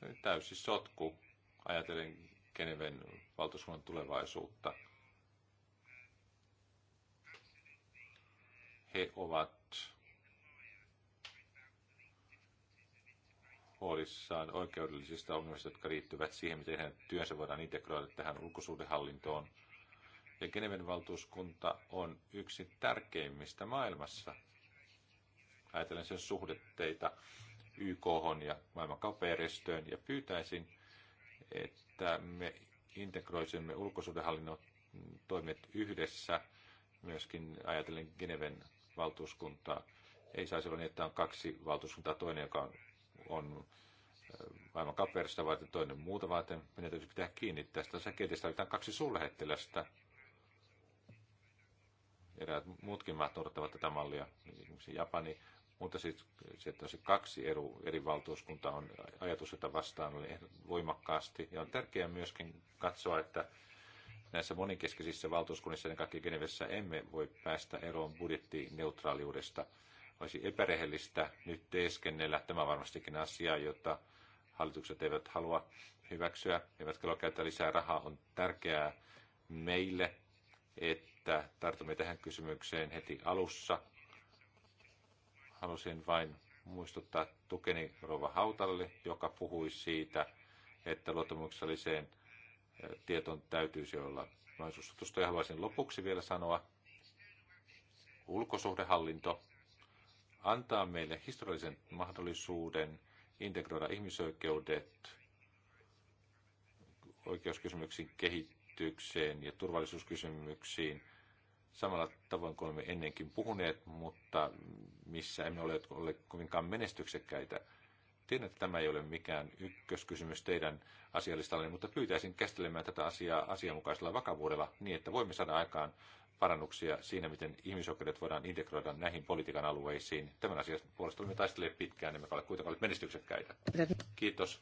se oli täysi sotku ajatellen Geneven valtuuskunnan tulevaisuutta. He ovat huolissaan oikeudellisista ongelmista, jotka liittyvät siihen, miten heidän työnsä voidaan integroida tähän ulkosuhdehallintoon. Ja Geneven valtuuskunta on yksi tärkeimmistä maailmassa. Ajatellen sen suhdetteita YK ja maailmankauppajärjestöön ja pyytäisin, että me integroisimme ulkosuhdehallinnon toimet yhdessä, myöskin ajatellen Geneven valtuuskuntaa. Ei saisi olla niin, että on kaksi valtuuskuntaa, toinen, joka on on maailman äh, kapversta varten, toinen muuta varten. Meidän täytyy pitää kiinni tästä säkeetistä. Tarvitaan kaksi suurlähettilästä. Eräät muutkin maat noudattavat tätä mallia, esimerkiksi Japani. Mutta sitten se, että kaksi eri, eri valtuuskuntaa on ajatus, jota vastaan oli voimakkaasti. Ja on tärkeää myöskin katsoa, että näissä moninkeskisissä valtuuskunnissa, ennen kaikkea Genevessä, emme voi päästä eroon budjettineutraaliudesta – olisi epärehellistä nyt teeskennellä. Tämä on varmastikin asia, jota hallitukset eivät halua hyväksyä, eivätkä halua käyttää lisää rahaa. On tärkeää meille, että tartumme tähän kysymykseen heti alussa. Halusin vain muistuttaa tukeni Rova Hautalle, joka puhui siitä, että luottamukselliseen tietoon täytyisi olla mahdollisuus Ja haluaisin lopuksi vielä sanoa, ulkosuhdehallinto antaa meille historiallisen mahdollisuuden integroida ihmisoikeudet oikeuskysymyksiin, kehitykseen ja turvallisuuskysymyksiin samalla tavoin kuin olemme ennenkin puhuneet, mutta missä emme ole olleet kovinkaan menestyksekkäitä. Tiedän, että tämä ei ole mikään ykköskysymys teidän asialistallanne, mutta pyytäisin käsittelemään tätä asiaa asianmukaisella vakavuudella niin, että voimme saada aikaan parannuksia siinä, miten ihmisoikeudet voidaan integroida näihin politiikan alueisiin. Tämän asian puolesta olemme taistelleet pitkään, emmekä ole kuitenkaan olleet menestyksekkäitä. Kiitos.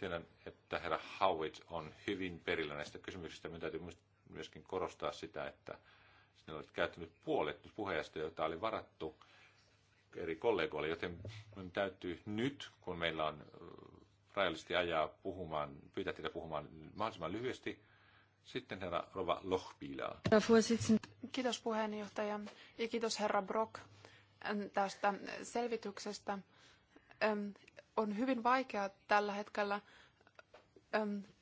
Tiedän, että herra Howitt on hyvin perillä näistä kysymyksistä. Minun täytyy myöskin korostaa sitä, että sinä olet käyttänyt puolet puheesta, jota oli varattu eri kollegoille, joten minun täytyy nyt, kun meillä on rajallisesti ajaa puhumaan, pyytää teitä puhumaan mahdollisimman lyhyesti, sitten herra Rova Lohpila. Kiitos puheenjohtaja ja kiitos herra Brock tästä selvityksestä. On hyvin vaikea tällä hetkellä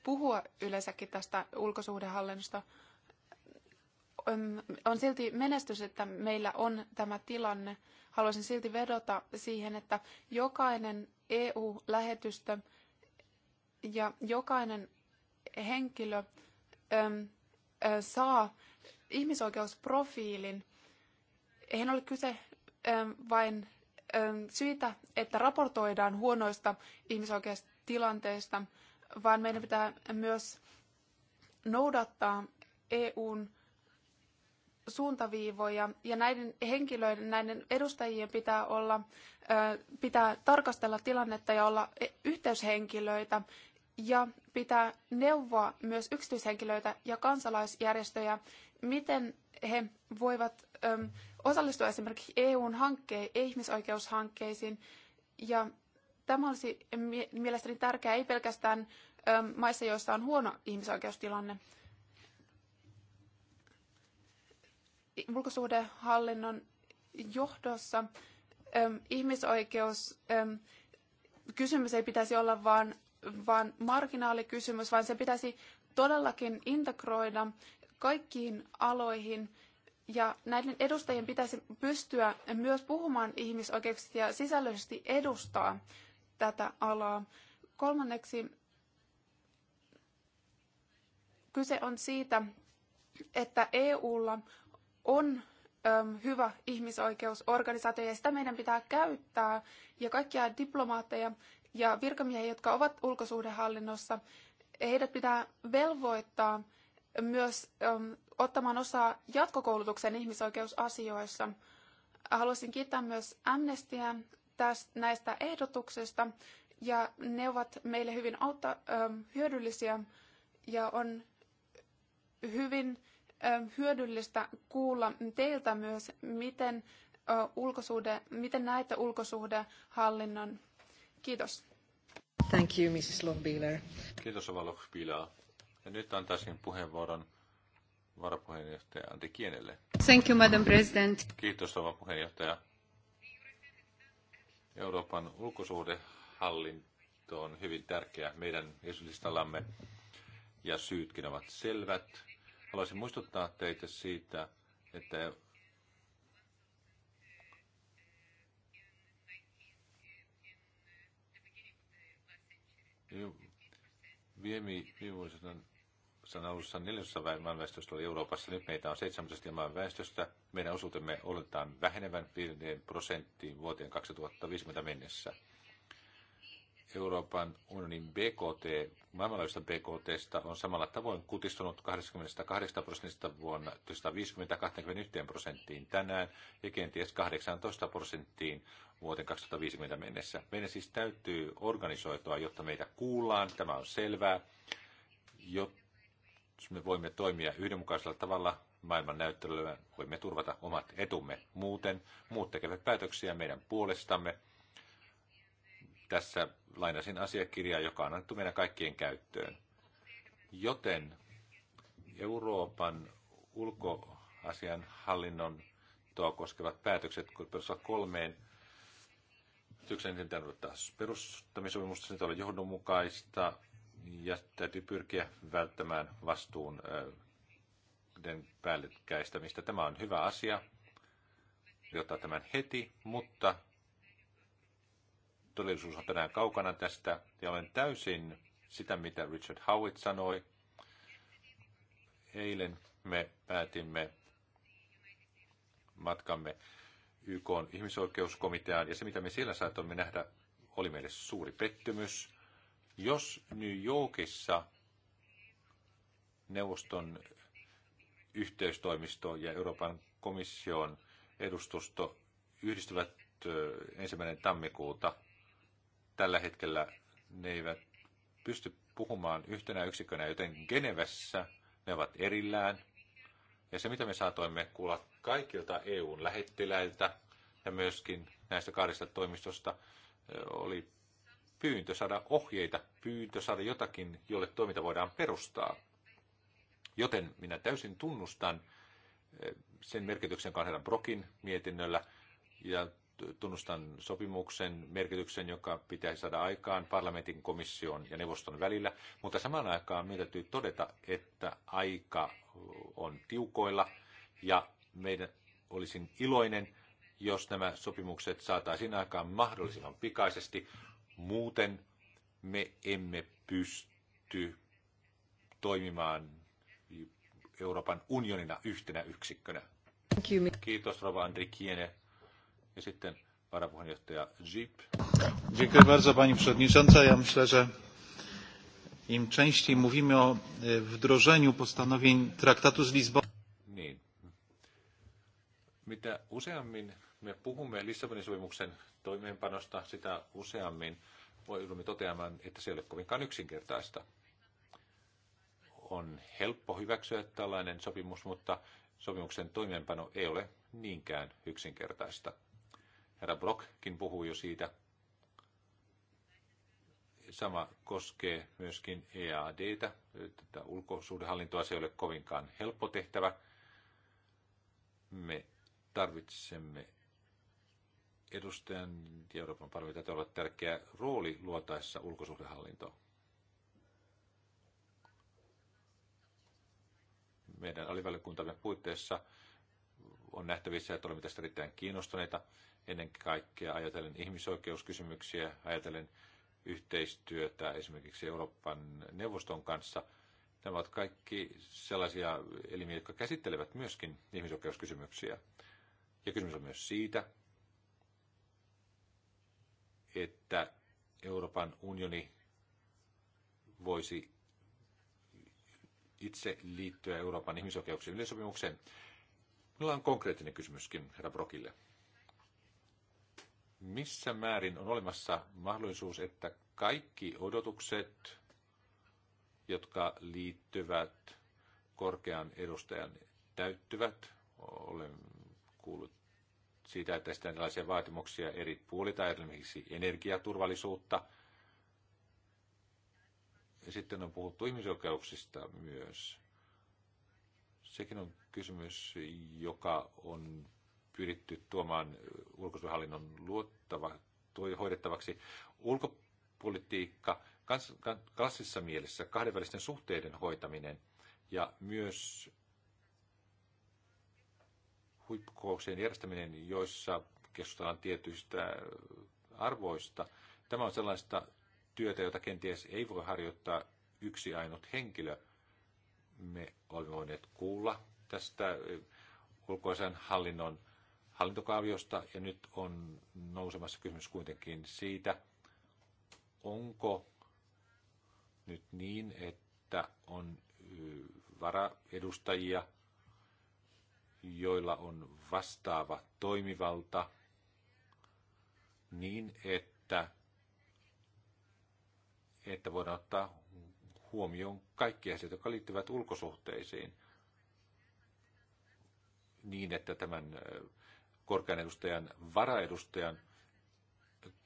puhua yleensäkin tästä ulkosuhdehallinnosta. On silti menestys, että meillä on tämä tilanne. Haluaisin silti vedota siihen, että jokainen EU-lähetystö ja jokainen henkilö, saa ihmisoikeusprofiilin. Eihän ole kyse vain siitä, että raportoidaan huonoista ihmisoikeustilanteista, vaan meidän pitää myös noudattaa EUn suuntaviivoja ja näiden henkilöiden, näiden edustajien pitää olla, pitää tarkastella tilannetta ja olla e-, yhteyshenkilöitä ja pitää neuvoa myös yksityishenkilöitä ja kansalaisjärjestöjä, miten he voivat äm, osallistua esimerkiksi EUn hankkeen, ihmisoikeushankkeisiin. Ja tämä olisi mielestäni tärkeää ei pelkästään äm, maissa, joissa on huono ihmisoikeustilanne. Ulkosuhdehallinnon johdossa äm, ihmisoikeus äm, kysymys ei pitäisi olla vain vain marginaalikysymys, vaan se pitäisi todellakin integroida kaikkiin aloihin. Ja näiden edustajien pitäisi pystyä myös puhumaan ihmisoikeuksista ja sisällöllisesti edustaa tätä alaa. Kolmanneksi kyse on siitä, että EUlla on hyvä ihmisoikeusorganisaatio ja sitä meidän pitää käyttää. Ja kaikkia diplomaatteja ja virkamiehiä, jotka ovat ulkosuhdehallinnossa, heidät pitää velvoittaa myös ähm, ottamaan osaa jatkokoulutuksen ihmisoikeusasioissa. Haluaisin kiittää myös Amnestyä tästä, näistä ehdotuksista, ja ne ovat meille hyvin autta, ähm, hyödyllisiä, ja on hyvin ähm, hyödyllistä kuulla teiltä myös, miten, äh, ulkosuhde, miten näette ulkosuhdehallinnon Kiitos. Thank you, Mrs. Lochbieler. Kiitos, Ova Lochbieler. Ja nyt antaisin puheenvuoron varapuheenjohtaja Antti Kienelle. Thank you, Madam President. Kiitos, Ova puheenjohtaja. Euroopan ulkosuhdehallinto on hyvin tärkeä meidän esityslistallamme ja syytkin ovat selvät. Haluaisin muistuttaa teitä siitä, että viime, viime vuosien alussa neljäsosa väestöstä oli Euroopassa. Nyt meitä on 7 ilman väestöstä. Meidän osuutemme oletetaan vähenevän 5 prosenttiin vuoteen 2050 mennessä. Euroopan unionin BKT, maailmanlaajuista BKTstä, on samalla tavoin kutistunut 28 prosentista vuonna 1950 21 prosenttiin tänään ja kenties 18 prosenttiin vuoteen 2050 mennessä. Meidän siis täytyy organisoitua, jotta meitä kuullaan, tämä on selvää, jos me voimme toimia yhdenmukaisella tavalla maailman näyttelyllä, voimme turvata omat etumme. Muuten muut tekevät päätöksiä meidän puolestamme – tässä lainasin asiakirjaa, joka on annettu meidän kaikkien käyttöön. Joten Euroopan ulkoasian hallinnon koskevat päätökset perustuvat kolmeen syksen perustamisopimusta, se on johdonmukaista ja täytyy pyrkiä välttämään vastuun päällekkäistämistä. Tämä on hyvä asia, jota tämän heti, mutta todellisuus on tänään kaukana tästä, ja olen täysin sitä, mitä Richard Howitt sanoi. Eilen me päätimme matkamme YK ihmisoikeuskomiteaan, ja se, mitä me siellä saatoimme nähdä, oli meille suuri pettymys. Jos New Yorkissa neuvoston yhteistoimisto ja Euroopan komission edustusto yhdistyvät ensimmäinen tammikuuta, tällä hetkellä ne eivät pysty puhumaan yhtenä yksikönä, joten Genevessä ne ovat erillään. Ja se, mitä me saatoimme kuulla kaikilta EUn lähettiläiltä ja myöskin näistä kahdesta toimistosta, oli pyyntö saada ohjeita, pyyntö saada jotakin, jolle toiminta voidaan perustaa. Joten minä täysin tunnustan eh, sen merkityksen kanssa Brokin mietinnöllä ja tunnustan sopimuksen merkityksen, joka pitäisi saada aikaan parlamentin, komission ja neuvoston välillä, mutta samaan aikaan meidän täytyy todeta, että aika on tiukoilla ja meidän olisin iloinen, jos nämä sopimukset saataisiin aikaan mahdollisimman pikaisesti. Muuten me emme pysty toimimaan Euroopan unionina yhtenä yksikkönä. Kiitos Rova Kiene varapuheenjohtaja Dziękuję bardzo pani przewodnicząca. Ja myślę, że im częściej mówimy o e, wdrożeniu postanowień traktatu z Lizbony. Niin. Mitä useammin me puhumme Lissabonin sopimuksen toimeenpanosta, sitä useammin joudumme toteamaan, että se ei ole kovinkaan yksinkertaista. On helppo hyväksyä tällainen sopimus, mutta sopimuksen toimeenpano ei ole niinkään yksinkertaista. Herra Brockkin puhuu jo siitä. Sama koskee myöskin EADtä. Tätä ulkosuhdehallintoa se ei ole kovinkaan helppo tehtävä. Me tarvitsemme edustajan ja Euroopan parlamentin olla tärkeä rooli luotaessa ulkosuhdehallintoa. Meidän alivälikuntamme puitteissa on nähtävissä, että olemme tästä erittäin kiinnostuneita ennen kaikkea ajatellen ihmisoikeuskysymyksiä, ajatellen yhteistyötä esimerkiksi Euroopan neuvoston kanssa. Nämä ovat kaikki sellaisia elimiä, jotka käsittelevät myöskin ihmisoikeuskysymyksiä. Ja kysymys on myös siitä, että Euroopan unioni voisi itse liittyä Euroopan ihmisoikeuksien yleissopimukseen. Minulla on konkreettinen kysymyskin herra Brokille missä määrin on olemassa mahdollisuus, että kaikki odotukset, jotka liittyvät korkean edustajan, täyttyvät? Olen kuullut siitä, että sitten erilaisia vaatimuksia eri puolilta, esimerkiksi energiaturvallisuutta. Ja sitten on puhuttu ihmisoikeuksista myös. Sekin on kysymys, joka on pyritty tuomaan ulkosuhallinnon luottava, hoidettavaksi. Ulkopolitiikka klassissa mielessä, kahdenvälisten suhteiden hoitaminen ja myös huippukouksien järjestäminen, joissa keskustellaan tietyistä arvoista. Tämä on sellaista työtä, jota kenties ei voi harjoittaa yksi ainut henkilö. Me olemme voineet kuulla tästä ulkoisen hallinnon hallintokaaviosta ja nyt on nousemassa kysymys kuitenkin siitä, onko nyt niin, että on varaedustajia, joilla on vastaava toimivalta niin, että, että voidaan ottaa huomioon kaikki asiat, jotka liittyvät ulkosuhteisiin, niin että tämän korkean edustajan varaedustajan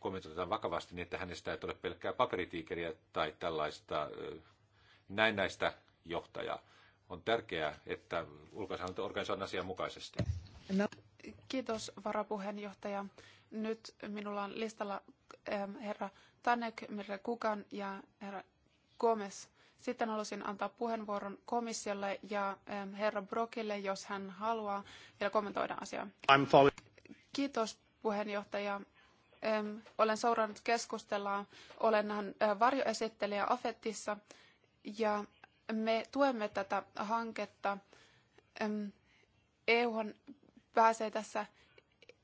kommentoidaan vakavasti niin, että hänestä ei ole pelkkää paperitiikeriä tai tällaista näistä johtajaa. On tärkeää, että ulkoishallinto organisoidaan asian mukaisesti. No. Kiitos varapuheenjohtaja. Nyt minulla on listalla herra Tanek, Mirre Kukan ja herra Gomez. Sitten haluaisin antaa puheenvuoron komissiolle ja ähm, herra Brokille, jos hän haluaa vielä kommentoida asiaa. Kiitos puheenjohtaja. Ähm, olen seurannut keskustelua. Olen äh, varjoesittelijä Afetissa ja me tuemme tätä hanketta. Ähm, EU pääsee tässä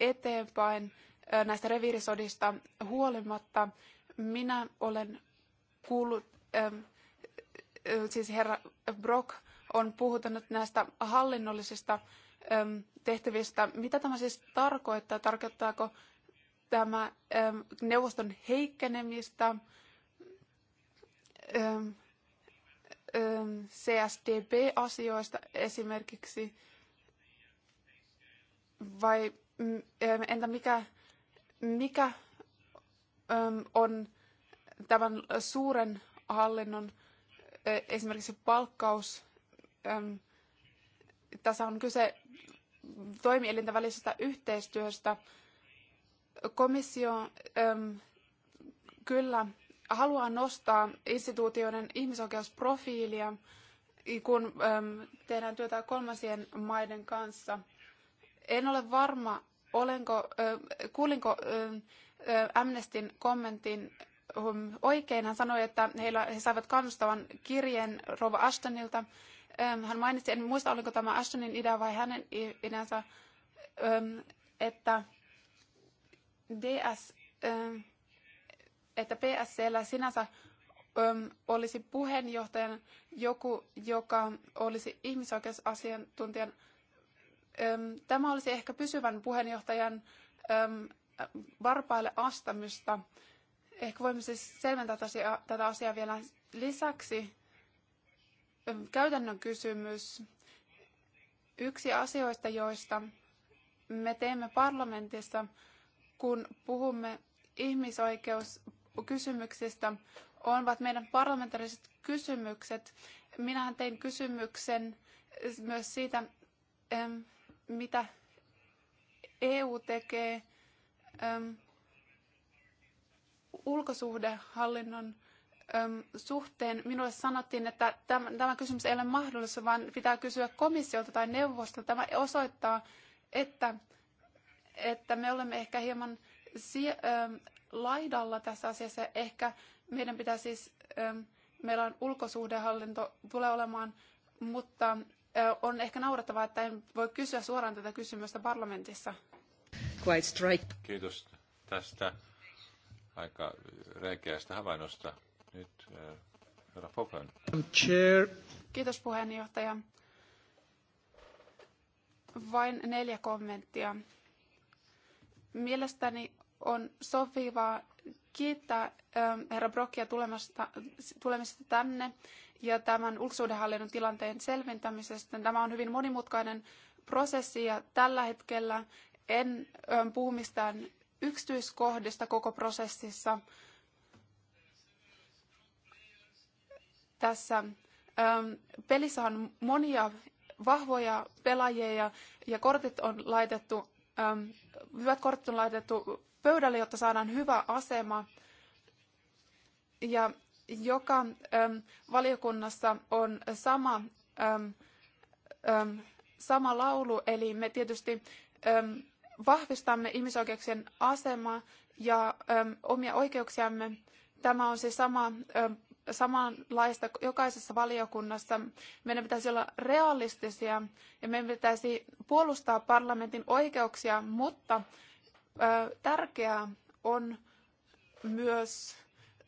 eteenpäin äh, näistä reviirisodista huolimatta. Minä olen kuullut, siis herra Brock on puhunut näistä hallinnollisista tehtävistä. Mitä tämä siis tarkoittaa? Tarkoittaako tämä neuvoston heikkenemistä? CSDB-asioista esimerkiksi? Vai mm, entä mikä, mikä on tämän suuren hallinnon esimerkiksi palkkaus, tässä on kyse toimielinten välisestä yhteistyöstä. Komissio kyllä haluaa nostaa instituutioiden ihmisoikeusprofiilia, kun tehdään työtä kolmansien maiden kanssa. En ole varma, olenko, kuulinko Amnestin kommentin Um, oikein. Hän sanoi, että heillä, he saivat kannustavan kirjeen Rova Ashtonilta. Um, hän mainitsi, en muista oliko tämä Ashtonin idea vai hänen ideansa, um, että DS, että PSCllä sinänsä olisi puheenjohtajan joku, joka olisi ihmisoikeusasiantuntijan. Tämä olisi ehkä pysyvän puheenjohtajan varpaille astamista. Ehkä voimme siis selventää tätä asiaa vielä lisäksi. Käytännön kysymys. Yksi asioista, joista me teemme parlamentissa, kun puhumme ihmisoikeuskysymyksistä, ovat meidän parlamentaariset kysymykset. Minähän tein kysymyksen myös siitä, mitä EU tekee ulkosuhdehallinnon suhteen minulle sanottiin, että tämä kysymys ei ole mahdollista, vaan pitää kysyä komissiolta tai neuvostolta. Tämä osoittaa, että, että me olemme ehkä hieman laidalla tässä asiassa. Ehkä meidän pitää siis, meillä on ulkosuhdehallinto, tulee olemaan, mutta on ehkä naurettavaa, että en voi kysyä suoraan tätä kysymystä parlamentissa. Quite Kiitos tästä aika reikeästä havainnosta. Nyt äh, herra Foglan. Kiitos puheenjohtaja. Vain neljä kommenttia. Mielestäni on sopivaa kiittää ähm, herra Brockia tulemasta, tulemisesta tänne ja tämän ulkosuhdehallinnon tilanteen selventämisestä. Tämä on hyvin monimutkainen prosessi ja tällä hetkellä en ähm, puhu mistään yksityiskohdista koko prosessissa. Tässä ähm, pelissä on monia vahvoja pelaajia ja, kortit on laitettu, ähm, hyvät kortit on laitettu pöydälle, jotta saadaan hyvä asema. Ja joka ähm, valiokunnassa on sama, ähm, ähm, sama laulu, eli me tietysti ähm, vahvistamme ihmisoikeuksien asemaa ja ähm, omia oikeuksiamme. Tämä on se sama, äm, samanlaista jokaisessa valiokunnassa. Meidän pitäisi olla realistisia ja meidän pitäisi puolustaa parlamentin oikeuksia, mutta äh, tärkeää on myös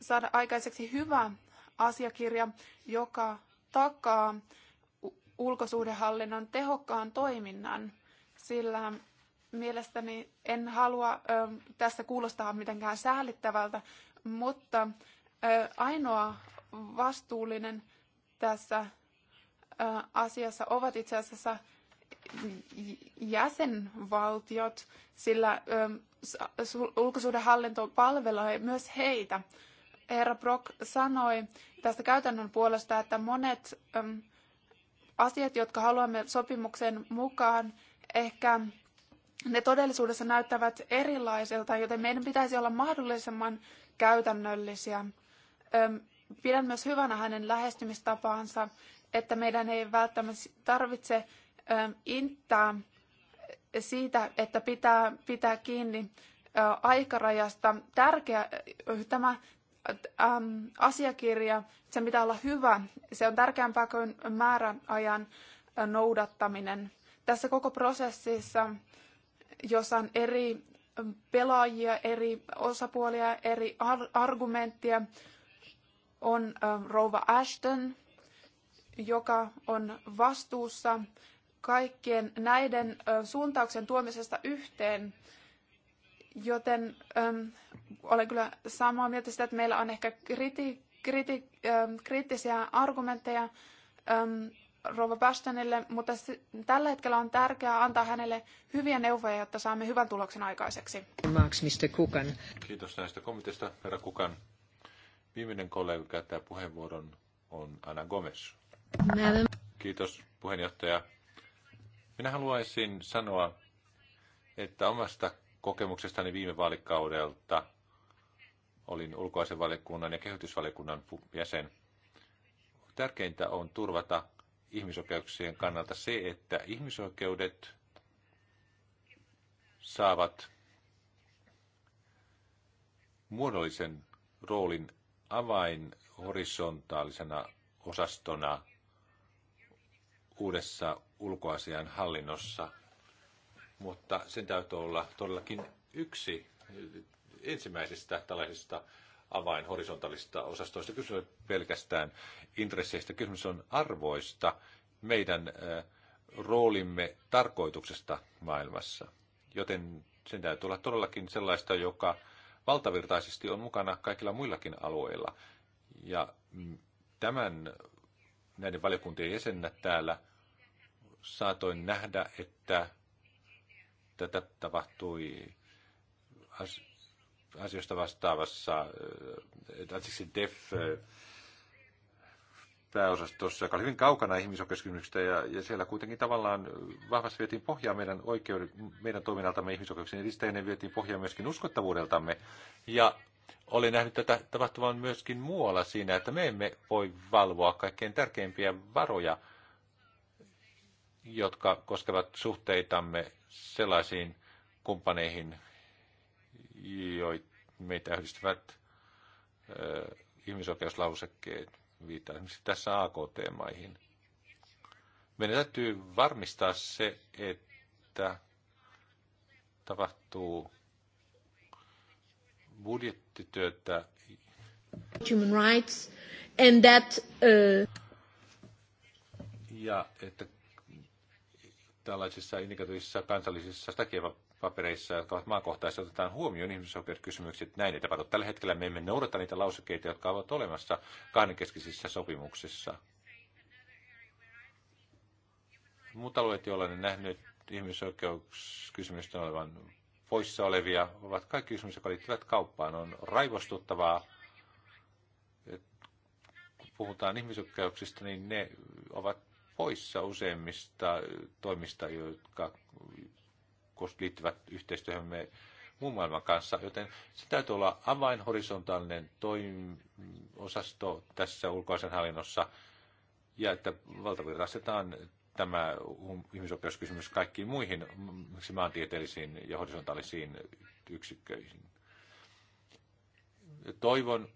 saada aikaiseksi hyvä asiakirja, joka takaa ulkosuhdehallinnon tehokkaan toiminnan, sillä mielestäni en halua ö, tässä kuulostaa mitenkään säällittävältä, mutta ö, ainoa vastuullinen tässä ö, asiassa ovat itse asiassa jäsenvaltiot, sillä ulkosuhdehallinto palvelee myös heitä. Herra Brock sanoi tästä käytännön puolesta, että monet asiat, jotka haluamme sopimuksen mukaan, ehkä ne todellisuudessa näyttävät erilaisilta, joten meidän pitäisi olla mahdollisimman käytännöllisiä. Pidän myös hyvänä hänen lähestymistapaansa, että meidän ei välttämättä tarvitse inttää siitä, että pitää pitää kiinni aikarajasta. Tärkeä tämä asiakirja, se pitää olla hyvä. Se on tärkeämpää kuin määräajan noudattaminen. Tässä koko prosessissa jossa on eri pelaajia, eri osapuolia, eri argumentteja. On rouva Ashton, joka on vastuussa kaikkien näiden suuntauksen tuomisesta yhteen. Joten äm, olen kyllä samaa mieltä sitä, että meillä on ehkä kriti, kriti, äh, kriittisiä argumentteja äm, Rova Bastanille, mutta tällä hetkellä on tärkeää antaa hänelle hyviä neuvoja, jotta saamme hyvän tuloksen aikaiseksi. Max Mr. Kukan. Kiitos näistä komiteista, herra Kukan. Viimeinen kollega käyttää puheenvuoron on Ana Gomes. Madam. Kiitos puheenjohtaja. Minä haluaisin sanoa, että omasta kokemuksestani viime vaalikaudelta olin ulkoasevaliokunnan ja kehitysvaliokunnan jäsen. Tärkeintä on turvata ihmisoikeuksien kannalta se, että ihmisoikeudet saavat muodollisen roolin avain horisontaalisena osastona uudessa ulkoasian hallinnossa, mutta sen täytyy olla todellakin yksi ensimmäisistä tällaisista avain horisontaalista osastoista. Kysymys on pelkästään intresseistä, kysymys on arvoista, meidän roolimme tarkoituksesta maailmassa. Joten sen täytyy olla todellakin sellaista, joka valtavirtaisesti on mukana kaikilla muillakin alueilla. Ja mm, tämän näiden valiokuntien jäsenä täällä saatoin nähdä, että tätä tapahtui asioista vastaavassa, äh, anteeksi DEF äh, pääosastossa, joka oli hyvin kaukana ihmisoikeuskysymyksistä ja, ja siellä kuitenkin tavallaan vahvasti vietiin pohjaa meidän, oikeuden, meidän toiminnaltamme ihmisoikeuksien edistäjien vietiin pohjaa myöskin uskottavuudeltamme. Ja olen nähnyt tätä tapahtuvan myöskin muualla siinä, että me emme voi valvoa kaikkein tärkeimpiä varoja, jotka koskevat suhteitamme sellaisiin kumppaneihin, joit meitä yhdistävät äh, ihmisoikeuslausekkeet viittaa esimerkiksi tässä AKT-maihin. Meidän täytyy varmistaa se, että tapahtuu budjettityötä. Human rights and that, uh... Ja että tällaisissa indikatiivisissa kansallisissa sitä papereissa, jotka ovat maakohtaisia, otetaan huomioon ihmisoikeuskysymykset. Näin ei tapahdu. Tällä hetkellä me emme noudata niitä lausekkeita, jotka ovat olemassa kahdenkeskisissä sopimuksissa. Muut alueet, joilla olen nähnyt ihmisoikeuskysymysten olevan poissa olevia, ovat kaikki kysymykset, jotka liittyvät kauppaan. On raivostuttavaa, puhutaan ihmisoikeuksista, niin ne ovat poissa useimmista toimista, jotka liittyvät yhteistyöhömme muun maailman kanssa, joten se täytyy olla avainhorisontaalinen toim- osasto tässä ulkoasenhallinnossa ja että valtavirtaistetaan tämä ihmisoikeuskysymys kaikkiin muihin maantieteellisiin ja horisontaalisiin yksikköihin. Toivon,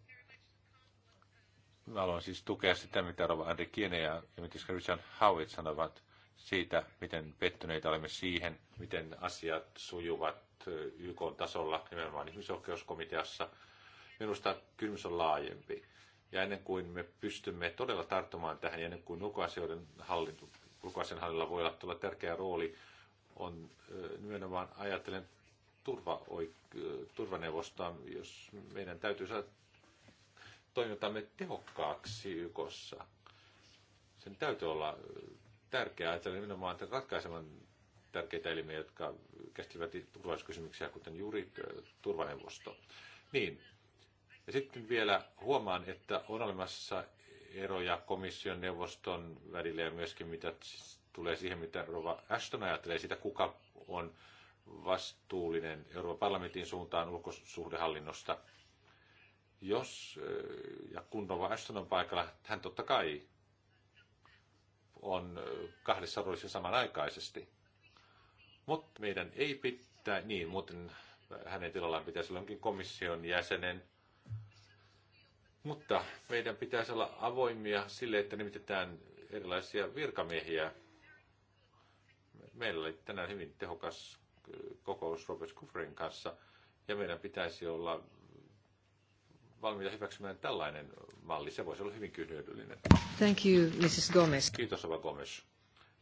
mä haluan siis tukea sitä, mitä Rova Andri Kiene ja Mitiska Richard Howitt sanovat, siitä, miten pettyneitä olemme siihen, miten asiat sujuvat YK tasolla, nimenomaan ihmisoikeuskomiteassa. Minusta kysymys on laajempi. Ja ennen kuin me pystymme todella tarttumaan tähän, ennen kuin ulkoasioiden hallinto, ulkoasian hallilla voi olla tulla tärkeä rooli, on nimenomaan ajatellen turva, turvaneuvostoa, jos meidän täytyy saada toimintamme tehokkaaksi YKssa. Sen täytyy olla tärkeää ajatella nimenomaan ratkaisemaan tärkeitä elimiä, jotka käsittelevät turvallisuuskysymyksiä, kuten juuri turvaneuvosto. Niin. Ja sitten vielä huomaan, että on olemassa eroja komission neuvoston välillä ja myöskin mitä tulee siihen, mitä Rova Ashton ajattelee siitä, kuka on vastuullinen Euroopan parlamentin suuntaan ulkosuhdehallinnosta. Jos ja kun Rova Ashton on paikalla, hän totta kai on kahdessa roolissa samanaikaisesti. Mutta meidän ei pitää, niin muuten hänen tilallaan pitäisi olla jonkin komission jäsenen, mutta meidän pitäisi olla avoimia sille, että nimitetään erilaisia virkamiehiä. Meillä oli tänään hyvin tehokas äh, kokous Robert Kufrin kanssa, ja meidän pitäisi olla valmiita hyväksymään tällainen malli. Se voisi olla hyvinkin hyödyllinen. Thank you, Mrs. Gomez. Kiitos, Ava Gomez.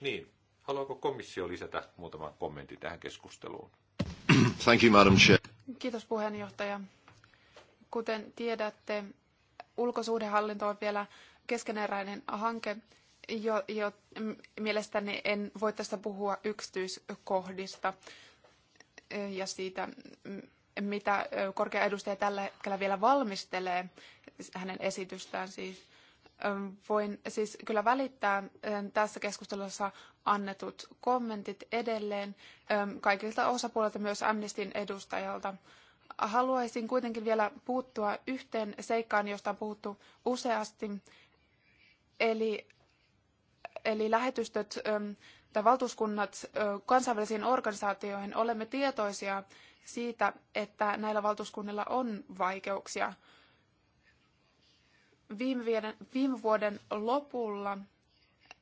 Niin, haluaako komissio lisätä muutaman kommentin tähän keskusteluun? Thank you, Madam Chair. Kiitos puheenjohtaja. Kuten tiedätte, ulkosuhdehallinto on vielä keskeneräinen hanke, jo, jo mielestäni en voi tässä puhua yksityiskohdista ja siitä, mitä korkea edustaja tällä hetkellä vielä valmistelee, hänen esitystään siis. Voin siis kyllä välittää tässä keskustelussa annetut kommentit edelleen kaikilta osapuolilta, myös Amnestin edustajalta. Haluaisin kuitenkin vielä puuttua yhteen seikkaan, josta on puhuttu useasti, eli, eli lähetystöt tai valtuuskunnat kansainvälisiin organisaatioihin. Olemme tietoisia siitä, että näillä valtuuskunnilla on vaikeuksia. Viime, viime vuoden lopulla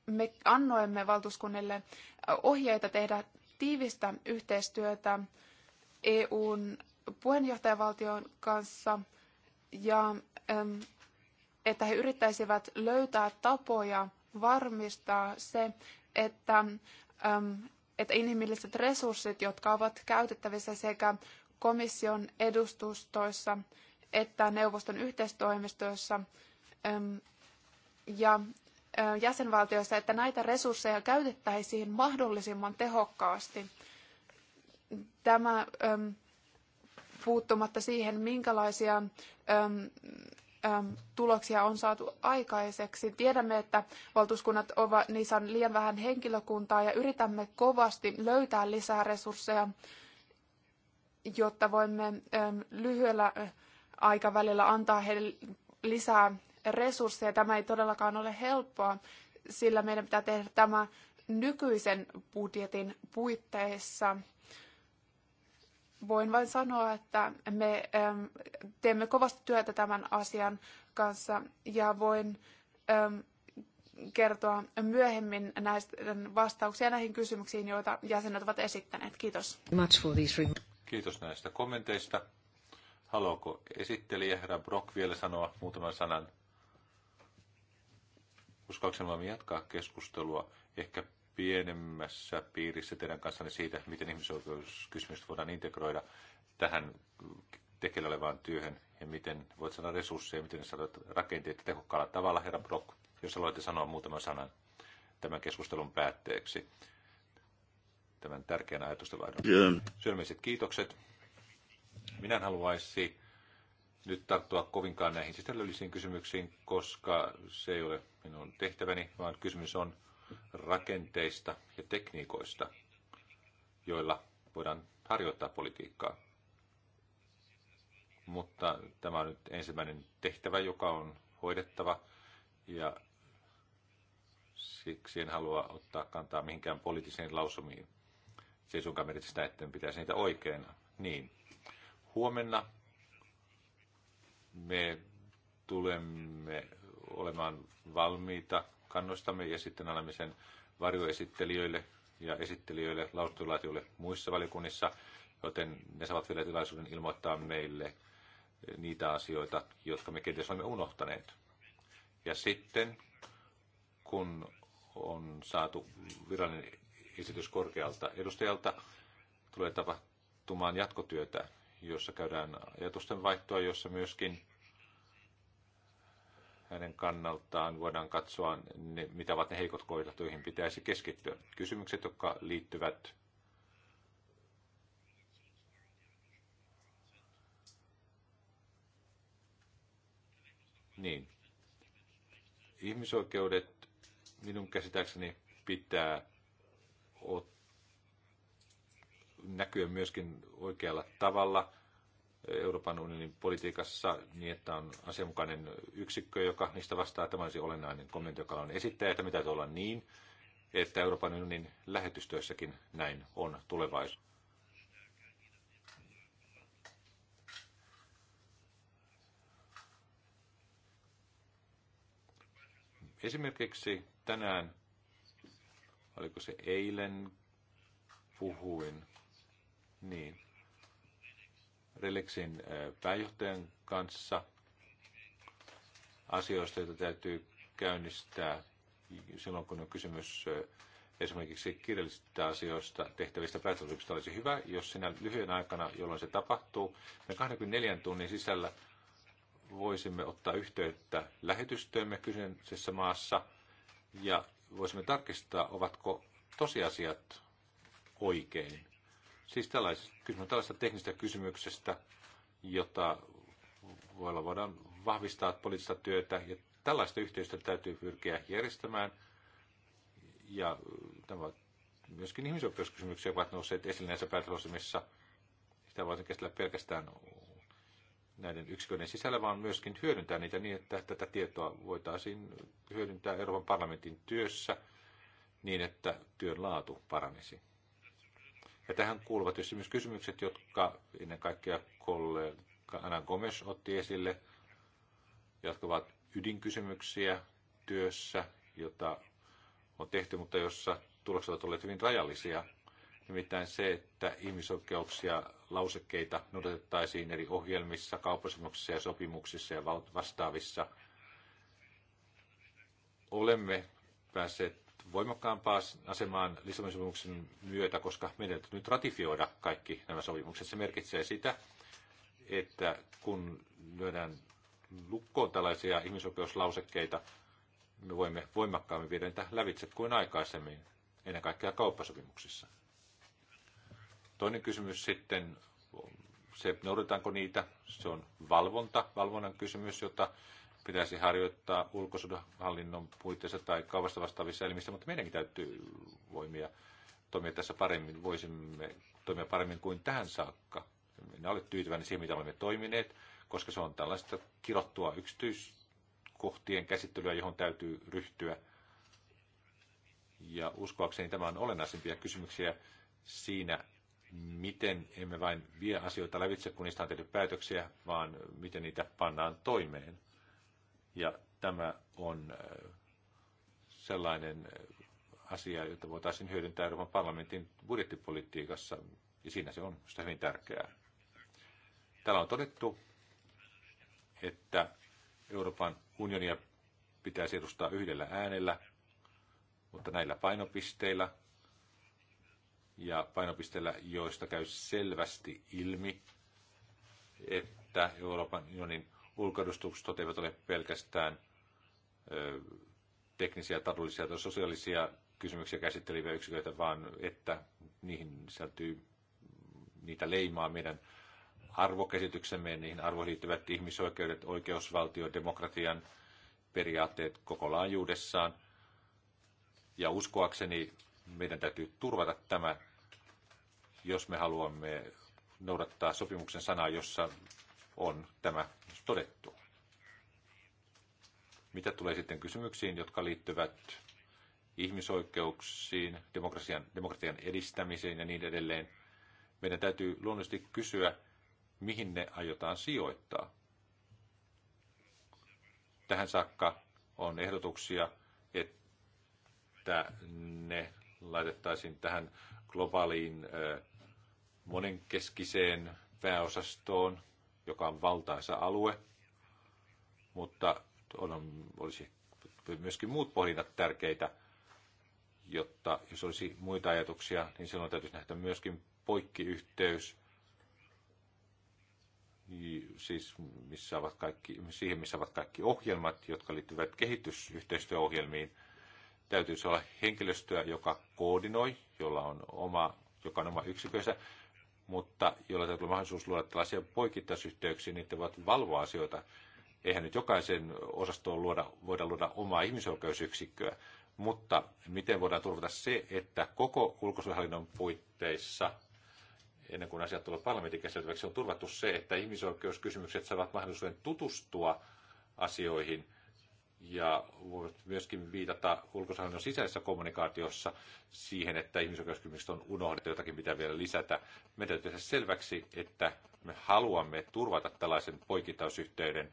me annoimme valtuuskunnille ohjeita tehdä tiivistä yhteistyötä EUn puheenjohtajavaltion kanssa ja että he yrittäisivät löytää tapoja varmistaa se, että että inhimilliset resurssit, jotka ovat käytettävissä sekä komission edustustoissa että neuvoston yhteistoimistoissa ja jäsenvaltioissa, että näitä resursseja käytettäisiin mahdollisimman tehokkaasti. Tämä puuttumatta siihen, minkälaisia Ähm, tuloksia on saatu aikaiseksi. Tiedämme, että valtuuskunnat ovat, niissä on liian vähän henkilökuntaa ja yritämme kovasti löytää lisää resursseja, jotta voimme ähm, lyhyellä äh, aikavälillä antaa heille lisää resursseja. Tämä ei todellakaan ole helppoa, sillä meidän pitää tehdä tämä nykyisen budjetin puitteissa voin vain sanoa, että me ähm, teemme kovasti työtä tämän asian kanssa ja voin ähm, kertoa myöhemmin näistä vastauksia näihin kysymyksiin, joita jäsenet ovat esittäneet. Kiitos. Kiitos näistä kommenteista. Haluaako esittelijä herra Brock vielä sanoa muutaman sanan? Uskaakseni voimme jatkaa keskustelua. Ehkä pienemmässä piirissä teidän kanssanne siitä, miten ihmisoikeuskysymykset voidaan integroida tähän tekeillä olevaan työhön ja miten voit sanoa resursseja, miten ne saadaan rakenteita tehokkaalla tavalla. Herra Brock, jos haluatte sanoa muutaman sanan tämän keskustelun päätteeksi, tämän tärkeän vaihdon. Sydämiset kiitokset. Minä haluaisin nyt tarttua kovinkaan näihin sisällöllisiin kysymyksiin, koska se ei ole minun tehtäväni, vaan kysymys on rakenteista ja tekniikoista, joilla voidaan harjoittaa politiikkaa. Mutta tämä on nyt ensimmäinen tehtävä, joka on hoidettava, ja siksi en halua ottaa kantaa mihinkään poliittisiin lausumiin. Se ei suinkaan merkitse sitä, että pitäisi niitä oikeina. Niin. Huomenna me tulemme olemaan valmiita kannostamme ja sitten annamme sen varjoesittelijöille ja esittelijöille, lausuntolaatioille muissa valiokunnissa, joten ne saavat vielä tilaisuuden ilmoittaa meille eh, niitä asioita, jotka me kenties olemme unohtaneet. Ja sitten, kun on saatu virallinen esitys korkealta edustajalta, tulee tapahtumaan jatkotyötä, jossa käydään ajatusten vaihtoa, jossa myöskin hänen kannaltaan voidaan katsoa, ne, mitä ovat ne heikot kohdat, joihin pitäisi keskittyä. Kysymykset, jotka liittyvät Niin. Ihmisoikeudet minun käsittääkseni pitää ot- näkyä myöskin oikealla tavalla – Euroopan unionin politiikassa niin, että on asianmukainen yksikkö, joka niistä vastaa. Tämä olisi olennainen kommentti, joka on esittäjä, että mitä olla niin, että Euroopan unionin lähetystyössäkin näin on tulevaisuus. Esimerkiksi tänään, oliko se eilen, puhuin, niin Relexin äh, pääjohtajan kanssa asioista, joita täytyy käynnistää silloin, kun on kysymys äh, esimerkiksi kirjallisista asioista tehtävistä päätöksistä olisi hyvä, jos sinä lyhyen aikana, jolloin se tapahtuu, me 24 tunnin sisällä voisimme ottaa yhteyttä lähetystöömme kyseisessä maassa ja voisimme tarkistaa, ovatko tosiasiat oikein. Siis tällaisesta, kysymys tällaista teknistä kysymyksestä, jota voilla voidaan vahvistaa poliittista työtä ja tällaista yhteistyötä täytyy pyrkiä järjestämään. Ja tämä myöskin ihmisoikeuskysymyksiä ovat nousseet esille näissä päätöslauselmissa. Sitä voisi käsitellä pelkästään näiden yksiköiden sisällä, vaan myöskin hyödyntää niitä niin, että tätä tietoa voitaisiin hyödyntää Euroopan parlamentin työssä niin, että työn laatu paranisi. Ja tähän kuuluvat tietysti myös kysymykset, jotka ennen kaikkea kollega Anna Gomes otti esille, jotka ovat ydinkysymyksiä työssä, jota on tehty, mutta jossa tulokset ovat olleet hyvin rajallisia. Nimittäin se, että ihmisoikeuksia lausekkeita noudatettaisiin eri ohjelmissa, kauppasopimuksissa ja sopimuksissa ja vastaavissa. Olemme päässeet voimakkaampaan asemaan Lissabonin sopimuksen myötä, koska meidän täytyy nyt ratifioida kaikki nämä sopimukset. Se merkitsee sitä, että kun lyödään lukkoon tällaisia ihmisoikeuslausekkeita, me voimme voimakkaammin viedä niitä lävitse kuin aikaisemmin, ennen kaikkea kauppasopimuksissa. Toinen kysymys sitten, se noudatetaanko niitä, se on valvonta, valvonnan kysymys, jota pitäisi harjoittaa ulkosuhdehallinnon puitteissa tai kaupasta vastaavissa elimissä, mutta meidänkin täytyy voimia toimia tässä paremmin. Voisimme toimia paremmin kuin tähän saakka. Minä olen tyytyväinen siihen, mitä olemme toimineet, koska se on tällaista kirottua yksityiskohtien käsittelyä, johon täytyy ryhtyä. Ja uskoakseni tämä on olennaisimpia kysymyksiä siinä, miten emme vain vie asioita lävitse, kun niistä on tehty päätöksiä, vaan miten niitä pannaan toimeen. Ja tämä on äh, sellainen äh, asia, jota voitaisiin hyödyntää Euroopan parlamentin budjettipolitiikassa, ja siinä se on sitä hyvin tärkeää. Täällä on todettu, että Euroopan unionia pitäisi edustaa yhdellä äänellä, mutta näillä painopisteillä ja painopisteillä, joista käy selvästi ilmi, että Euroopan unionin ulkoedustukset eivät ole pelkästään ö, teknisiä, taloudellisia tai sosiaalisia kysymyksiä käsitteleviä yksiköitä, vaan että niihin sisältyy niitä leimaa meidän arvokäsityksemme niihin arvoihin liittyvät ihmisoikeudet, oikeusvaltio, demokratian periaatteet koko laajuudessaan. Ja uskoakseni meidän täytyy turvata tämä, jos me haluamme noudattaa sopimuksen sanaa, jossa on tämä todettu. Mitä tulee sitten kysymyksiin, jotka liittyvät ihmisoikeuksiin, demokratian, demokratian edistämiseen ja niin edelleen, meidän täytyy luonnollisesti kysyä, mihin ne aiotaan sijoittaa. Tähän saakka on ehdotuksia, että ne laitettaisiin tähän globaaliin monenkeskiseen pääosastoon, joka on valtaisa alue, mutta on, olisi myöskin muut pohdinnat tärkeitä, jotta jos olisi muita ajatuksia, niin silloin täytyisi nähdä myöskin poikkiyhteys, siis missä ovat kaikki, siihen, missä ovat kaikki ohjelmat, jotka liittyvät kehitysyhteistyöohjelmiin. Täytyisi olla henkilöstöä, joka koordinoi, jolla on oma, joka on oma yksikönsä, mutta jolla täytyy olla mahdollisuus luoda tällaisia poikittaisyhteyksiä, niin että voivat valvoa asioita. Eihän nyt jokaisen osastoon luoda, voida luoda omaa ihmisoikeusyksikköä, mutta miten voidaan turvata se, että koko ulkosuojelun puitteissa ennen kuin asiat tulevat parlamentin käsiteltäväksi, on turvattu se, että ihmisoikeuskysymykset saavat mahdollisuuden tutustua asioihin ja voivat myöskin viitata ulkosaannon sisäisessä kommunikaatiossa siihen, että ihmisoikeuskysymykset on unohdettu, jotakin pitää vielä lisätä. Me täytyy tehdä selväksi, että me haluamme turvata tällaisen poikittausyhteyden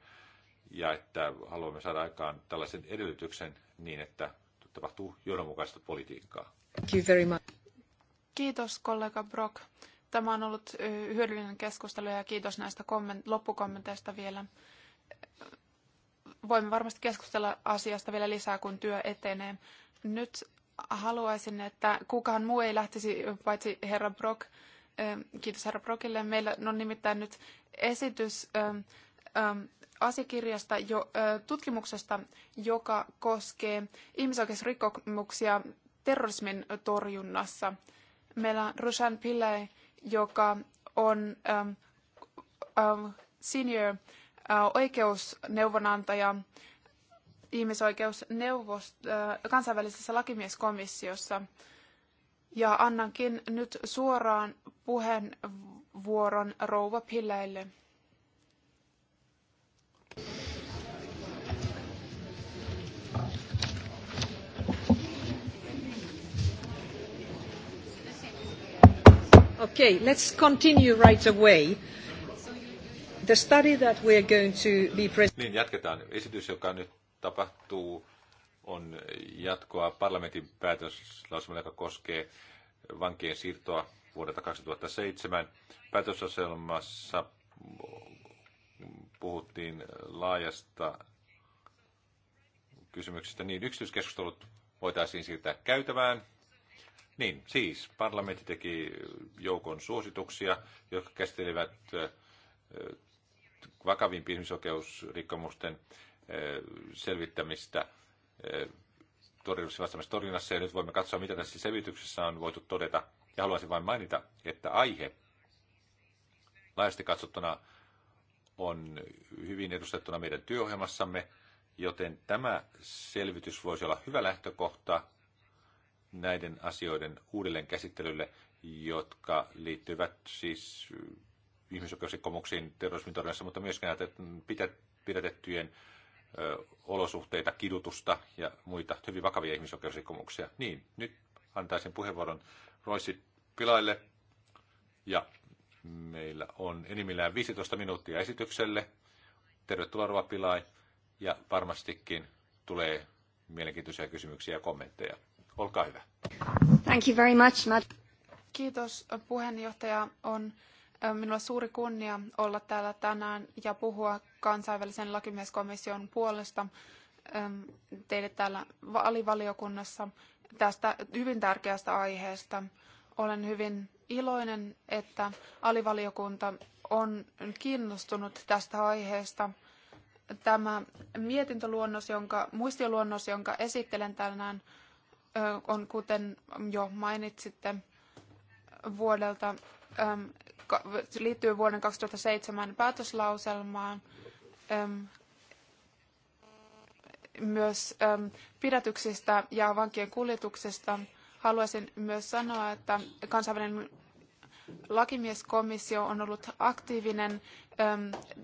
ja että haluamme saada aikaan tällaisen edellytyksen niin, että tapahtuu johdonmukaista politiikkaa. Thank you very much. Kiitos kollega Brock. Tämä on ollut hyödyllinen keskustelu ja kiitos näistä komment- loppukommenteista vielä voimme varmasti keskustella asiasta vielä lisää, kun työ etenee. Nyt haluaisin, että kukaan muu ei lähtisi, paitsi herra Brock. Ähm, kiitos herra Brockille. Meillä on nimittäin nyt esitys ähm, ähm, asiakirjasta jo, äh, tutkimuksesta, joka koskee ihmisoikeusrikkomuksia terrorismin torjunnassa. Meillä on Rushan Pillay, joka on äh, senior oikeusneuvonantaja ihmisoikeusneuvosto, kansainvälisessä lakimieskomissiossa. Ja annankin nyt suoraan puheenvuoron rouva Pilleille. Okay, let's continue right away. The study that we are going to be niin, jatketaan. Esitys, joka nyt tapahtuu, on jatkoa parlamentin päätöslauselmalle, joka koskee vankien siirtoa vuodelta 2007. Päätösasemassa puhuttiin laajasta kysymyksestä. Niin, yksityiskeskustelut voitaisiin siirtää käytävään. Niin, siis parlamentti teki joukon suosituksia, jotka käsittelivät vakavimpien ihmisoikeusrikkomusten selvittämistä torjunnassa vastaamassa torjunnassa. Ja nyt voimme katsoa, mitä tässä selvityksessä on voitu todeta. Ja haluaisin vain mainita, että aihe laajasti katsottuna on hyvin edustettuna meidän työohjelmassamme, joten tämä selvitys voisi olla hyvä lähtökohta näiden asioiden uudelleen käsittelylle, jotka liittyvät siis ihmisoikeusrikkomuksiin terrorismin torjunnassa, mutta näitä pidätettyjen olosuhteita, kidutusta ja muita hyvin vakavia ihmisoikeusrikkomuksia. Niin, nyt antaisin puheenvuoron Roissi Pilaille ja meillä on enimmillään 15 minuuttia esitykselle. Tervetuloa Rova Pilai ja varmastikin tulee mielenkiintoisia kysymyksiä ja kommentteja. Olkaa hyvä. Thank you very much, Matt. Kiitos puheenjohtaja. On Minulla on suuri kunnia olla täällä tänään ja puhua kansainvälisen lakimieskomission puolesta teille täällä alivaliokunnassa tästä hyvin tärkeästä aiheesta. Olen hyvin iloinen, että alivaliokunta on kiinnostunut tästä aiheesta. Tämä mietintöluonnos, jonka, muistioluonnos, jonka esittelen tänään, on kuten jo mainitsitte vuodelta se liittyy vuoden 2007 päätöslauselmaan. Myös pidätyksistä ja vankien kuljetuksesta haluaisin myös sanoa, että kansainvälinen lakimieskomissio on ollut aktiivinen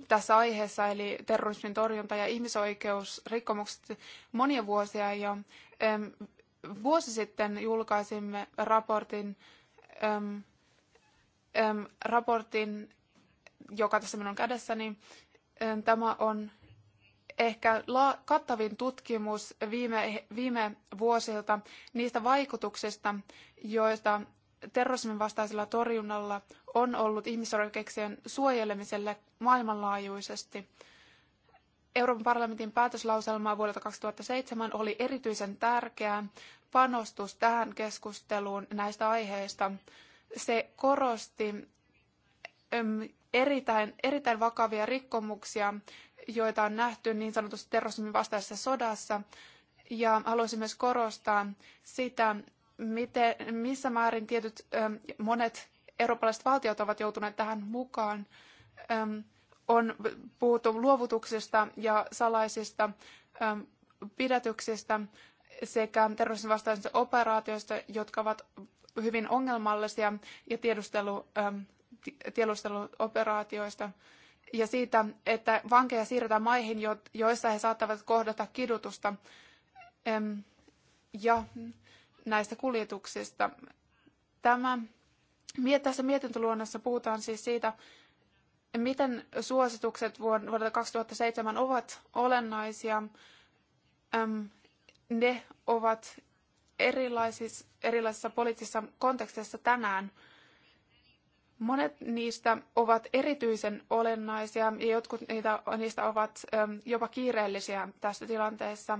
tässä aiheessa, eli terrorismin torjunta ja ihmisoikeusrikkomukset monia vuosia jo. vuosi sitten julkaisimme raportin äm, äm, raportin, joka tässä minun kädessäni, äm, tämä on ehkä la- kattavin tutkimus viime, viime vuosilta niistä vaikutuksista, joista terrorismin vastaisella torjunnalla on ollut ihmisoikeuksien suojelemiselle maailmanlaajuisesti. Euroopan parlamentin päätöslauselma vuodelta 2007 oli erityisen tärkeä panostus tähän keskusteluun näistä aiheista se korosti erittäin, erittäin vakavia rikkomuksia, joita on nähty niin sanotusti terrorismin vastaisessa sodassa. Ja haluaisin myös korostaa sitä, miten, missä määrin tietyt monet eurooppalaiset valtiot ovat joutuneet tähän mukaan. On puhuttu luovutuksista ja salaisista pidätyksistä sekä terrorismin vastaisista operaatioista, jotka ovat hyvin ongelmallisia ja tiedustelu, ähm, tiedusteluoperaatioista ja siitä, että vankeja siirretään maihin, joissa he saattavat kohdata kidutusta ja näistä kuljetuksista. Tämä, tässä mietintöluonnossa puhutaan siis siitä, miten suositukset vuodelta 2007 ovat olennaisia. Ne ovat erilaisissa, erilaisissa poliittisissa konteksteissa tänään. Monet niistä ovat erityisen olennaisia ja jotkut niitä, niistä ovat ähm, jopa kiireellisiä tässä tilanteessa.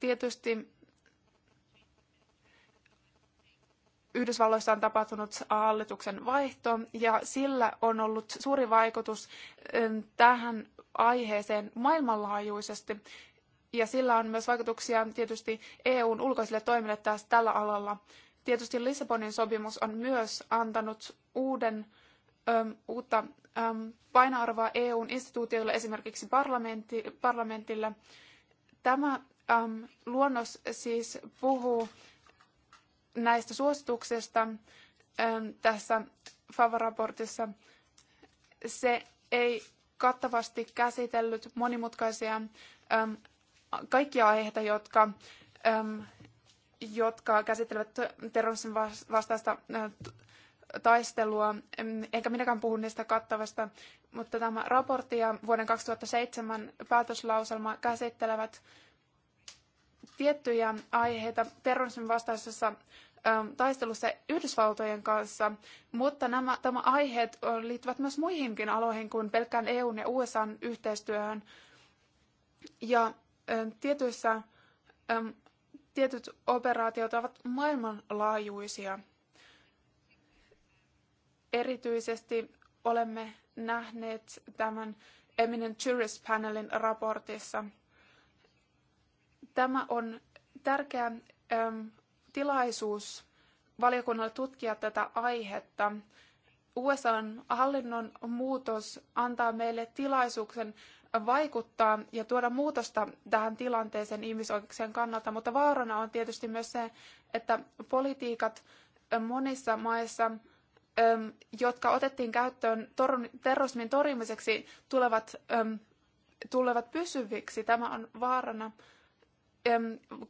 Tietysti Yhdysvalloissa on tapahtunut hallituksen vaihto ja sillä on ollut suuri vaikutus ähm, tähän aiheeseen maailmanlaajuisesti ja sillä on myös vaikutuksia tietysti EUn ulkoisille toimille taas tällä alalla. Tietysti Lissabonin sopimus on myös antanut uuden, uutta äm, painoarvoa EUn instituutioille, esimerkiksi parlamentti, parlamentille. Tämä äm, luonnos siis puhuu näistä suosituksista tässä FAVA-raportissa. Se ei kattavasti käsitellyt monimutkaisia kaikkia aiheita, jotka, jotka käsittelevät terrorismin vastaista taistelua, enkä minäkään puhu niistä kattavasta, mutta tämä raportti ja vuoden 2007 päätöslauselma käsittelevät tiettyjä aiheita terrorismin vastaisessa taistelussa Yhdysvaltojen kanssa, mutta nämä tämä aiheet liittyvät myös muihinkin aloihin kuin pelkkään EUn ja USAn yhteistyöhön. Ja tietyissä, tietyt operaatiot ovat maailmanlaajuisia. Erityisesti olemme nähneet tämän Eminent Tourist Panelin raportissa. Tämä on tärkeä tilaisuus valiokunnalle tutkia tätä aihetta. usa hallinnon muutos antaa meille tilaisuuden vaikuttaa ja tuoda muutosta tähän tilanteeseen ihmisoikeuksien kannalta, mutta vaarana on tietysti myös se, että politiikat monissa maissa, jotka otettiin käyttöön terrorismin torjumiseksi, tulevat, tulevat pysyviksi. Tämä on vaarana,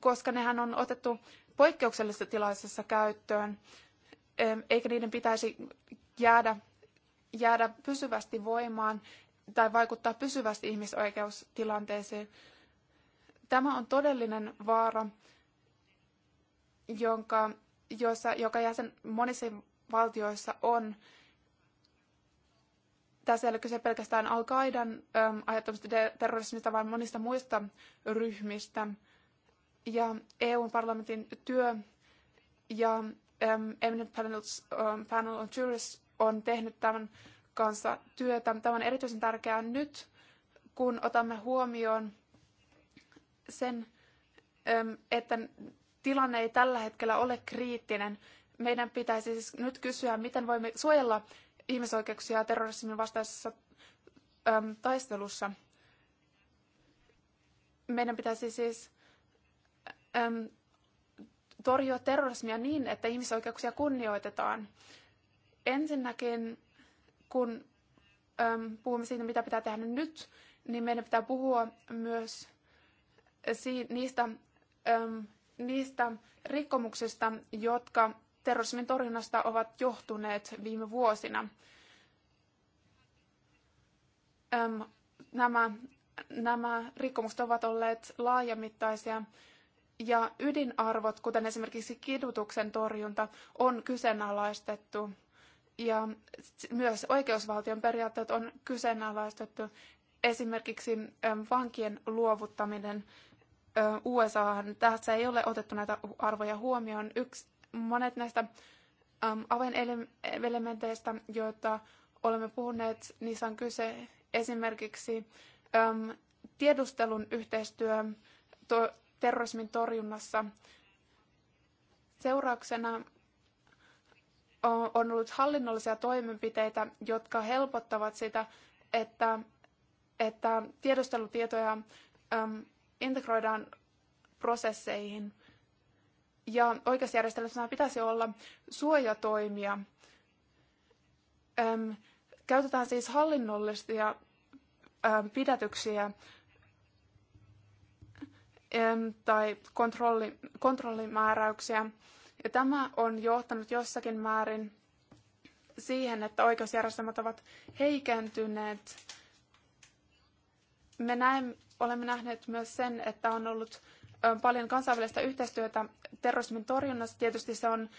koska nehän on otettu poikkeuksellisessa tilaisessa käyttöön, eikä niiden pitäisi jäädä, jäädä pysyvästi voimaan tai vaikuttaa pysyvästi ihmisoikeustilanteeseen. Tämä on todellinen vaara, jonka, jossa, joka jäsen monissa valtioissa on. Tässä ei ole kyse pelkästään Al-Qaidan ähm, aiheuttamista terrorismista, vaan monista muista ryhmistä. Ja EUn parlamentin työ ja äm, Eminent ähm, Panel on Juries on tehnyt tämän kanssa työtä. Tämä on erityisen tärkeää nyt, kun otamme huomioon sen, että tilanne ei tällä hetkellä ole kriittinen. Meidän pitäisi siis nyt kysyä, miten voimme suojella ihmisoikeuksia terrorismin vastaisessa taistelussa. Meidän pitäisi siis torjua terrorismia niin, että ihmisoikeuksia kunnioitetaan. Ensinnäkin kun äm, puhumme siitä, mitä pitää tehdä nyt, niin meidän pitää puhua myös si- niistä, äm, niistä rikkomuksista, jotka terrorismin torjunnasta ovat johtuneet viime vuosina. Äm, nämä, nämä rikkomukset ovat olleet laajamittaisia ja ydinarvot, kuten esimerkiksi kidutuksen torjunta, on kyseenalaistettu ja myös oikeusvaltion periaatteet on kyseenalaistettu. Esimerkiksi vankien luovuttaminen USAhan, tässä ei ole otettu näitä arvoja huomioon. Yksi, monet näistä avainelementeistä, joita olemme puhuneet, niissä on kyse esimerkiksi tiedustelun yhteistyö terrorismin torjunnassa. Seurauksena on ollut hallinnollisia toimenpiteitä, jotka helpottavat sitä, että, että tiedustelutietoja äm, integroidaan prosesseihin. Ja oikeusjärjestelmässä pitäisi olla suojatoimia. Äm, käytetään siis hallinnollisia äm, pidätyksiä äm, tai kontrolli, kontrollimääräyksiä. Ja tämä on johtanut jossakin määrin siihen, että oikeusjärjestelmät ovat heikentyneet. Me näin, olemme nähneet myös sen, että on ollut paljon kansainvälistä yhteistyötä terrorismin torjunnassa. Tietysti se on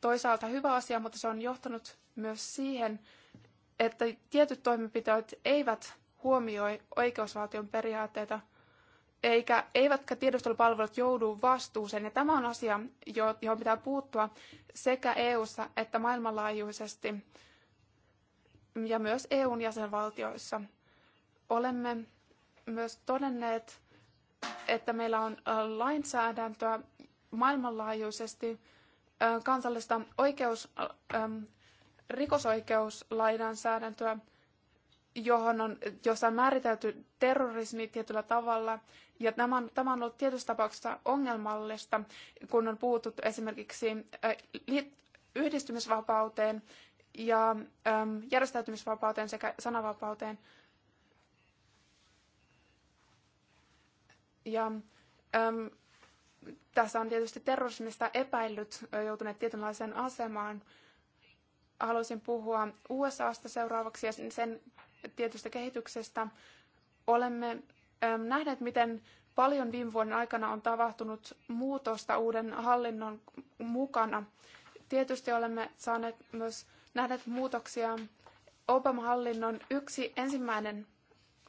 toisaalta hyvä asia, mutta se on johtanut myös siihen, että tietyt toimenpiteet eivät huomioi oikeusvaltion periaatteita – eikä, eivätkä tiedustelupalvelut joudu vastuuseen. Ja tämä on asia, johon pitää puuttua sekä EU:ssa että maailmanlaajuisesti ja myös EUn jäsenvaltioissa. Olemme myös todenneet, että meillä on lainsäädäntöä maailmanlaajuisesti kansallista oikeus, rikosoikeuslainsäädäntöä, johon on, jossa on määritelty terrorismi tietyllä tavalla. Ja nämä on, tämä on ollut tietyissä tapauksissa ongelmallista, kun on puututtu esimerkiksi yhdistymisvapauteen ja äm, järjestäytymisvapauteen sekä sananvapauteen. Ja tässä on tietysti terrorismista epäillyt joutuneet tietynlaiseen asemaan. Haluaisin puhua USAsta seuraavaksi ja sen tietystä kehityksestä. Olemme ähm, nähneet, miten paljon viime vuoden aikana on tapahtunut muutosta uuden hallinnon mukana. Tietysti olemme saaneet myös nähneet muutoksia. Obama-hallinnon yksi ensimmäinen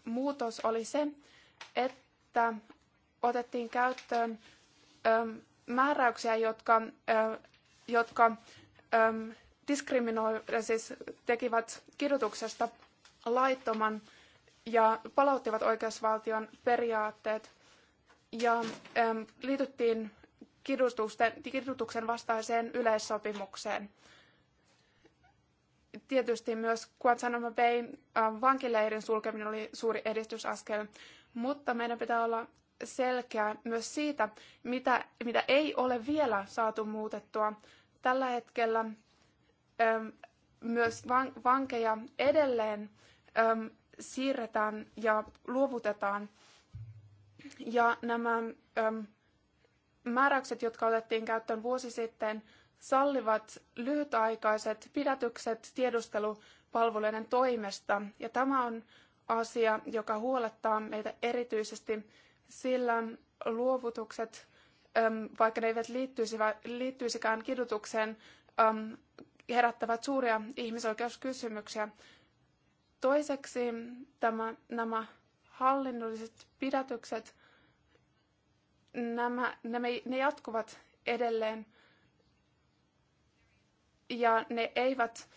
muutos oli se, että otettiin käyttöön ähm, määräyksiä, jotka, äh, jotka ähm, diskriminoivat, siis tekivät kirjoituksesta laittoman ja palauttivat oikeusvaltion periaatteet ja äm, liityttiin kidutuksen vastaiseen yleissopimukseen. Tietysti myös Guantanamo Bayn vankileirin sulkeminen oli suuri edistysaskel, mutta meidän pitää olla selkeä myös siitä, mitä, mitä ei ole vielä saatu muutettua. Tällä hetkellä äm, myös van, vankeja edelleen äm, siirretään ja luovutetaan. Ja nämä äm, määräykset, jotka otettiin käyttöön vuosi sitten, sallivat lyhytaikaiset pidätykset tiedustelupalveluiden toimesta. Ja tämä on asia, joka huolettaa meitä erityisesti, sillä luovutukset, vaikka ne eivät liittyisikään kidutukseen, herättävät suuria ihmisoikeuskysymyksiä. Toiseksi tämä, nämä hallinnolliset pidätykset, nämä, nämä, ne jatkuvat edelleen ja ne eivät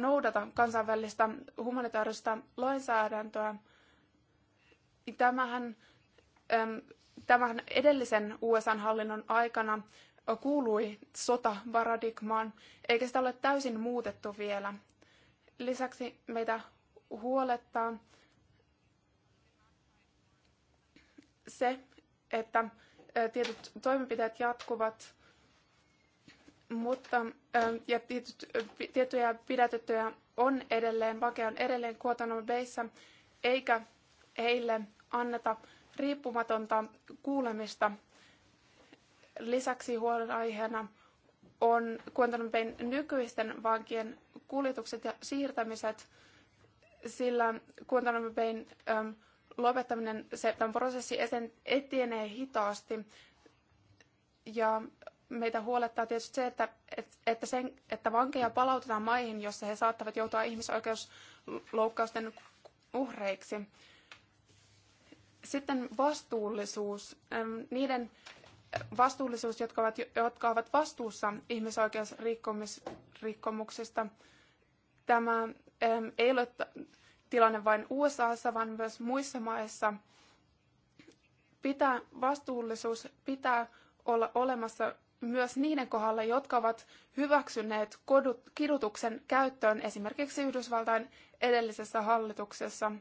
noudata kansainvälistä humanitaarista lainsäädäntöä. Tämähän, tämähän edellisen USA-hallinnon aikana kuului sotavaradigmaan, eikä sitä ole täysin muutettu vielä. Lisäksi meitä huolettaa se, että tietyt toimenpiteet jatkuvat, mutta ja tietyt, tiettyjä pidätettyjä on edelleen, vake on edelleen Guantanamo veissä, eikä heille anneta riippumatonta kuulemista. Lisäksi huolenaiheena on Guantanamo nykyisten vankien kuljetukset ja siirtämiset – sillä Guantanamo pein ähm, lopettaminen, se, tämän prosessi etenee hitaasti. Ja meitä huolettaa tietysti se, että, että, sen, että vankeja palautetaan maihin, jossa he saattavat joutua ihmisoikeusloukkausten uhreiksi. Sitten vastuullisuus. Ähm, niiden vastuullisuus, jotka ovat, jotka ovat vastuussa ihmisoikeusrikkomuksista. Tämä ei ole tilanne vain USAssa, vaan myös muissa maissa. Pitää, vastuullisuus pitää olla olemassa myös niiden kohdalla, jotka ovat hyväksyneet kodut, kidutuksen käyttöön esimerkiksi Yhdysvaltain edellisessä hallituksessa.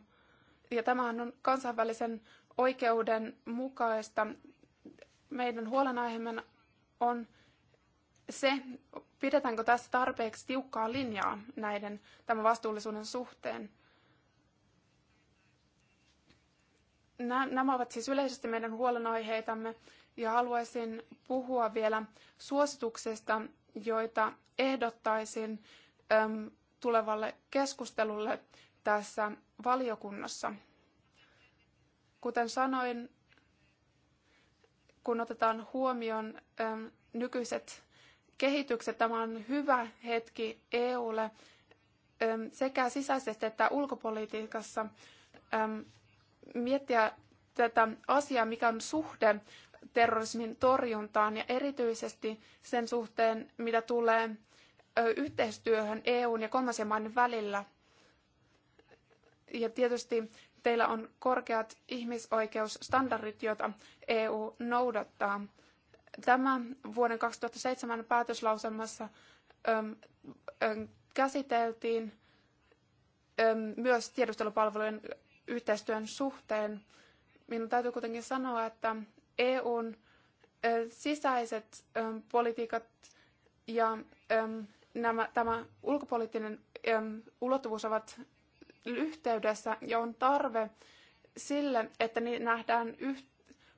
Ja tämähän on kansainvälisen oikeuden mukaista. Meidän huolenaiheemme on se, Pidetäänkö tässä tarpeeksi tiukkaa linjaa näiden tämän vastuullisuuden suhteen? Nämä ovat siis yleisesti meidän huolenaiheitamme ja haluaisin puhua vielä suosituksista, joita ehdottaisin tulevalle keskustelulle tässä valiokunnassa. Kuten sanoin, kun otetaan huomioon nykyiset kehitykset. Tämä on hyvä hetki EUlle sekä sisäisesti että ulkopolitiikassa miettiä tätä asiaa, mikä on suhde terrorismin torjuntaan ja erityisesti sen suhteen, mitä tulee yhteistyöhön EUn ja kolmansien maiden välillä. Ja tietysti teillä on korkeat ihmisoikeusstandardit, joita EU noudattaa. Tämä vuoden 2007 päätöslauselmassa käsiteltiin myös tiedustelupalvelujen yhteistyön suhteen. Minun täytyy kuitenkin sanoa, että EUn sisäiset politiikat ja nämä, tämä ulkopoliittinen ulottuvuus ovat yhteydessä ja on tarve sille, että niin nähdään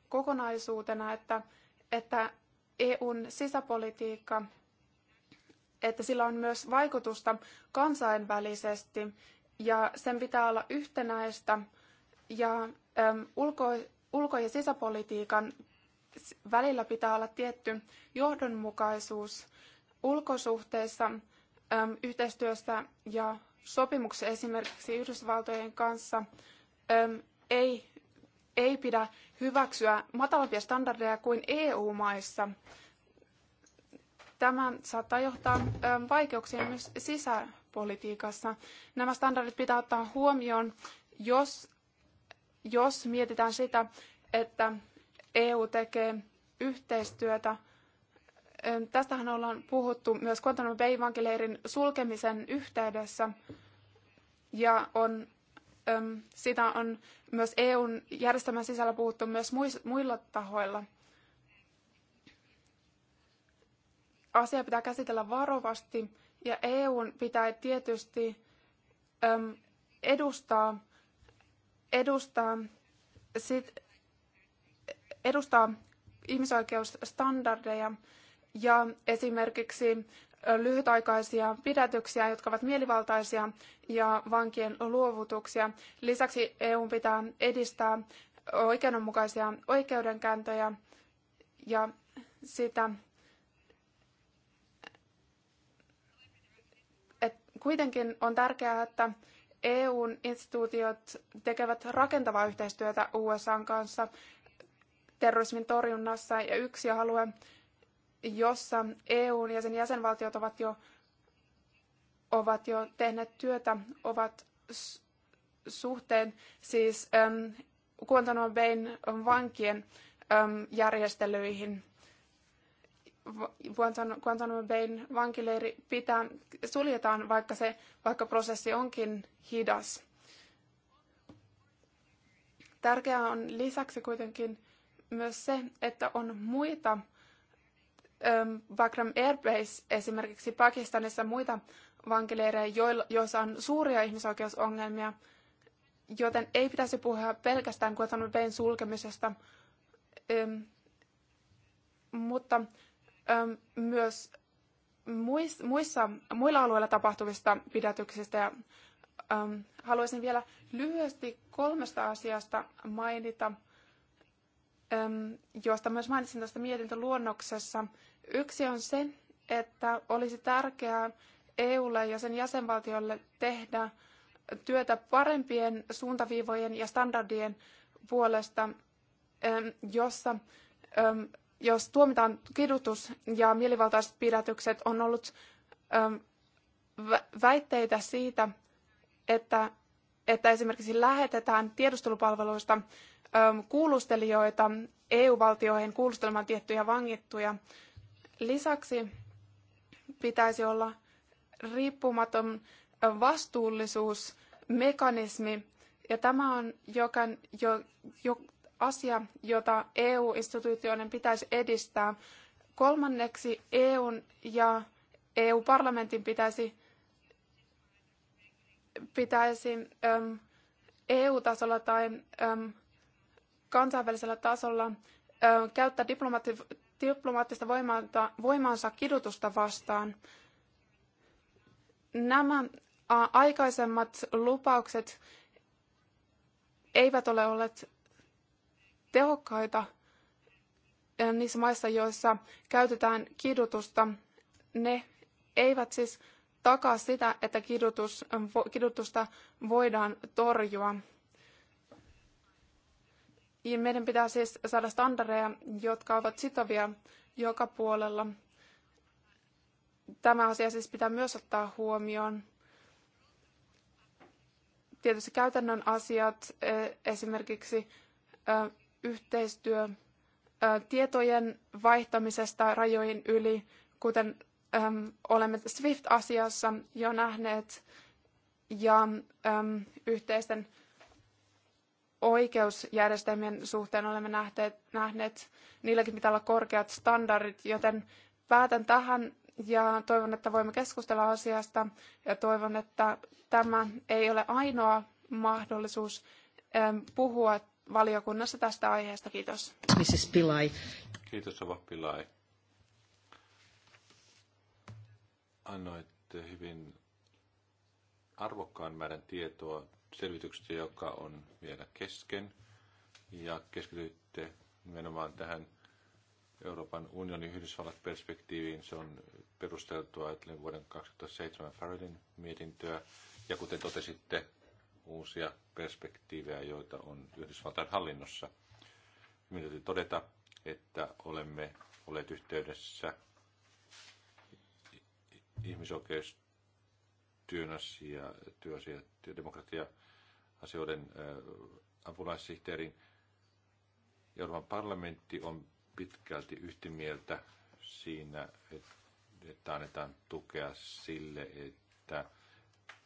kokonaisuutena, että että EUn sisäpolitiikka, että sillä on myös vaikutusta kansainvälisesti ja sen pitää olla yhtenäistä ja ähm, ulko, ulko- ja sisäpolitiikan välillä pitää olla tietty johdonmukaisuus ulkosuhteissa, ähm, yhteistyössä ja sopimuksessa esimerkiksi Yhdysvaltojen kanssa ähm, ei ei pidä hyväksyä matalampia standardeja kuin EU-maissa. Tämä saattaa johtaa vaikeuksiin myös sisäpolitiikassa. Nämä standardit pitää ottaa huomioon, jos, jos mietitään sitä, että EU tekee yhteistyötä. Tästähän ollaan puhuttu myös Guantanamo Bay-vankileirin sulkemisen yhteydessä ja on sitä on myös EUn järjestelmän sisällä puhuttu myös muilla tahoilla. Asia pitää käsitellä varovasti ja EUn pitää tietysti edustaa, edustaa, sit, edustaa ihmisoikeusstandardeja ja esimerkiksi lyhytaikaisia pidätyksiä, jotka ovat mielivaltaisia, ja vankien luovutuksia. Lisäksi EU pitää edistää oikeudenmukaisia oikeudenkäyntöjä ja sitä, että kuitenkin on tärkeää, että EUn instituutiot tekevät rakentavaa yhteistyötä USAn kanssa terrorismin torjunnassa ja yksi alue, jossa EUn ja sen jäsenvaltiot ovat jo, ovat jo tehneet työtä, ovat suhteen siis ähm, Guantanamo Bayn vankien ähm, järjestelyihin. Guantanamo Bayn vankileiri pitää, suljetaan, vaikka, se, vaikka prosessi onkin hidas. Tärkeää on lisäksi kuitenkin myös se, että on muita Bakram Airbase esimerkiksi Pakistanissa muita vankileirejä, joissa on suuria ihmisoikeusongelmia, joten ei pitäisi puhua pelkästään Guantanamo Bayn sulkemisesta, mutta myös muissa, muilla alueilla tapahtuvista pidätyksistä. Ja, haluaisin vielä lyhyesti kolmesta asiasta mainita Joista myös mainitsin tuossa mietintöluonnoksessa. Yksi on se, että olisi tärkeää EUlle ja sen jäsenvaltioille tehdä työtä parempien suuntaviivojen ja standardien puolesta, jossa jos tuomitaan kidutus ja mielivaltaiset pidätykset, on ollut väitteitä siitä, että, että esimerkiksi lähetetään tiedustelupalveluista Ähm, kuulustelijoita EU-valtioihin kuulustelemaan tiettyjä vangittuja. Lisäksi pitäisi olla riippumaton vastuullisuusmekanismi, ja tämä on jokin jo, jo, asia, jota EU-instituutioiden pitäisi edistää. Kolmanneksi EUn ja EU-parlamentin pitäisi, pitäisi äm, EU-tasolla tai äm, kansainvälisellä tasolla käyttää diplomaattista voimaansa, voimaansa kidutusta vastaan. Nämä aikaisemmat lupaukset eivät ole olleet tehokkaita niissä maissa, joissa käytetään kidutusta. Ne eivät siis takaa sitä, että kidutus, kidutusta voidaan torjua. Meidän pitää siis saada standardeja, jotka ovat sitovia joka puolella. Tämä asia siis pitää myös ottaa huomioon. Tietysti käytännön asiat, e, esimerkiksi e, yhteistyö e, tietojen vaihtamisesta rajojen yli, kuten olemme SWIFT-asiassa jo nähneet, ja yhteisten oikeusjärjestelmien suhteen olemme nähneet, nähneet, niilläkin pitää olla korkeat standardit, joten päätän tähän ja toivon, että voimme keskustella asiasta ja toivon, että tämä ei ole ainoa mahdollisuus puhua valiokunnassa tästä aiheesta. Kiitos. Mrs. Pilai. Kiitos, Ava Pilai. Annoitte hyvin arvokkaan määrän tietoa selvityksestä, joka on vielä kesken. Ja keskitytte nimenomaan tähän Euroopan unionin Yhdysvallat perspektiiviin. Se on perusteltua ajatellen vuoden 2007 Faradin mietintöä. Ja kuten totesitte, uusia perspektiivejä, joita on Yhdysvaltain hallinnossa. Minun täytyy todeta, että olemme olleet yhteydessä ihmisoikeustyön asia, työasia, demokratia asioiden apulaissihteerin. Euroopan parlamentti on pitkälti yhtä mieltä siinä, että annetaan tukea sille, että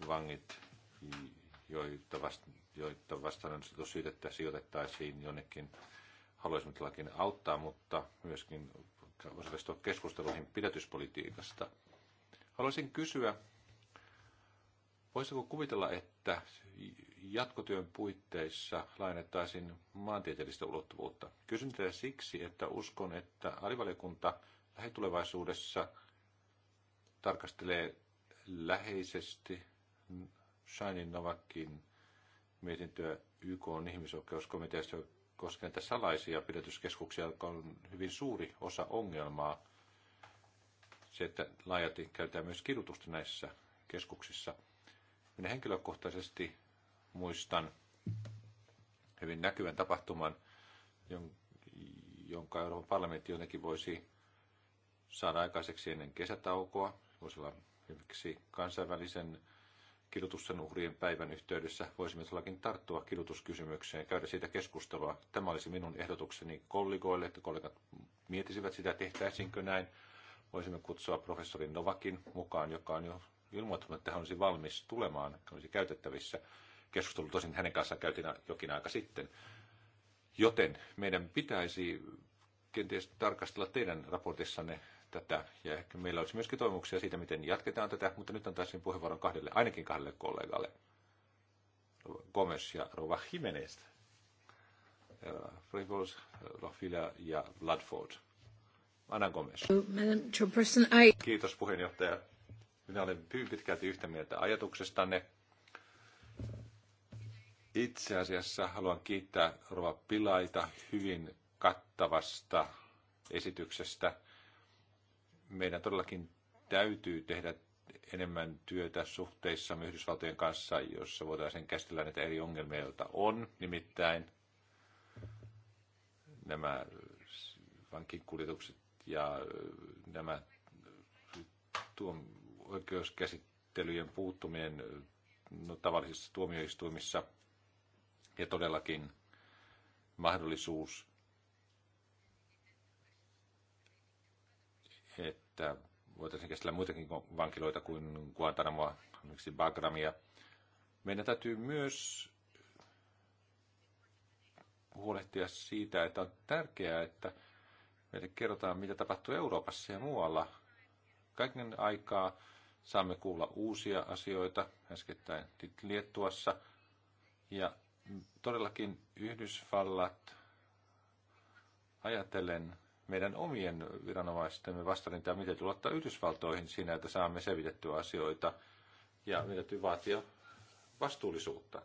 vangit, joita, vasta, joita vastaan on syytettä, sijoitettaisiin jonnekin haluaisimmillakin auttaa, mutta myöskin osallistua keskusteluihin pidätyspolitiikasta. Haluaisin kysyä, voisiko kuvitella, että jatkotyön puitteissa lainettaisiin maantieteellistä ulottuvuutta. Kysyn tätä siksi, että uskon, että alivaliokunta lähitulevaisuudessa tarkastelee läheisesti Shinin Novakin mietintöä YK on ihmisoikeuskomiteasta koskien tässä salaisia pidätyskeskuksia, joka on hyvin suuri osa ongelmaa. Se, että laajasti käytetään myös kidutusta näissä keskuksissa. Minä henkilökohtaisesti muistan hyvin näkyvän tapahtuman, jonka Euroopan parlamentti jotenkin voisi saada aikaiseksi ennen kesätaukoa. Voisi olla esimerkiksi kansainvälisen kidutuksen uhrien päivän yhteydessä voisimme todellakin tarttua kidutuskysymykseen ja käydä siitä keskustelua. Tämä olisi minun ehdotukseni kollegoille, että kollegat mietisivät sitä, tehtäisinkö näin. Voisimme kutsua professori Novakin mukaan, joka on jo ilmoittanut, että hän olisi valmis tulemaan, hän olisi käytettävissä keskustelu tosin hänen kanssaan käytiin jokin aika sitten. Joten meidän pitäisi kenties tarkastella teidän raportissanne tätä, ja ehkä meillä olisi myöskin toimuksia siitä, miten jatketaan tätä, mutta nyt antaisin puheenvuoron kahdelle, ainakin kahdelle kollegalle, Gomes ja Rova Jimenez, Frivols, Rofila ja Ladford. Anna Gomes. Kiitos puheenjohtaja. Minä olen pitkälti yhtä mieltä ajatuksestanne. Itse asiassa haluan kiittää Rova Pilaita hyvin kattavasta esityksestä. Meidän todellakin täytyy tehdä enemmän työtä suhteissa Yhdysvaltojen kanssa, jossa voitaisiin käsitellä näitä eri ongelmia, joita on, nimittäin nämä vankikuljetukset ja nämä tuon oikeuskäsittelyjen puuttuminen no, tavallisissa tuomioistuimissa – ja todellakin mahdollisuus, että voitaisiin käsitellä muitakin vankiloita kuin Guantanamoa, esimerkiksi Bagramia. Meidän täytyy myös huolehtia siitä, että on tärkeää, että meille kerrotaan, mitä tapahtuu Euroopassa ja muualla. Kaiken aikaa saamme kuulla uusia asioita, äskettäin Liettuassa, ja todellakin Yhdysvallat ajatellen meidän omien viranomaistemme vastarintaa, miten tulee ottaa Yhdysvaltoihin siinä, että saamme selvitettyä asioita ja meidän täytyy vaatia vastuullisuutta.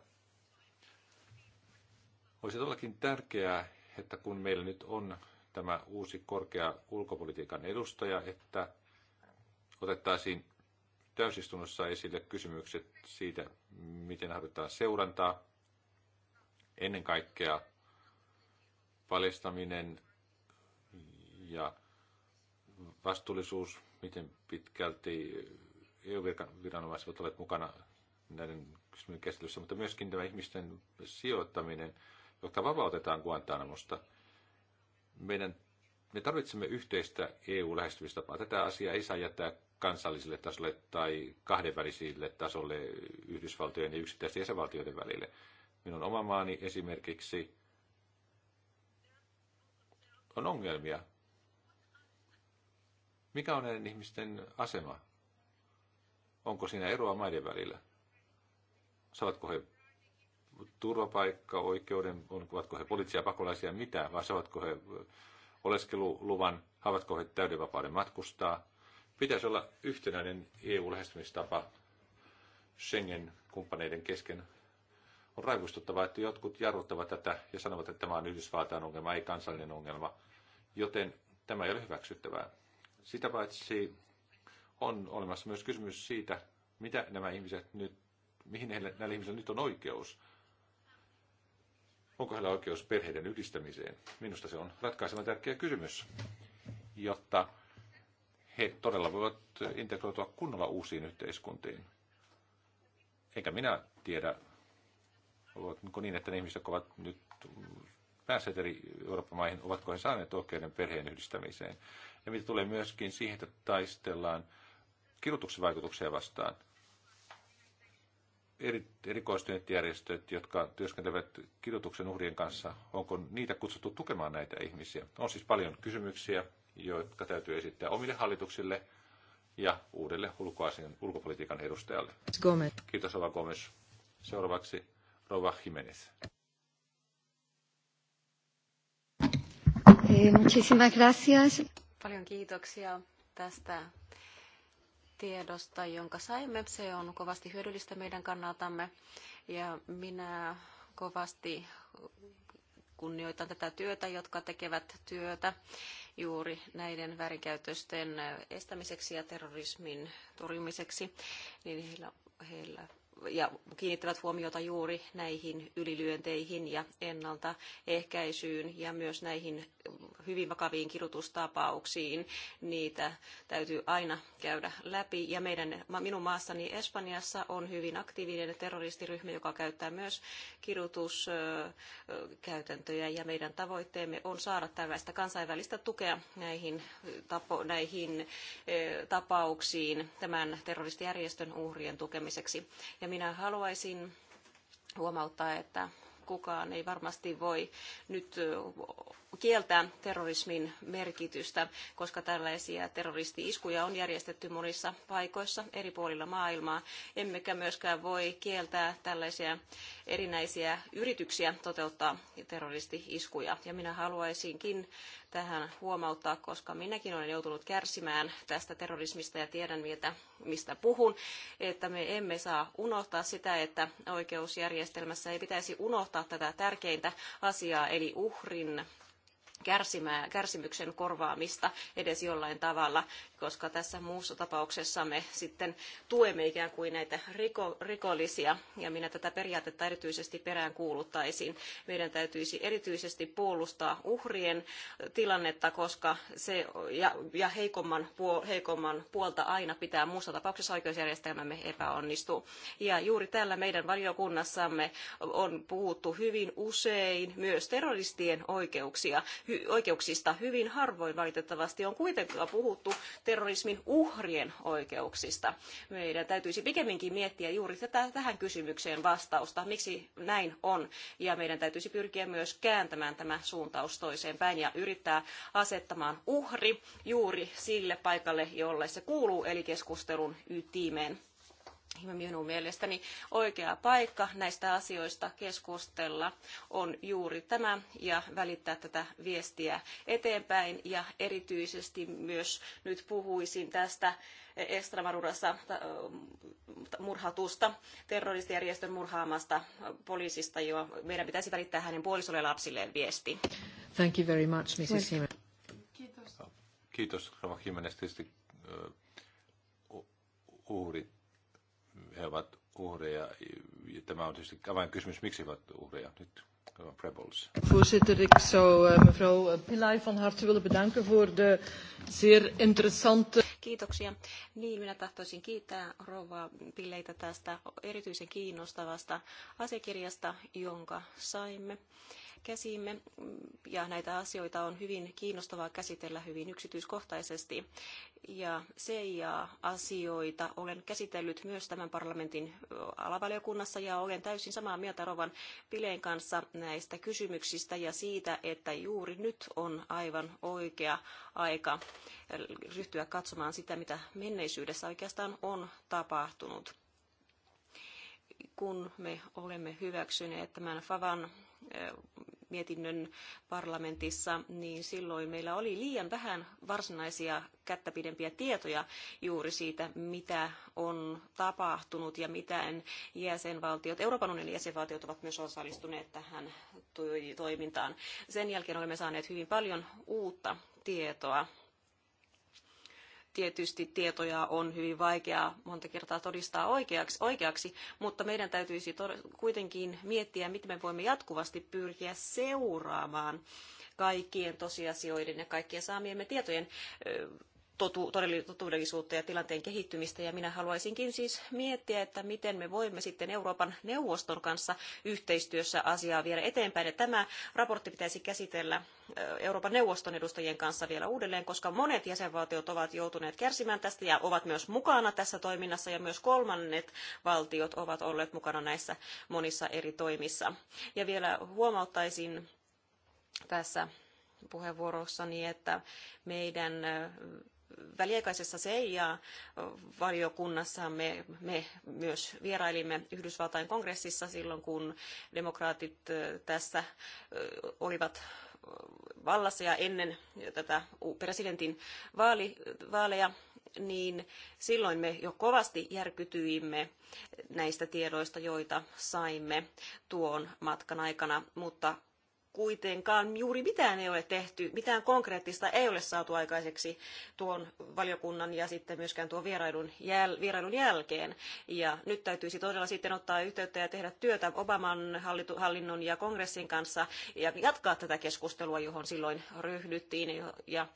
Olisi todellakin tärkeää, että kun meillä nyt on tämä uusi korkea ulkopolitiikan edustaja, että otettaisiin täysistunnossa esille kysymykset siitä, miten harjoitetaan seurantaa, ennen kaikkea paljastaminen ja vastuullisuus, miten pitkälti EU-viranomaiset ovat olleet mukana näiden kysymyksen käsittelyssä, mutta myöskin tämä ihmisten sijoittaminen, jotka vapautetaan Guantanamosta. Meidän, me tarvitsemme yhteistä EU-lähestymistapaa. Tätä asiaa ei saa jättää kansalliselle tasolle tai kahdenvälisille tasolle Yhdysvaltojen ja yksittäisten jäsenvaltioiden välille minun oma maani esimerkiksi, on ongelmia. Mikä on näiden ihmisten asema? Onko siinä eroa maiden välillä? Saavatko he turvapaikka, oikeuden, ovatko he poliittisia pakolaisia, mitä, vai saavatko he oleskeluluvan, haavatko he täyden vapauden matkustaa. Pitäisi olla yhtenäinen EU-lähestymistapa Schengen-kumppaneiden kesken. On raivostuttavaa, että jotkut jarruttavat tätä ja sanovat, että tämä on Yhdysvaltain ongelma, ei kansallinen ongelma. Joten tämä ei ole hyväksyttävää. Sitä paitsi on olemassa myös kysymys siitä, mitä nämä ihmiset nyt, mihin heille, näillä ihmisillä nyt on oikeus. Onko heillä oikeus perheiden yhdistämiseen? Minusta se on ratkaisevan tärkeä kysymys, jotta he todella voivat integroitua kunnolla uusiin yhteiskuntiin. Enkä minä tiedä ovatko niin, niin, että ne ihmiset, jotka ovat nyt päässeet eri Euroopan maihin, ovatko he saaneet oikeuden perheen yhdistämiseen. Ja mitä tulee myöskin siihen, että taistellaan kirjoituksen vaikutuksia vastaan. Eri, erikoistuneet järjestöt, jotka työskentelevät kirjoituksen uhrien kanssa, onko niitä kutsuttu tukemaan näitä ihmisiä? On siis paljon kysymyksiä, jotka täytyy esittää omille hallituksille ja uudelle ulkoasian, ulkopolitiikan edustajalle. Gomez. Kiitos Ova Gomes. Seuraavaksi Jiménez. Eh, Muchísimas gracias. Paljon kiitoksia tästä tiedosta, jonka saimme. Se on kovasti hyödyllistä meidän kannaltamme ja minä kovasti kunnioitan tätä työtä, jotka tekevät työtä juuri näiden värikäytösten estämiseksi ja terrorismin torjumiseksi, niin heillä, heillä ja kiinnittävät huomiota juuri näihin ylilyönteihin ja ennaltaehkäisyyn ja myös näihin hyvin vakaviin kirjoitustapauksiin. Niitä täytyy aina käydä läpi. Ja meidän, minun maassani Espanjassa on hyvin aktiivinen terroristiryhmä, joka käyttää myös kirjoituskäytäntöjä. Ja meidän tavoitteemme on saada tällaista kansainvälistä tukea näihin, tapo, näihin eh, tapauksiin tämän terroristijärjestön uhrien tukemiseksi ja minä haluaisin huomauttaa, että kukaan ei varmasti voi nyt kieltää terrorismin merkitystä, koska tällaisia terroristi-iskuja on järjestetty monissa paikoissa eri puolilla maailmaa. Emmekä myöskään voi kieltää tällaisia erinäisiä yrityksiä toteuttaa terroristi-iskuja. Ja minä haluaisinkin tähän huomauttaa, koska minäkin olen joutunut kärsimään tästä terrorismista ja tiedän, mitä mistä puhun, että me emme saa unohtaa sitä, että oikeusjärjestelmässä ei pitäisi unohtaa tätä tärkeintä asiaa, eli uhrin kärsimää, kärsimyksen korvaamista edes jollain tavalla, koska tässä muussa tapauksessa me sitten tuemme ikään kuin näitä riko, rikollisia, ja minä tätä periaatetta erityisesti perään kuuluttaisin. Meidän täytyisi erityisesti puolustaa uhrien tilannetta, koska se ja, ja heikomman, puol, heikomman puolta aina pitää muussa tapauksessa oikeusjärjestelmämme epäonnistuu. Ja juuri täällä meidän valiokunnassamme on puhuttu hyvin usein myös terroristien oikeuksia oikeuksista hyvin harvoin valitettavasti on kuitenkaan puhuttu terrorismin uhrien oikeuksista. Meidän täytyisi pikemminkin miettiä juuri tätä, tähän kysymykseen vastausta, miksi näin on. Ja meidän täytyisi pyrkiä myös kääntämään tämä suuntaus toiseen päin ja yrittää asettamaan uhri juuri sille paikalle, jolle se kuuluu, eli keskustelun ytimeen minun mielestäni oikea paikka näistä asioista keskustella on juuri tämä ja välittää tätä viestiä eteenpäin ja erityisesti myös nyt puhuisin tästä Estramadurassa äh, murhatusta terroristijärjestön murhaamasta poliisista, jo meidän pitäisi välittää hänen puolisolle ja lapsilleen viesti. Thank you very much, Mrs. Kiitos. Kiitos, Rova Himenes, tietysti uhrit he ovat uhreja. Ja Tämä on tietysti avain kysymys, miksi he ovat uhreja nyt. Voorzitter, ik zou eh, mevrouw Pillay van harte willen bedanken voor de zeer interessante... Kiitoksia. Niin, minä tahtoisin kiittää rouva Pilleitä tästä erityisen kiinnostavasta asiakirjasta, jonka saimme käsiimme mm, ja näitä asioita on hyvin kiinnostavaa käsitellä hyvin yksityiskohtaisesti. Ja CIA-asioita olen käsitellyt myös tämän parlamentin alavaliokunnassa ja olen täysin samaa mieltä Rovan Pileen kanssa näistä kysymyksistä ja siitä, että juuri nyt on aivan oikea aika ryhtyä katsomaan sitä, mitä menneisyydessä oikeastaan on tapahtunut kun me olemme hyväksyneet tämän Favan mietinnön parlamentissa, niin silloin meillä oli liian vähän varsinaisia kättä pidempiä tietoja juuri siitä, mitä on tapahtunut ja miten jäsenvaltiot, Euroopan unionin jäsenvaltiot ovat myös osallistuneet tähän toimintaan. Sen jälkeen olemme saaneet hyvin paljon uutta tietoa tietysti tietoja on hyvin vaikeaa monta kertaa todistaa oikeaksi, oikeaksi mutta meidän täytyisi kuitenkin miettiä, miten me voimme jatkuvasti pyrkiä seuraamaan kaikkien tosiasioiden ja kaikkien saamiemme tietojen todellisuutta ja tilanteen kehittymistä. Ja minä haluaisinkin siis miettiä, että miten me voimme sitten Euroopan neuvoston kanssa yhteistyössä asiaa viedä eteenpäin. Ja tämä raportti pitäisi käsitellä Euroopan neuvoston edustajien kanssa vielä uudelleen, koska monet jäsenvaltiot ovat joutuneet kärsimään tästä ja ovat myös mukana tässä toiminnassa ja myös kolmannet valtiot ovat olleet mukana näissä monissa eri toimissa. Ja vielä huomauttaisin tässä puheenvuorossani, että meidän väliaikaisessa CIA-valiokunnassa me, me myös vierailimme Yhdysvaltain kongressissa silloin, kun demokraatit tässä olivat vallassa ja ennen tätä presidentin vaali, vaaleja, niin silloin me jo kovasti järkytyimme näistä tiedoista, joita saimme tuon matkan aikana, mutta kuitenkaan juuri mitään ei ole tehty, mitään konkreettista ei ole saatu aikaiseksi tuon valiokunnan ja sitten myöskään tuon vierailun, jäl, vierailun jälkeen. Ja nyt täytyisi todella sitten ottaa yhteyttä ja tehdä työtä Obaman hallinnon ja kongressin kanssa ja jatkaa tätä keskustelua, johon silloin ryhdyttiin ja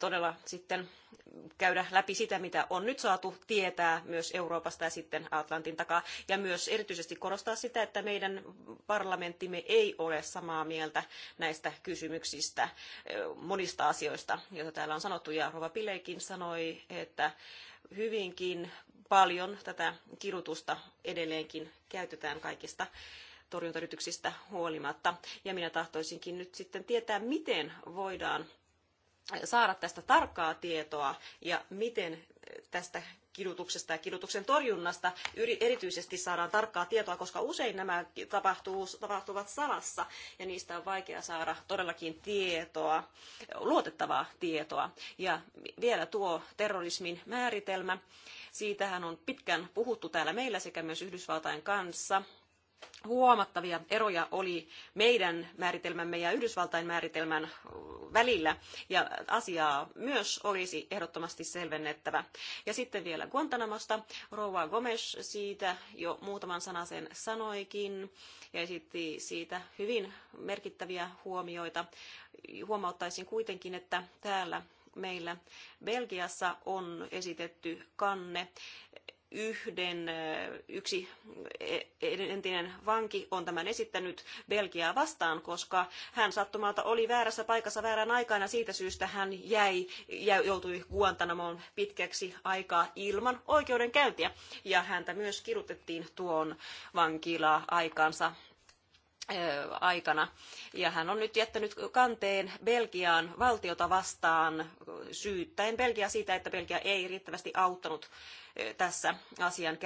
todella sitten käydä läpi sitä, mitä on nyt saatu tietää myös Euroopasta ja sitten Atlantin takaa. Ja myös erityisesti korostaa sitä, että meidän parlamenttimme ei ole samaa mieltä näistä kysymyksistä, monista asioista, joita täällä on sanottu. Ja Rova Pileikin sanoi, että hyvinkin paljon tätä kidutusta edelleenkin käytetään kaikista torjuntayrityksistä huolimatta. Ja minä tahtoisinkin nyt sitten tietää, miten voidaan saada tästä tarkkaa tietoa ja miten tästä kidutuksesta ja kidutuksen torjunnasta erityisesti saadaan tarkkaa tietoa, koska usein nämä tapahtuvat salassa ja niistä on vaikea saada todellakin tietoa, luotettavaa tietoa. Ja vielä tuo terrorismin määritelmä, siitähän on pitkään puhuttu täällä meillä sekä myös Yhdysvaltain kanssa huomattavia eroja oli meidän määritelmämme ja Yhdysvaltain määritelmän välillä, ja asiaa myös olisi ehdottomasti selvennettävä. Ja sitten vielä Guantanamosta. Rouva Gomes siitä jo muutaman sanasen sanoikin, ja esitti siitä hyvin merkittäviä huomioita. Huomauttaisin kuitenkin, että täällä meillä Belgiassa on esitetty kanne yhden, yksi e, e, entinen vanki on tämän esittänyt Belgiaa vastaan, koska hän sattumalta oli väärässä paikassa väärän aikana. Siitä syystä hän jäi, joutui Guantanamoon pitkäksi aikaa ilman oikeudenkäyntiä. Ja häntä myös kidutettiin tuon vankila-aikansa aikana. Ja hän on nyt jättänyt kanteen Belgiaan valtiota vastaan syyttäen Belgia siitä, että Belgia ei riittävästi auttanut tässä asian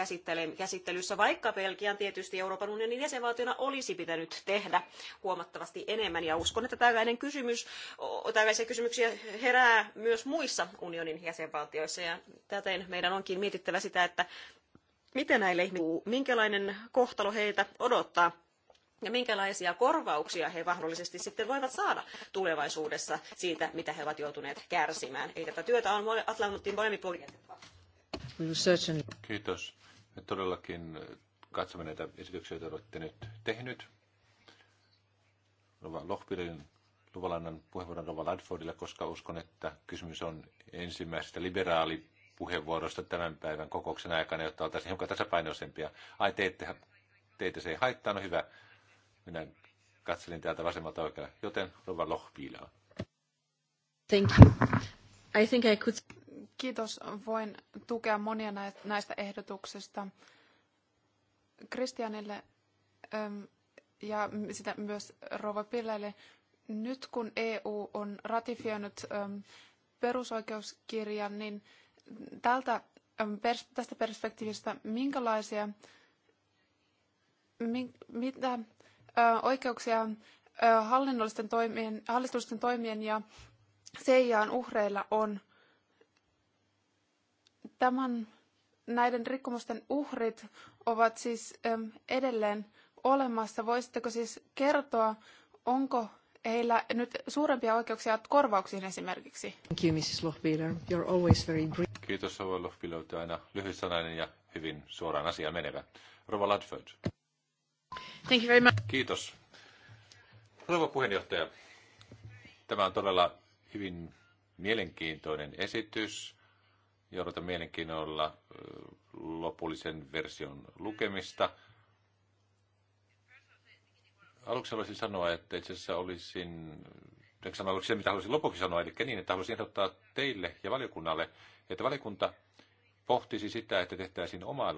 käsittelyssä, vaikka Belgian tietysti Euroopan unionin jäsenvaltiona olisi pitänyt tehdä huomattavasti enemmän. Ja uskon, että tällainen kysymys, tällaisia kysymyksiä herää myös muissa unionin jäsenvaltioissa. Ja täten meidän onkin mietittävä sitä, että miten näille ihmisille, minkälainen kohtalo heitä odottaa ja minkälaisia korvauksia he mahdollisesti sitten voivat saada tulevaisuudessa siitä, mitä he ovat joutuneet kärsimään. Eli tätä työtä on Atlantin molemmin puolin Kiitos. Me todellakin katsomme näitä esityksiä, joita olette nyt tehnyt. Lohpilin luvalannan puheenvuoron Rova Ladfordille, koska uskon, että kysymys on ensimmäisestä liberaalipuheenvuorosta tämän päivän kokouksen aikana, jotta oltaisiin hiukan tasapainoisempia. Ai, teette, teitä se ei haittaa, no hyvä minä katselin täältä vasemmalta oikealle, joten Rova Lohpiilaa. Thank you. I think I could... Kiitos. Voin tukea monia näistä ehdotuksista. Kristianille ähm, ja sitä myös Rova Pilleille. Nyt kun EU on ratifioinut ähm, perusoikeuskirjan, niin tältä, ähm, tästä perspektiivistä minkälaisia, mitä oikeuksia hallinnollisten toimien, hallitusten toimien ja seijaan uhreilla on. Tämän, näiden rikkomusten uhrit ovat siis edelleen olemassa. Voisitteko siis kertoa, onko heillä nyt suurempia oikeuksia korvauksiin esimerkiksi? Thank you, Mrs. You're always very brief. Kiitos, Rouva Lohbiller. aina sanainen ja hyvin suoraan asiaan menevä. Rova Ladford. Thank you very much. Kiitos. Rouva puheenjohtaja, tämä on todella hyvin mielenkiintoinen esitys. Ja odotan mielenkiinnolla lopullisen version lukemista. Aluksi haluaisin sanoa, että itse asiassa olisin, en sano aluksi se, mitä haluaisin lopuksi sanoa, eli niin, että haluaisin ehdottaa teille ja valiokunnalle, että valiokunta pohtisi sitä, että tehtäisiin oma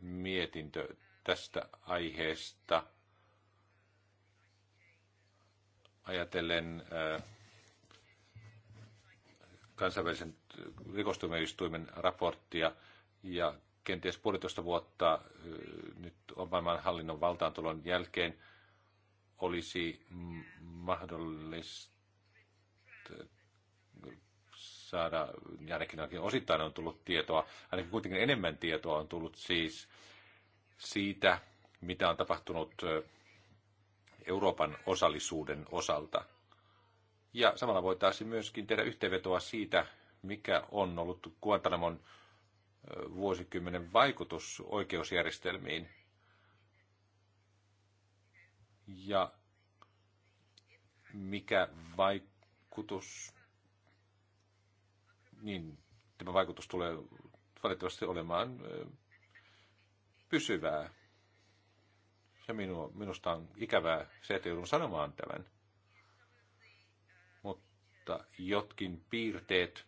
mietintö tästä aiheesta ajatellen äh, kansainvälisen rikostuomioistuimen raporttia ja kenties puolitoista vuotta äh, nyt Obaman hallinnon valtaantulon jälkeen olisi mahdollista äh, saada, ja ainakin osittain on tullut tietoa, ainakin kuitenkin enemmän tietoa on tullut siis siitä, mitä on tapahtunut Euroopan osallisuuden osalta. Ja samalla voitaisiin myöskin tehdä yhteenvetoa siitä, mikä on ollut Guantanamon vuosikymmenen vaikutus oikeusjärjestelmiin. Ja mikä vaikutus, niin tämä vaikutus tulee valitettavasti olemaan pysyvää. Se minua, minusta on ikävää se, että joudun sanomaan tämän. Mutta jotkin piirteet,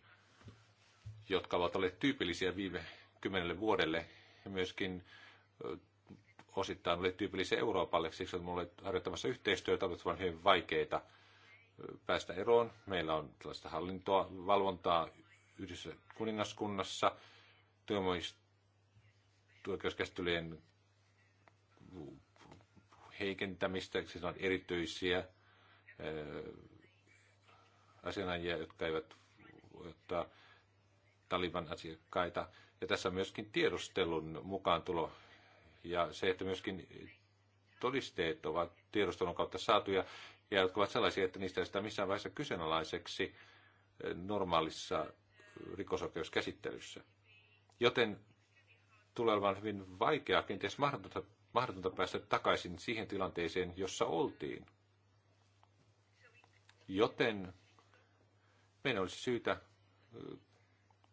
jotka ovat olleet tyypillisiä viime kymmenelle vuodelle ja myöskin osittain olleet tyypillisiä Euroopalle, siksi että olleet harjoittamassa yhteistyötä, ovat vain hyvin vaikeita päästä eroon. Meillä on tällaista hallintoa, valvontaa yhdessä kuningaskunnassa, työmoista oikeuskäsittelyjen heikentämistä, siis on erityisiä äh, asianajia, jotka eivät ottaa Taliban asiakkaita. Ja tässä on myöskin tiedustelun mukaantulo ja se, että myöskin todisteet ovat tiedustelun kautta saatuja ja jotka ovat sellaisia, että niistä ei sitä missään vaiheessa kyseenalaiseksi normaalissa rikosoikeuskäsittelyssä. Joten tulee olemaan hyvin vaikeaa, kenties mahdotonta, mahdotonta päästä takaisin siihen tilanteeseen, jossa oltiin. Joten meidän olisi syytä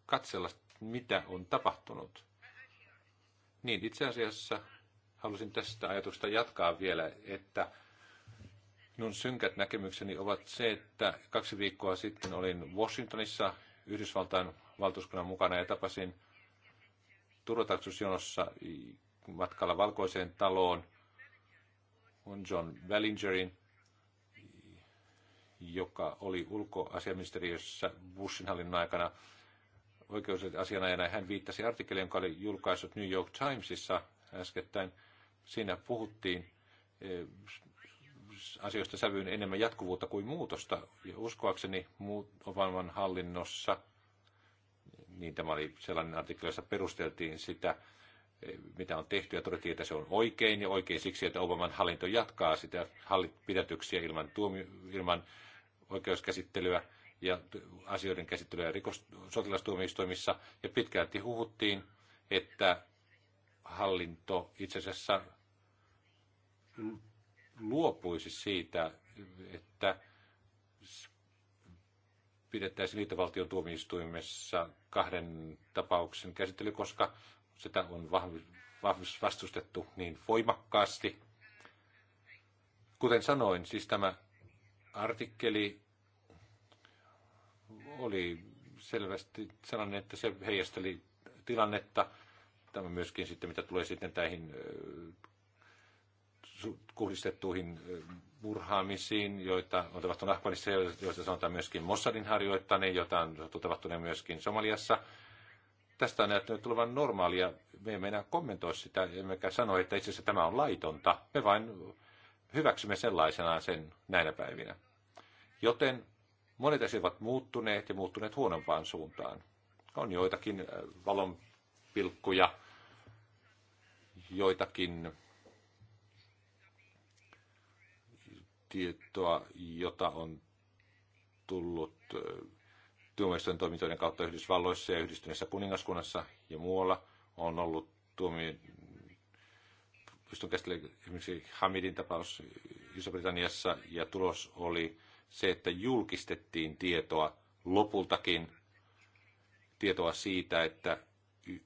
katsella, mitä on tapahtunut. Niin, itse asiassa halusin tästä ajatusta jatkaa vielä, että minun synkät näkemykseni ovat se, että kaksi viikkoa sitten olin Washingtonissa Yhdysvaltain valtuuskunnan mukana ja tapasin turvataksusjonossa matkalla valkoiseen taloon on John Bellingerin, joka oli ulkoasiaministeriössä Bushin hallinnon aikana oikeusasianajana. Hän viittasi artikkeliin, jonka oli julkaissut New York Timesissa äskettäin. Siinä puhuttiin eh, asioista sävyyn enemmän jatkuvuutta kuin muutosta. Ja uskoakseni muut Obaman hallinnossa – niin tämä oli sellainen artikkeli, jossa perusteltiin sitä, mitä on tehty ja todettiin, että se on oikein ja oikein siksi, että Obaman hallinto jatkaa sitä pidätyksiä ilman, tuomio, ilman oikeuskäsittelyä ja asioiden käsittelyä rikos, sotilastuomioistuimissa ja pitkälti huhuttiin, että hallinto itse asiassa luopuisi siitä, että pidettäisiin liittovaltion tuomioistuimessa kahden tapauksen käsittely, koska sitä on vastustettu niin voimakkaasti. Kuten sanoin, siis tämä artikkeli oli selvästi sellainen, että se heijasteli tilannetta. Tämä myöskin sitten, mitä tulee sitten näihin kuhdistettuihin murhaamisiin, joita on tapahtunut Afganissa, joista sanotaan myöskin Mossadin harjoittaneen, joita on tapahtunut myöskin Somaliassa. Tästä on näyttänyt tulevan normaalia. Me emme enää kommentoi sitä, emmekä sano, että itse asiassa tämä on laitonta. Me vain hyväksymme sellaisenaan sen näinä päivinä. Joten monet asiat ovat muuttuneet ja muuttuneet huonompaan suuntaan. On joitakin äh, valonpilkkuja, joitakin tietoa, jota on tullut tuomioistuin toimintojen kautta Yhdysvalloissa ja yhdistyneessä kuningaskunnassa ja muualla, on ollut tuomioistuin pystyn esimerkiksi Hamidin tapaus Iso-Britanniassa, ja tulos oli se, että julkistettiin tietoa lopultakin, tietoa siitä, että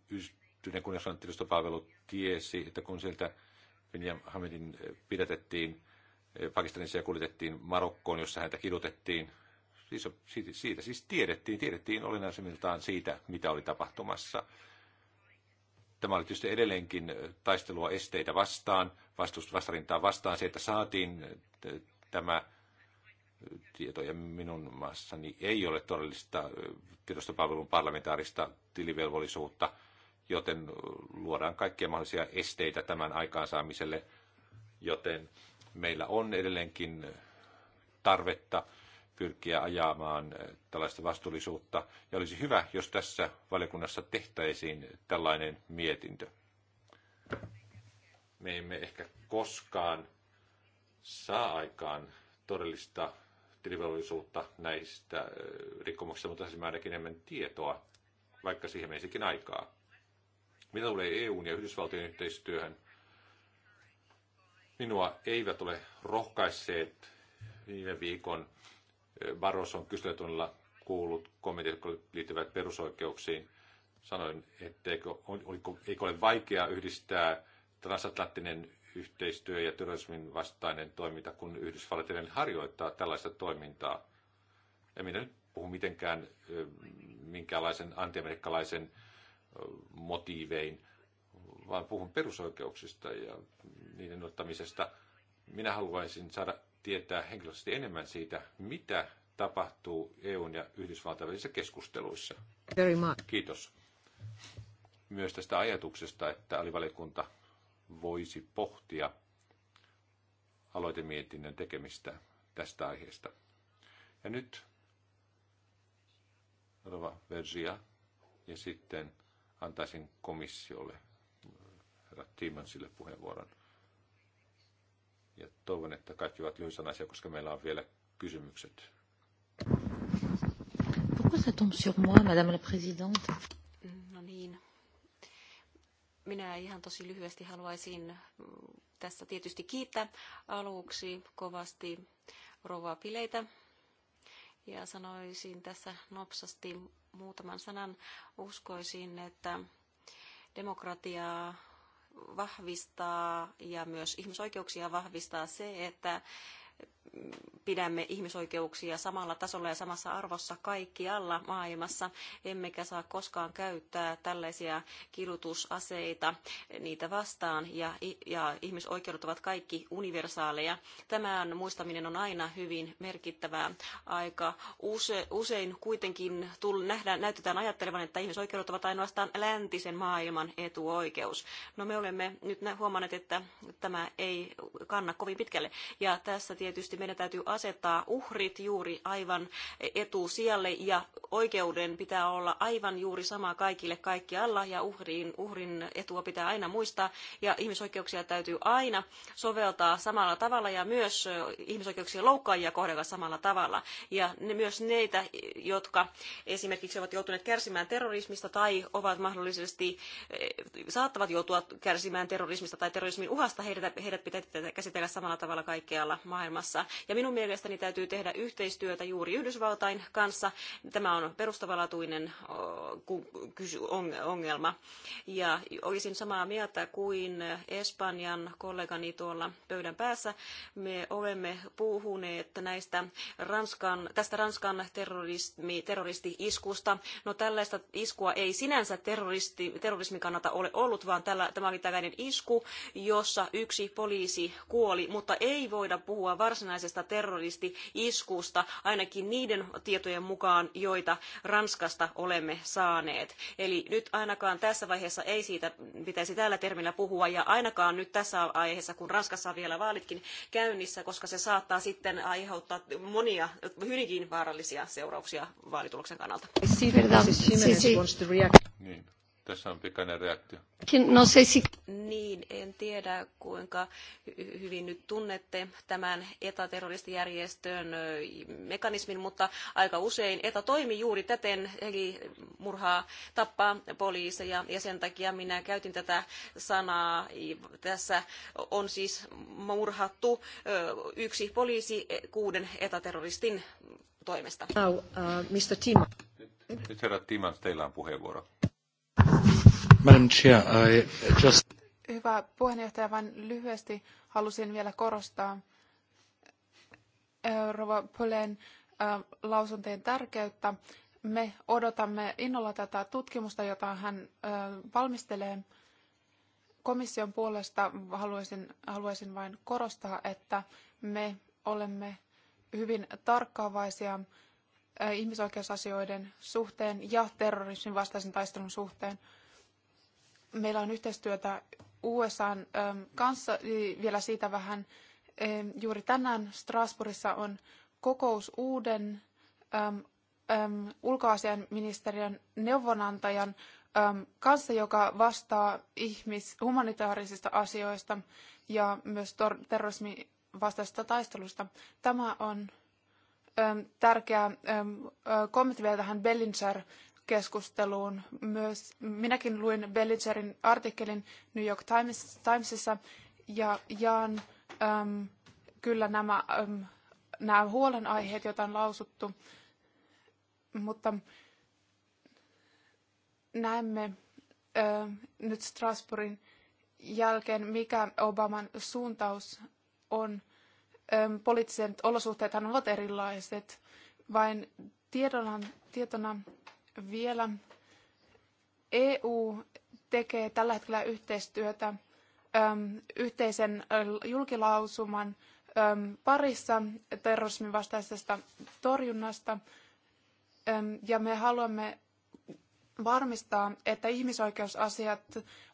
yhdistyneen kuningaskunnan tiedostopalvelu tiesi, että kun sieltä Benjamin Hamidin pidätettiin, Pakistanissa kuljetettiin Marokkoon, jossa häntä kidutettiin. Siis, siitä, siitä siis tiedettiin, tiedettiin olennaisemmiltaan siitä, mitä oli tapahtumassa. Tämä oli tietysti edelleenkin taistelua esteitä vastaan, vastarintaa vastaan. Se, että saatiin tämä tieto, ja minun maassani ei ole todellista tiedostopalvelun parlamentaarista tilivelvollisuutta, joten luodaan kaikkia mahdollisia esteitä tämän aikaansaamiselle, joten meillä on edelleenkin tarvetta pyrkiä ajamaan tällaista vastuullisuutta. Ja olisi hyvä, jos tässä valiokunnassa tehtäisiin tällainen mietintö. Me emme ehkä koskaan saa aikaan todellista tilivelvollisuutta näistä rikkomuksista, mutta tässä ainakin enemmän tietoa, vaikka siihen menisikin aikaa. Mitä tulee EUn ja Yhdysvaltojen yhteistyöhön, Minua eivät ole rohkaisseet viime viikon Barroson kyselytunnilla kuulut kommentit, jotka liittyvät perusoikeuksiin. Sanoin, että eikö, oliko, eikö ole vaikeaa yhdistää transatlanttinen yhteistyö ja terrorismin vastainen toiminta, kun Yhdysvallat harjoittaa tällaista toimintaa. En minä nyt puhu mitenkään minkäänlaisen antiamerikkalaisen motiivein, vaan puhun perusoikeuksista ja niiden ottamisesta. Minä haluaisin saada tietää henkilökohtaisesti enemmän siitä, mitä tapahtuu EUn ja Yhdysvaltain välisissä keskusteluissa. Very much. Kiitos myös tästä ajatuksesta, että alivalikunta voisi pohtia aloitemietinnön tekemistä tästä aiheesta. Ja nyt Rova Versia ja sitten antaisin komissiolle herra Tiimansille puheenvuoron. Ja toivon, että kaikki ovat lyhysanaisia, koska meillä on vielä kysymykset. Pourquoi ça tombe sur moi, madame la présidente? No niin. Minä ihan tosi lyhyesti haluaisin mm, tässä tietysti kiittää aluksi kovasti rouvaa Pileitä. Ja sanoisin tässä nopsasti muutaman sanan. Uskoisin, että demokratiaa vahvistaa ja myös ihmisoikeuksia vahvistaa se, että pidämme ihmisoikeuksia samalla tasolla ja samassa arvossa kaikkialla maailmassa, emmekä saa koskaan käyttää tällaisia kidutusaseita niitä vastaan, ja, ja ihmisoikeudet ovat kaikki universaaleja. Tämän muistaminen on aina hyvin merkittävää. Aika use, usein kuitenkin tull, nähdään, näytetään ajattelevan, että ihmisoikeudet ovat ainoastaan läntisen maailman etuoikeus. No me olemme nyt huomanneet, että tämä ei kanna kovin pitkälle, ja tässä tietysti tietysti meidän täytyy asettaa uhrit juuri aivan etusijalle ja oikeuden pitää olla aivan juuri sama kaikille kaikkialla ja uhrin, uhrin etua pitää aina muistaa ja ihmisoikeuksia täytyy aina soveltaa samalla tavalla ja myös ihmisoikeuksien loukkaajia kohdella samalla tavalla. Ja ne, myös neitä, jotka esimerkiksi ovat joutuneet kärsimään terrorismista tai ovat mahdollisesti saattavat joutua kärsimään terrorismista tai terrorismin uhasta, heidät, heidät pitää käsitellä samalla tavalla kaikkialla maailmassa olemassa. Ja minun mielestäni täytyy tehdä yhteistyötä juuri Yhdysvaltain kanssa. Tämä on perustavalatuinen ongelma. Ja olisin samaa mieltä kuin Espanjan kollegani tuolla pöydän päässä. Me olemme puhuneet näistä Ranskan, tästä Ranskan terrorismi, terroristi-iskusta. No tällaista iskua ei sinänsä terroristi, terrorismin kannalta ole ollut, vaan tällä, tämä oli tällainen isku, jossa yksi poliisi kuoli, mutta ei voida puhua varsinaisesta terroristi-iskusta, ainakin niiden tietojen mukaan, joita Ranskasta olemme saaneet. Eli nyt ainakaan tässä vaiheessa ei siitä pitäisi tällä termillä puhua, ja ainakaan nyt tässä aiheessa, kun Ranskassa on vielä vaalitkin käynnissä, koska se saattaa sitten aiheuttaa monia hyvinkin vaarallisia seurauksia vaalituloksen kannalta. Siis niin. Tässä on pikainen reaktio. No se Niin, en tiedä kuinka hyvin nyt tunnette tämän etaterroristijärjestön mekanismin, mutta aika usein ETA toimii juuri täten, eli murhaa, tappaa poliiseja, ja sen takia minä käytin tätä sanaa. Tässä on siis murhattu yksi poliisi kuuden etaterroristin toimesta. Now, uh, Mr. Tim. Nyt, nyt herra Timans, teillä on puheenvuoro. Madam Chair, I just... Hyvä puheenjohtaja, vain lyhyesti halusin vielä korostaa äh, Rova Polen äh, lausuntojen tärkeyttä. Me odotamme innolla tätä tutkimusta, jota hän äh, valmistelee. Komission puolesta haluaisin, haluaisin vain korostaa, että me olemme hyvin tarkkaavaisia ihmisoikeusasioiden suhteen ja terrorismin vastaisen taistelun suhteen. Meillä on yhteistyötä USAn ähm, kanssa vielä siitä vähän. Ähm, juuri tänään Strasbourgissa on kokous uuden ähm, ulkoasiainministeriön neuvonantajan kanssa, joka vastaa ihmis- humanitaarisista asioista ja myös tor- terrorismin vastaisesta taistelusta. Tämä on tärkeä kommentti vielä tähän Bellinger keskusteluun. Myös minäkin luin Bellingerin artikkelin New York Times, Timesissa ja jaan äm, kyllä nämä, äm, nämä huolenaiheet, joita on lausuttu, mutta näemme nyt Strasbourgin jälkeen, mikä Obaman suuntaus on. Äm, poliittiset olosuhteethan ovat erilaiset. Vain tiedonan, tietona vielä. EU tekee tällä hetkellä yhteistyötä ähm, yhteisen äh, julkilausuman ähm, parissa terrorismin vastaisesta torjunnasta. Ähm, ja me haluamme varmistaa, että ihmisoikeusasiat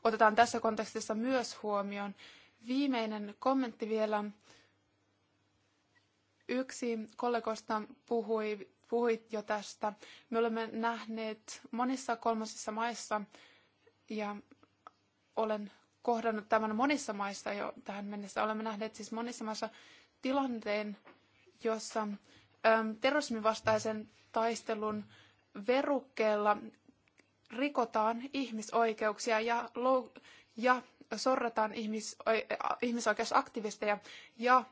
otetaan tässä kontekstissa myös huomioon. Viimeinen kommentti vielä. Yksi kollegoista puhui puhuit jo tästä. Me olemme nähneet monissa kolmosissa maissa ja olen kohdannut tämän monissa maissa jo tähän mennessä. Olemme nähneet siis monissa maissa tilanteen, jossa ähm, terrorismin vastaisen taistelun verukkeella rikotaan ihmisoikeuksia ja, lou- ja sorrataan ihmis- äh, ihmisoikeusaktivisteja ja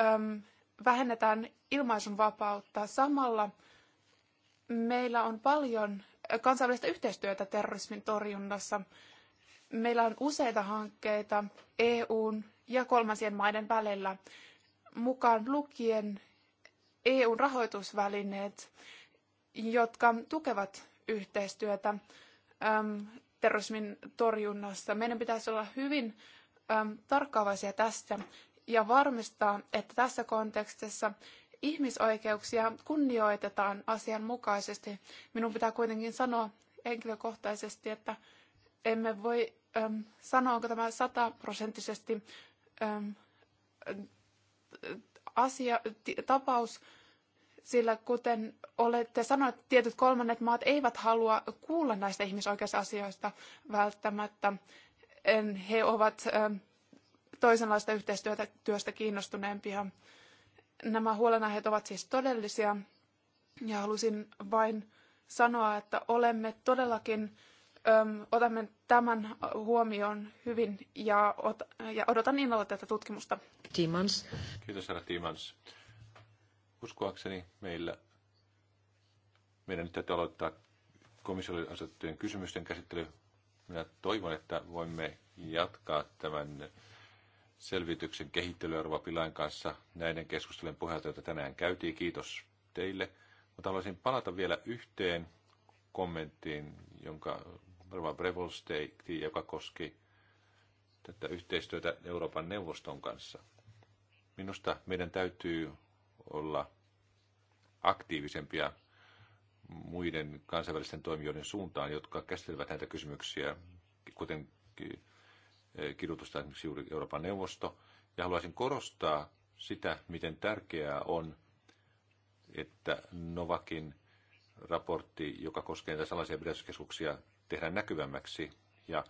äm, vähennetään ilmaisun vapautta. Samalla meillä on paljon kansainvälistä yhteistyötä terrorismin torjunnassa. Meillä on useita hankkeita EUn ja kolmansien maiden välillä, mukaan lukien EUn rahoitusvälineet, jotka tukevat yhteistyötä äm, terrorismin torjunnassa. Meidän pitäisi olla hyvin äm, tarkkaavaisia tässä ja varmistaa, että tässä kontekstissa ihmisoikeuksia kunnioitetaan asianmukaisesti. Minun pitää kuitenkin sanoa henkilökohtaisesti, että emme voi äm, sanoa, onko tämä sataprosenttisesti äm, asia, tapaus, sillä kuten olette sanoneet, tietyt kolmannet maat eivät halua kuulla näistä ihmisoikeusasioista välttämättä. En, he ovat äm, toisenlaista yhteistyöstä kiinnostuneempia. Nämä huolenaiheet ovat siis todellisia ja halusin vain sanoa, että olemme todellakin öm, otamme tämän huomioon hyvin ja, ot, ja odotan innolla tätä tutkimusta. Timans. Kiitos herra Timans. Uskoakseni meillä meidän nyt täytyy aloittaa komissiolle asetettujen kysymysten käsittely. Minä toivon, että voimme jatkaa tämän selvityksen kehittely Rova Pilain kanssa näiden keskustelujen pohjalta, joita tänään käytiin. Kiitos teille. Mutta haluaisin palata vielä yhteen kommenttiin, jonka Rova Brevols teikti, joka koski tätä yhteistyötä Euroopan neuvoston kanssa. Minusta meidän täytyy olla aktiivisempia muiden kansainvälisten toimijoiden suuntaan, jotka käsittelevät näitä kysymyksiä, kuten Eh, kidutusta esimerkiksi juuri Euroopan neuvosto. Ja haluaisin korostaa sitä, miten tärkeää on, että Novakin raportti, joka koskee näitä salaisia pidätyskeskuksia, tehdään näkyvämmäksi. Ja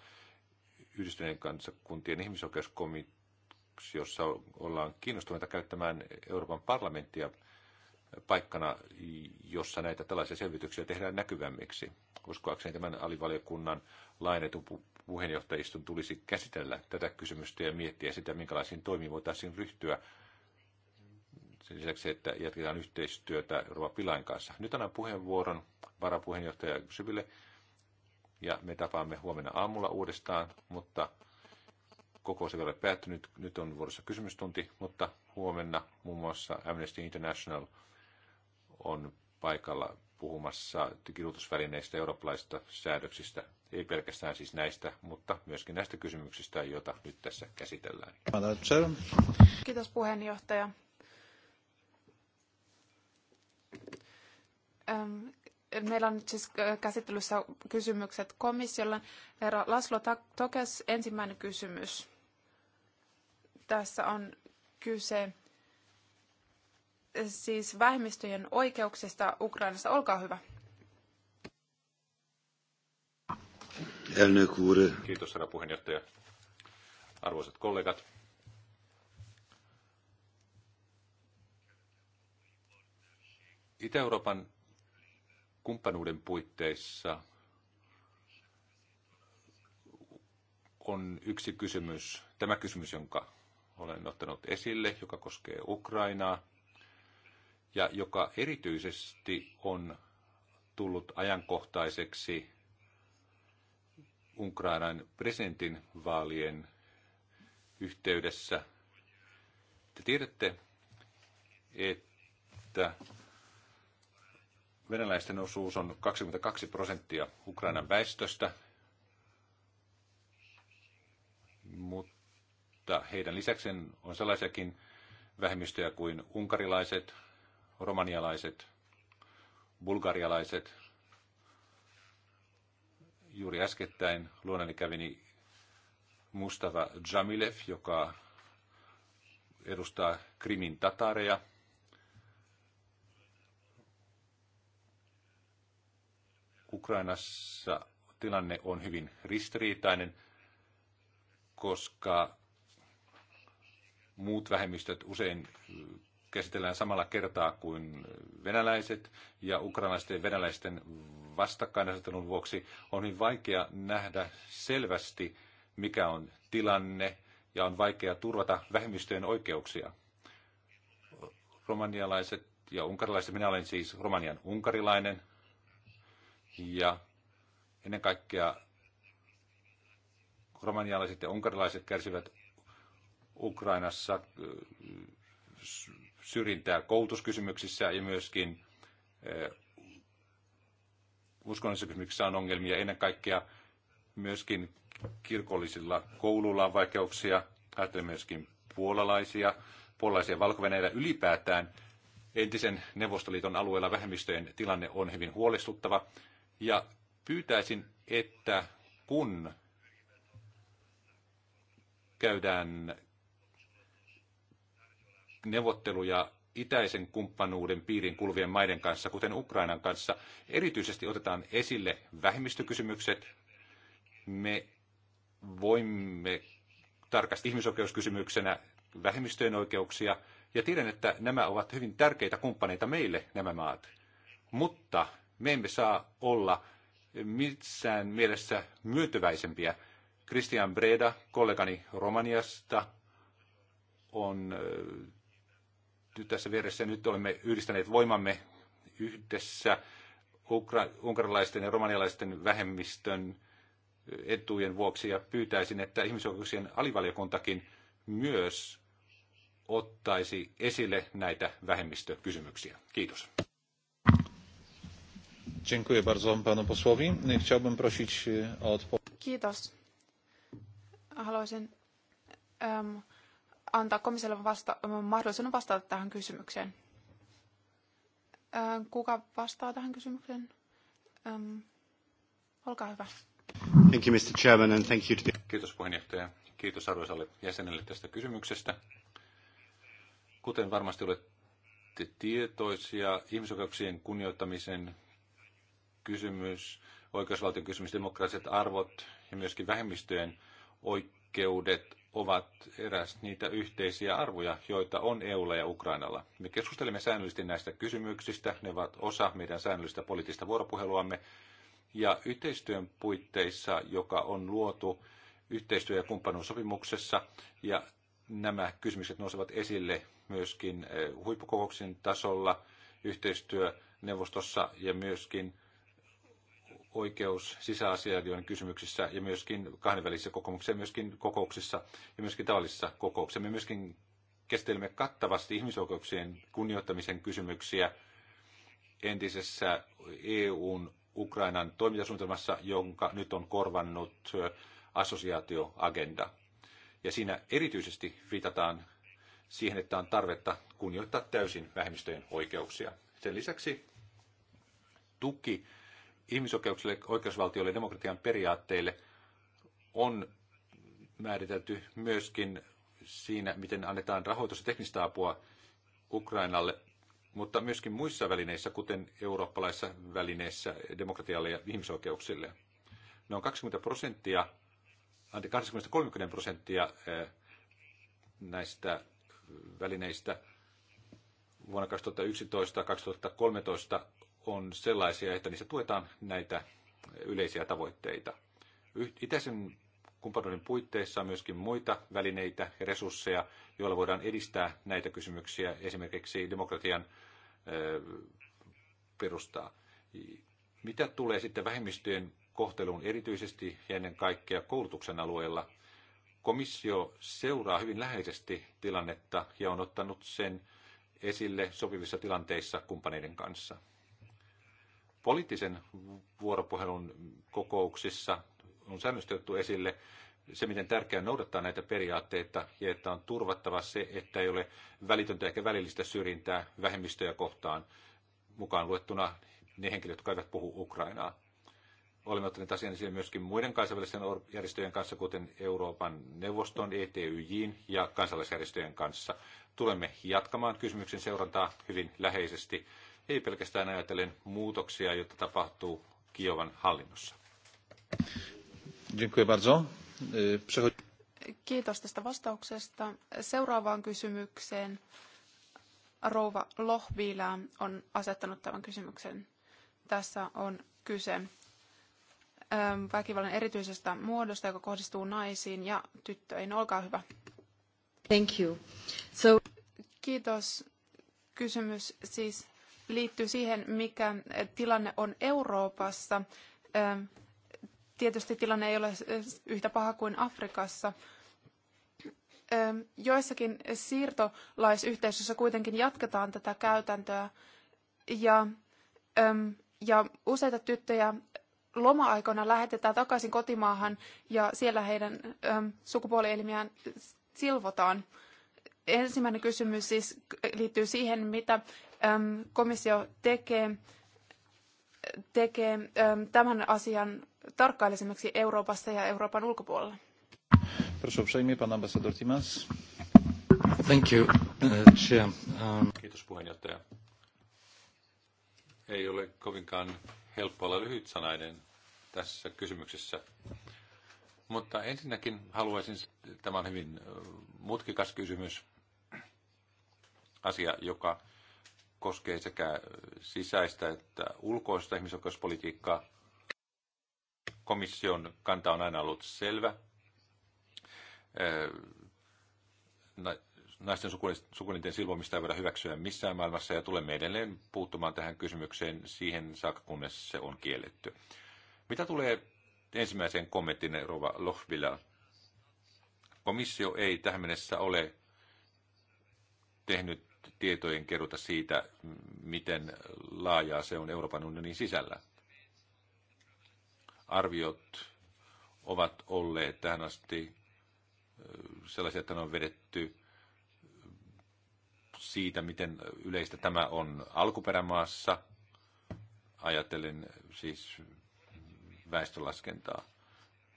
yhdistyneen kansakuntien ihmisoikeuskomissiossa ollaan kiinnostuneita käyttämään Euroopan parlamenttia paikkana, jossa näitä tällaisia selvityksiä tehdään näkyvämmiksi. Uskoakseni tämän alivaliokunnan lainetun puheenjohtajiston tulisi käsitellä tätä kysymystä ja miettiä sitä, minkälaisiin toimiin voitaisiin ryhtyä sen lisäksi, että jatketaan yhteistyötä Rova Pilain kanssa. Nyt annan puheenvuoron varapuheenjohtaja Syville ja me tapaamme huomenna aamulla uudestaan, mutta kokous ei ole päättynyt. Nyt on vuorossa kysymystunti, mutta huomenna muun muassa Amnesty International on paikalla puhumassa kidutusvälineistä eurooppalaisista säädöksistä ei pelkästään siis näistä, mutta myöskin näistä kysymyksistä, joita nyt tässä käsitellään. Kiitos puheenjohtaja. Meillä on nyt siis käsittelyssä kysymykset komissiolle. Herra Laslo Tokes, ensimmäinen kysymys. Tässä on kyse siis vähemmistöjen oikeuksista Ukrainassa. Olkaa hyvä. elnök úr. Kiitos, herra puheenjohtaja. Arvoisat kollegat. Itä-Euroopan kumppanuuden puitteissa on yksi kysymys, tämä kysymys, jonka olen ottanut esille, joka koskee Ukrainaa ja joka erityisesti on tullut ajankohtaiseksi Ukrainan presidentin vaalien yhteydessä. Te tiedätte, että venäläisten osuus on 22 prosenttia Ukrainan väestöstä, mutta heidän lisäksi on sellaisiakin vähemmistöjä kuin unkarilaiset, romanialaiset, bulgarialaiset, Juuri äskettäin luonani kävini Mustava Jamilev, joka edustaa Krimin tatareja. Ukrainassa tilanne on hyvin ristiriitainen, koska muut vähemmistöt usein käsitellään samalla kertaa kuin venäläiset, ja ukrainalaisten ja venäläisten vastakkainasettelun vuoksi on hyvin vaikea nähdä selvästi, mikä on tilanne, ja on vaikea turvata vähemmistöjen oikeuksia. Romanialaiset ja unkarilaiset, minä olen siis romanian unkarilainen, ja ennen kaikkea romanialaiset ja unkarilaiset kärsivät Ukrainassa syrjintää koulutuskysymyksissä ja myöskin eh, uskonnollisissa kysymyksissä on ongelmia. Ennen kaikkea myöskin kirkollisilla kouluilla on vaikeuksia. Ajattelen myöskin puolalaisia, puolalaisia valko ylipäätään. Entisen Neuvostoliiton alueella vähemmistöjen tilanne on hyvin huolestuttava. Ja pyytäisin, että kun käydään neuvotteluja itäisen kumppanuuden piiriin kulvien maiden kanssa, kuten Ukrainan kanssa. Erityisesti otetaan esille vähemmistökysymykset. Me voimme tarkasti ihmisoikeuskysymyksenä vähemmistöjen oikeuksia, ja tiedän, että nämä ovat hyvin tärkeitä kumppaneita meille, nämä maat. Mutta me emme saa olla missään mielessä myöntyväisempiä. Christian Breda, kollegani Romaniasta, on nyt tässä vieressä. Nyt olemme yhdistäneet voimamme yhdessä ukra- unkarilaisten ja romanialaisten vähemmistön etujen vuoksi ja pyytäisin, että ihmisoikeuksien alivaliokuntakin myös ottaisi esille näitä vähemmistökysymyksiä. Kiitos. Dziękuję bardzo panu posłowi. Chciałbym prosić e, o odpowiedź. Kiitos. Haluaisin äm, antaa komissiolle vasta- mahdollisuuden vastata tähän kysymykseen. Kuka vastaa tähän kysymykseen? Olkaa hyvä. Thank you, Mr. Chairman, and thank you to... the. Kiitos puheenjohtaja. Kiitos arvoisalle jäsenelle tästä kysymyksestä. Kuten varmasti olette tietoisia, ihmisoikeuksien kunnioittamisen kysymys, oikeusvaltion kysymys, demokraattiset arvot ja myöskin vähemmistöjen oikeudet ovat eräs niitä yhteisiä arvoja, joita on EUlla ja Ukrainalla. Me keskustelemme säännöllisesti näistä kysymyksistä, ne ovat osa meidän säännöllistä poliittista vuoropuheluamme, ja yhteistyön puitteissa, joka on luotu yhteistyö- ja kumppanuussopimuksessa, ja nämä kysymykset nousevat esille myöskin eh, huippukokouksen tasolla, yhteistyöneuvostossa ja myöskin oikeus sisäasioiden kysymyksissä ja myöskin kahdenvälisissä kokouksissa, myöskin kokouksissa ja myöskin tavallisissa kokouksissa. Me myöskin käsittelemme kattavasti ihmisoikeuksien kunnioittamisen kysymyksiä entisessä EUn Ukrainan toimintasuunnitelmassa, jonka nyt on korvannut assosiaatioagenda. Ja siinä erityisesti viitataan siihen, että on tarvetta kunnioittaa täysin vähemmistöjen oikeuksia. Sen lisäksi tuki ihmisoikeuksille, oikeusvaltiolle ja demokratian periaatteille on määritelty myöskin siinä, miten annetaan rahoitus- ja teknistä apua Ukrainalle, mutta myöskin muissa välineissä, kuten eurooppalaisissa välineissä demokratialle ja ihmisoikeuksille. Noin 20 prosenttia, 20-30 prosenttia eh, näistä välineistä vuonna 2011-2013 on sellaisia, että niissä tuetaan näitä yleisiä tavoitteita. Itäisen kumppanuuden puitteissa on myöskin muita välineitä ja resursseja, joilla voidaan edistää näitä kysymyksiä, esimerkiksi demokratian perustaa. Mitä tulee sitten vähemmistöjen kohteluun erityisesti ja ennen kaikkea koulutuksen alueella, komissio seuraa hyvin läheisesti tilannetta ja on ottanut sen esille sopivissa tilanteissa kumppaneiden kanssa. Poliittisen vuoropuhelun kokouksissa on säännöstetty esille se, miten tärkeää noudattaa näitä periaatteita ja että on turvattava se, että ei ole välitöntä eikä välillistä syrjintää vähemmistöjä kohtaan, mukaan luettuna ne henkilöt, jotka eivät puhu Ukrainaa. Olemme ottaneet asian esille myöskin muiden kansainvälisten järjestöjen kanssa, kuten Euroopan neuvoston, ETYJ ja kansalaisjärjestöjen kanssa. Tulemme jatkamaan kysymyksen seurantaa hyvin läheisesti ei pelkästään ajatellen muutoksia, jotta tapahtuu Kiovan hallinnossa. Kiitos tästä vastauksesta. Seuraavaan kysymykseen rouva Lohviilä on asettanut tämän kysymyksen. Tässä on kyse ähm, väkivallan erityisestä muodosta, joka kohdistuu naisiin ja tyttöihin. Olkaa hyvä. Thank you. So... Kiitos. Kysymys siis liittyy siihen, mikä tilanne on Euroopassa. Ähm, tietysti tilanne ei ole yhtä paha kuin Afrikassa. Ähm, joissakin siirtolaisyhteisöissä kuitenkin jatketaan tätä käytäntöä ja, ähm, ja useita tyttöjä loma-aikoina lähetetään takaisin kotimaahan ja siellä heidän sukupuolielimiään silvotaan ensimmäinen kysymys siis liittyy siihen, mitä Ähm, komissio tekee, tekee ähm, tämän asian tarkkailisemmaksi Euroopassa ja Euroopan ulkopuolella. Thank you, uh, chair. Um, Kiitos puheenjohtaja. Ei ole kovinkaan helppo olla lyhytsanainen tässä kysymyksessä. Mutta ensinnäkin haluaisin, tämä on hyvin äh, mutkikas kysymys, asia, joka koskee sekä sisäistä että ulkoista ihmisoikeuspolitiikkaa. Komission kanta on aina ollut selvä. Naisten sukuelinten silvomista ei voida hyväksyä missään maailmassa ja tulemme edelleen puuttumaan tähän kysymykseen siihen saakka, kunnes se on kielletty. Mitä tulee ensimmäiseen kommenttiin, Rova Lohvila? Komissio ei tähän mennessä ole tehnyt tietojen keruuta siitä, miten laajaa se on Euroopan unionin sisällä. Arviot ovat olleet tähän asti sellaisia, että ne on vedetty siitä, miten yleistä tämä on alkuperämaassa, ajatellen siis väestölaskentaa.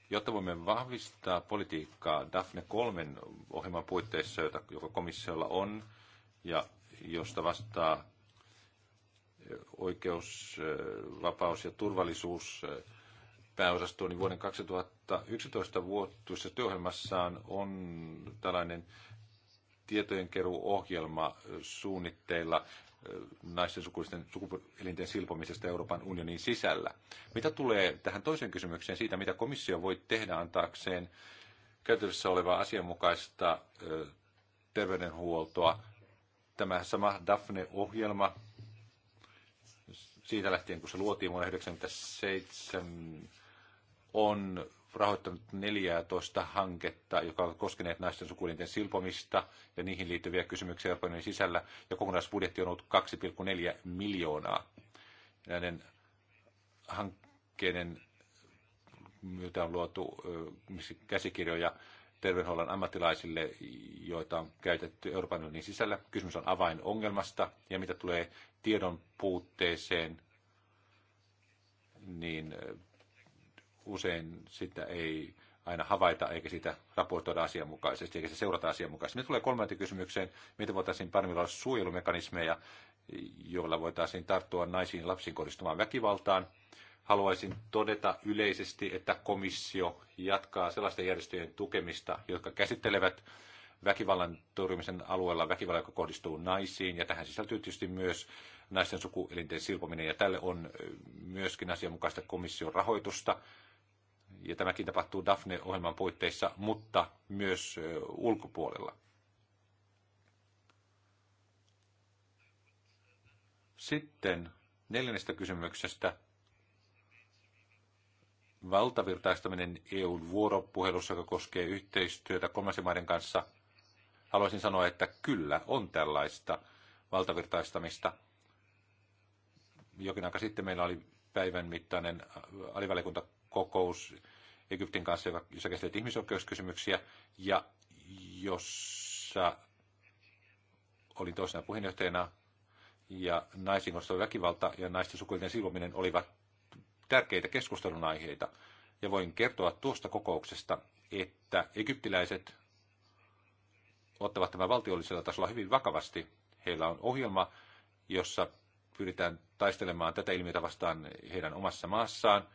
Jotta voimme vahvistaa politiikkaa Daphne 3 ohjelman puitteissa, joka komissiolla on, ja josta vastaa oikeus, eh, vapaus ja turvallisuus eh, pääosastoon, niin vuoden 2011 vuotuisessa työohjelmassaan on tällainen tietojenkeruohjelma eh, suunnitteilla naisten sukuisten sukupuolielinten silpomisesta Euroopan unionin sisällä. Mitä tulee tähän toiseen kysymykseen siitä, mitä komissio voi tehdä antaakseen käytössä olevaa asianmukaista terveydenhuoltoa Tämä sama Daphne-ohjelma, siitä lähtien kun se luotiin vuonna 1997, on rahoittanut 14 hanketta, jotka ovat koskeneet naisten sukuelinten silpomista ja niihin liittyviä kysymyksiä Euroopan sisällä, ja kokonaisbudjetti on ollut 2,4 miljoonaa. Näiden hankkeiden myötä on luotu käsikirjoja terveydenhuollon ammattilaisille, joita on käytetty Euroopan unionin sisällä. Kysymys on avainongelmasta ja mitä tulee tiedon puutteeseen, niin eh, usein sitä ei aina havaita eikä sitä raportoida asianmukaisesti eikä se seurata asianmukaisesti. Nyt tulee kolmanteen kysymykseen, miten voitaisiin paremmin olla suojelumekanismeja, joilla voitaisiin tarttua naisiin ja lapsiin kohdistumaan väkivaltaan – haluaisin todeta yleisesti, että komissio jatkaa sellaisten järjestöjen tukemista, jotka käsittelevät väkivallan torjumisen alueella väkivallan, joka kohdistuu naisiin, ja tähän sisältyy tietysti myös naisten sukuelinten silpominen, ja tälle on myöskin asianmukaista komission rahoitusta, ja tämäkin tapahtuu Daphne-ohjelman puitteissa, mutta myös ulkopuolella. Sitten neljännestä kysymyksestä valtavirtaistaminen EUn vuoropuhelussa, joka koskee yhteistyötä kolmansien maiden kanssa, haluaisin sanoa, että kyllä on tällaista valtavirtaistamista. Jokin aika sitten meillä oli päivän mittainen alivälikuntakokous Egyptin kanssa, jossa käsiteltiin ihmisoikeuskysymyksiä, ja jossa olin toisena puheenjohtajana, ja naisiin kohdistuva väkivalta ja naisten sukuelinten silvominen olivat tärkeitä keskustelun aiheita. Ja voin kertoa tuosta kokouksesta, että egyptiläiset ottavat tämän valtiollisella tasolla hyvin vakavasti. Heillä on ohjelma, jossa pyritään taistelemaan tätä ilmiötä vastaan heidän omassa maassaan.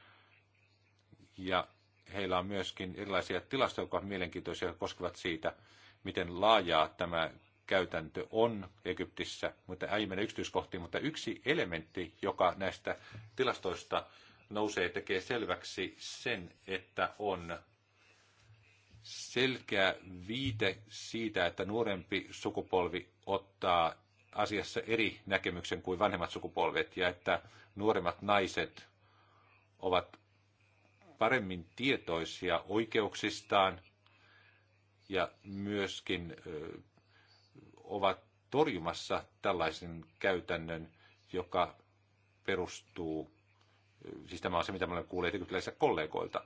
Ja heillä on myöskin erilaisia tilastoja, jotka ovat mielenkiintoisia, jotka koskevat siitä, miten laajaa tämä käytäntö on Egyptissä, mutta ei mene yksityiskohtiin, mutta yksi elementti, joka näistä tilastoista nousee tekee selväksi sen, että on selkeä viite siitä, että nuorempi sukupolvi ottaa asiassa eri näkemyksen kuin vanhemmat sukupolvet ja että nuoremmat naiset ovat paremmin tietoisia oikeuksistaan ja myöskin ovat torjumassa tällaisen käytännön, joka perustuu Siis tämä on se, mitä me olemme kuulleet egyptiläisiltä kollegoilta.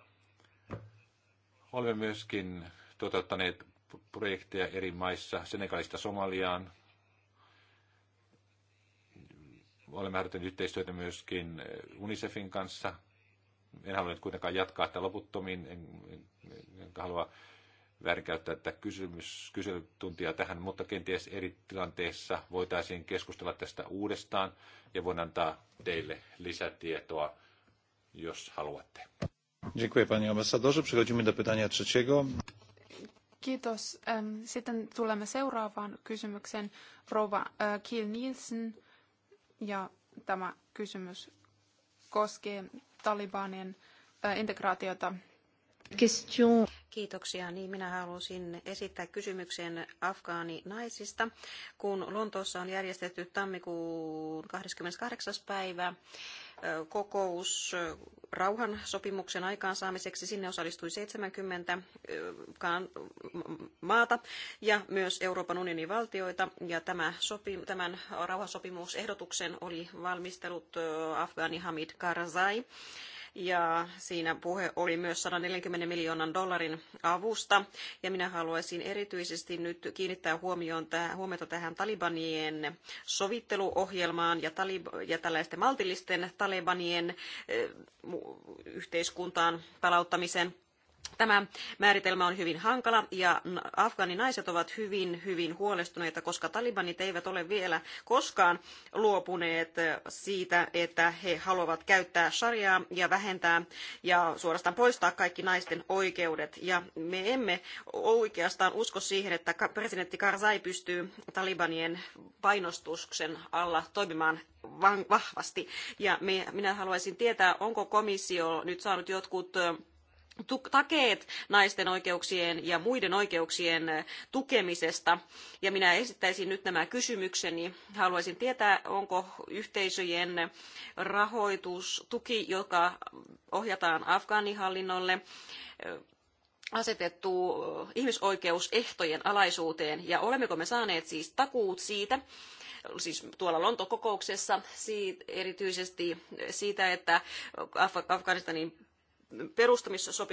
Olemme myöskin toteuttaneet projekteja eri maissa, Senegalista Somaliaan. Olemme harjoittaneet yhteistyötä myöskin eh, UNICEFin kanssa. En halua nyt kuitenkaan jatkaa tätä loputtomiin, en, en, en halua väärinkäyttää tätä kysymys, kyselytuntia tähän, mutta kenties eri tilanteissa voitaisiin keskustella tästä uudestaan ja voin antaa teille lisätietoa jos haluatte. Dziękuję panie ambasadorze. Przechodzimy do pytania trzeciego. Kiitos. Sitten tulemme seuraavaan kysymykseen. Rova e, Kiel Nielsen ja tämä kysymys koskee Talibanien e, integraatiota Question. Kiitoksia. Niin minä haluaisin esittää kysymyksen afgaaninaisista. Kun Lontoossa on järjestetty tammikuun 28. päivä kokous rauhan sopimuksen aikaansaamiseksi. Sinne osallistui 70 maata ja myös Euroopan unionin valtioita. Ja tämä sopi, tämän rauhansopimusehdotuksen oli valmistellut Afgaani Hamid Karzai ja siinä puhe oli myös 140 miljoonan dollarin avusta. Ja minä haluaisin erityisesti nyt kiinnittää huomioon täh- huomiota tähän talibanien sovitteluohjelmaan ja, talib- ja tällaisten maltillisten talibanien eh, yhteiskuntaan palauttamiseen Tämä määritelmä on hyvin hankala ja afgaaninaiset ovat hyvin, hyvin huolestuneita, koska talibanit eivät ole vielä koskaan luopuneet eh, siitä, että he haluavat käyttää sarjaa ja vähentää ja suorastaan poistaa kaikki naisten oikeudet. Ja me emme oikeastaan usko siihen, että presidentti Karzai pystyy talibanien painostuksen alla toimimaan vahvasti. Ja minä haluaisin tietää, onko komissio nyt saanut jotkut eh, takeet naisten oikeuksien ja muiden oikeuksien eh, tukemisesta. Ja minä esittäisin nyt nämä kysymykseni. Haluaisin tietää, onko yhteisöjen rahoitustuki, joka ohjataan Afgaanihallinnolle, eh, asetettu eh, ihmisoikeusehtojen alaisuuteen ja olemmeko me saaneet siis takuut siitä, siis tuolla Lontokokouksessa siitä, erityisesti siitä, että Afganistanin perustuslaissa,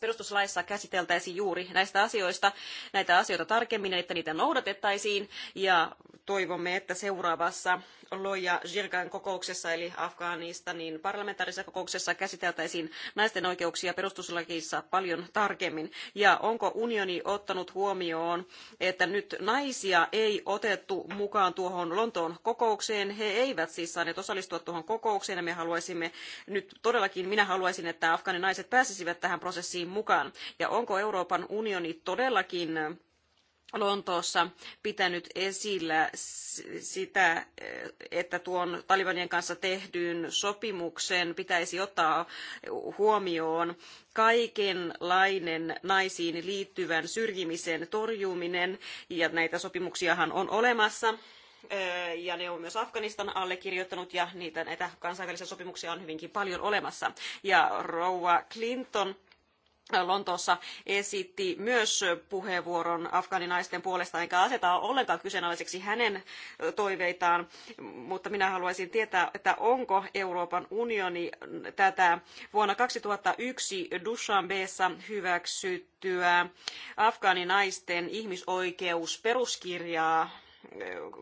perustuslaissa käsiteltäisiin juuri näistä asioista, näitä asioita tarkemmin, että niitä noudatettaisiin ja toivomme, että seuraavassa Loja Zirkan kokouksessa eli Afganistanin parlamentaarisessa kokouksessa käsiteltäisiin naisten oikeuksia perustuslakissa paljon tarkemmin. Ja onko unioni ottanut huomioon, että nyt naisia ei otettu mukaan tuohon Lontoon kokoukseen? He eivät siis saaneet osallistua tuohon kokoukseen ja me haluaisimme nyt todellakin, minä haluaisin, että afgaaninaiset pääsisivät tähän prosessiin mukaan. Ja onko Euroopan unioni todellakin Lontoossa pitänyt esillä sitä, että tuon Talibanien kanssa tehdyn sopimuksen pitäisi ottaa huomioon kaikenlainen naisiin liittyvän syrjimisen torjuminen, ja näitä sopimuksiahan on olemassa ja ne on myös Afganistan allekirjoittanut ja niitä näitä kansainvälisiä sopimuksia on hyvinkin paljon olemassa. Ja rouva Clinton Lontoossa esitti myös puheenvuoron afgaaninaisten puolesta, enkä aseta ollenkaan kyseenalaiseksi hänen toiveitaan, mutta minä haluaisin tietää, että onko Euroopan unioni tätä vuonna 2001 Dushanbeessa hyväksyttyä afgaaninaisten ihmisoikeusperuskirjaa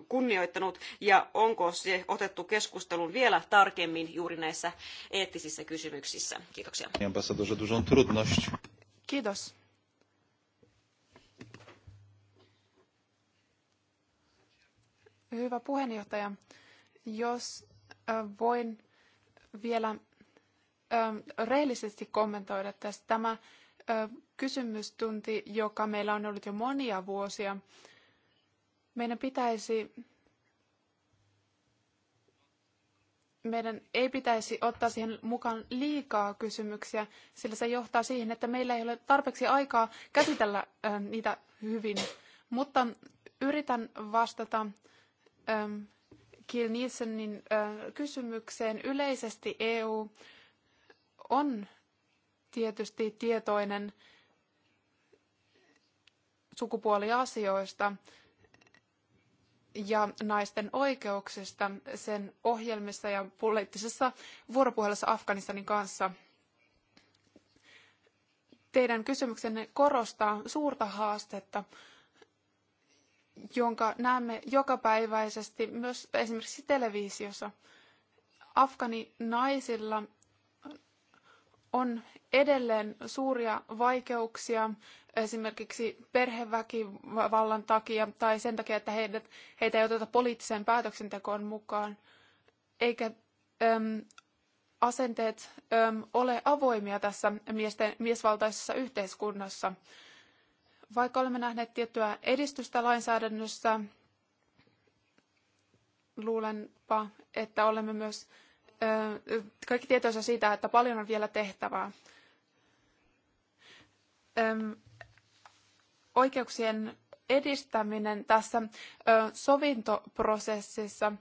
kunnioittanut ja onko se otettu keskusteluun vielä tarkemmin juuri näissä eettisissä kysymyksissä. Kiitoksia. Kiitos. Hyvä puheenjohtaja, jos voin vielä rehellisesti kommentoida tästä. Tämä kysymystunti, joka meillä on ollut jo monia vuosia, meidän pitäisi meidän ei pitäisi ottaa siihen mukaan liikaa kysymyksiä, sillä se johtaa siihen, että meillä ei ole tarpeeksi aikaa käsitellä niitä hyvin. Mutta yritän vastata ähm, Kiel Nielsenin kysymykseen. Yleisesti EU on tietysti tietoinen sukupuoliasioista. asioista ja naisten oikeuksista sen ohjelmissa ja poliittisessa vuoropuhelussa Afganistanin kanssa. Teidän kysymyksenne korostaa suurta haastetta, jonka näemme jokapäiväisesti myös esimerkiksi televisiossa. Afgani naisilla on edelleen suuria vaikeuksia esimerkiksi perheväkivallan takia tai sen takia, että heidät, heitä ei oteta poliittiseen päätöksentekoon mukaan, eikä äm, asenteet äm, ole avoimia tässä miesten, miesvaltaisessa yhteiskunnassa. Vaikka olemme nähneet tiettyä edistystä lainsäädännössä, luulenpa, että olemme myös kaikki tietoisia siitä, että paljon on vielä tehtävää. Oikeuksien edistäminen tässä sovintoprosessissa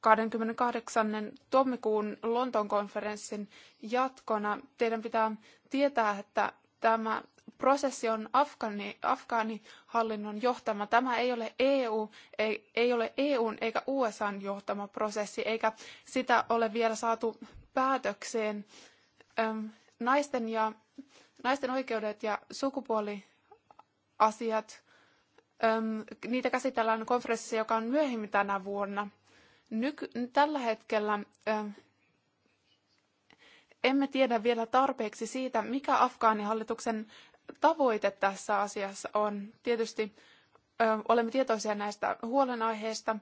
28. tuomikuun Lontoon konferenssin jatkona. Teidän pitää tietää, että tämä prosessi on Afgani, afgaanihallinnon johtama. Tämä ei ole EU, ei, ei ole EUn eikä USAn johtama prosessi, eikä sitä ole vielä saatu päätökseen. naisten, ja, naisten oikeudet ja sukupuoliasiat, niitä käsitellään konferenssissa, joka on myöhemmin tänä vuonna. Nyky, tällä hetkellä emme tiedä vielä tarpeeksi siitä, mikä Afgaanihallituksen tavoite tässä asiassa on. Tietysti ö, olemme tietoisia näistä huolenaiheista,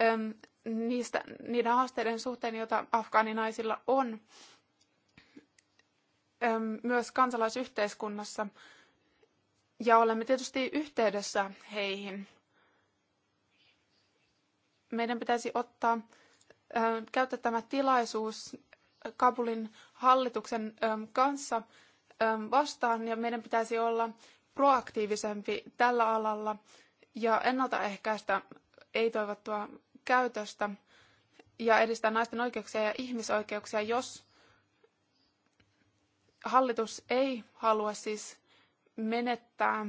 ö, niistä, niiden haasteiden suhteen, joita afgaaninaisilla on ö, myös kansalaisyhteiskunnassa. Ja olemme tietysti yhteydessä heihin. Meidän pitäisi ottaa, ö, käyttää tämä tilaisuus Kabulin hallituksen kanssa vastaan ja meidän pitäisi olla proaktiivisempi tällä alalla ja ennaltaehkäistä ei-toivottua käytöstä ja edistää naisten oikeuksia ja ihmisoikeuksia, jos hallitus ei halua siis menettää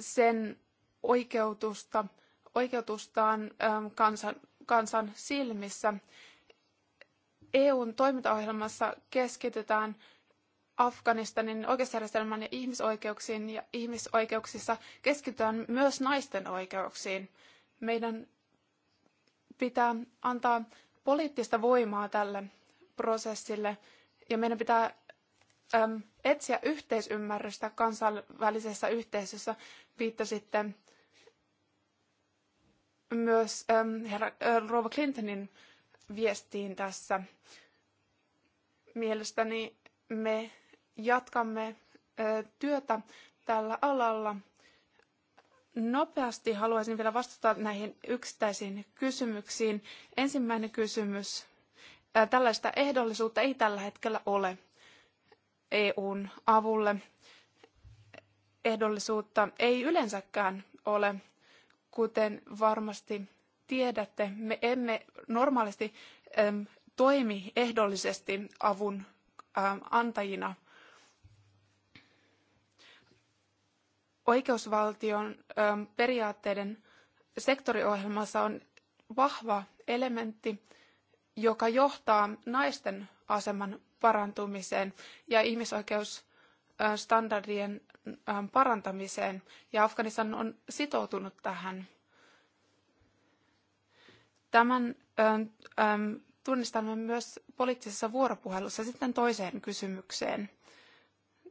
sen oikeutusta, oikeutustaan kansan, kansan silmissä. EUn toimintaohjelmassa keskitytään Afganistanin oikeusjärjestelmän ja ihmisoikeuksiin ja ihmisoikeuksissa keskitytään myös naisten oikeuksiin. Meidän pitää antaa poliittista voimaa tälle prosessille ja meidän pitää äm, etsiä yhteisymmärrystä kansainvälisessä yhteisössä. Viittasitte myös äm, herra, äh, Rova Clintonin viestiin tässä. Mielestäni me jatkamme työtä tällä alalla. Nopeasti haluaisin vielä vastata näihin yksittäisiin kysymyksiin. Ensimmäinen kysymys. Tällaista ehdollisuutta ei tällä hetkellä ole EUn avulle. Ehdollisuutta ei yleensäkään ole, kuten varmasti tiedätte, me emme normaalisti ähm, toimi ehdollisesti avun ähm, antajina. Oikeusvaltion ähm, periaatteiden sektoriohjelmassa on vahva elementti, joka johtaa naisten aseman parantumiseen ja ihmisoikeusstandardien parantamiseen. Ja Afganistan on sitoutunut tähän. Tämän ähm, ähm, tunnistamme myös poliittisessa vuoropuhelussa. Sitten toiseen kysymykseen.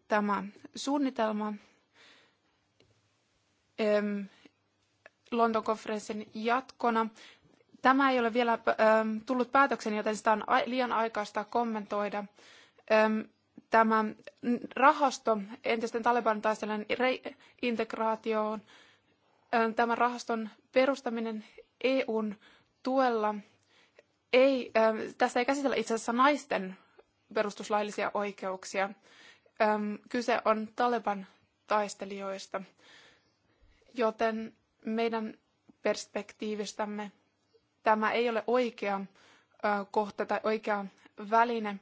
Tämä suunnitelma ähm, Lontoon konferenssin jatkona. Tämä ei ole vielä tullut päätöksen, joten sitä on liian aikaista kommentoida. Tämä rahasto entisten Taliban taistelijan integraatioon, tämän rahaston perustaminen EUn tuella ei, ähm, tässä ei käsitellä itse asiassa naisten perustuslaillisia oikeuksia. Ähm, kyse on Taleban taistelijoista, joten meidän perspektiivistämme tämä ei ole oikea kohta tai oikea väline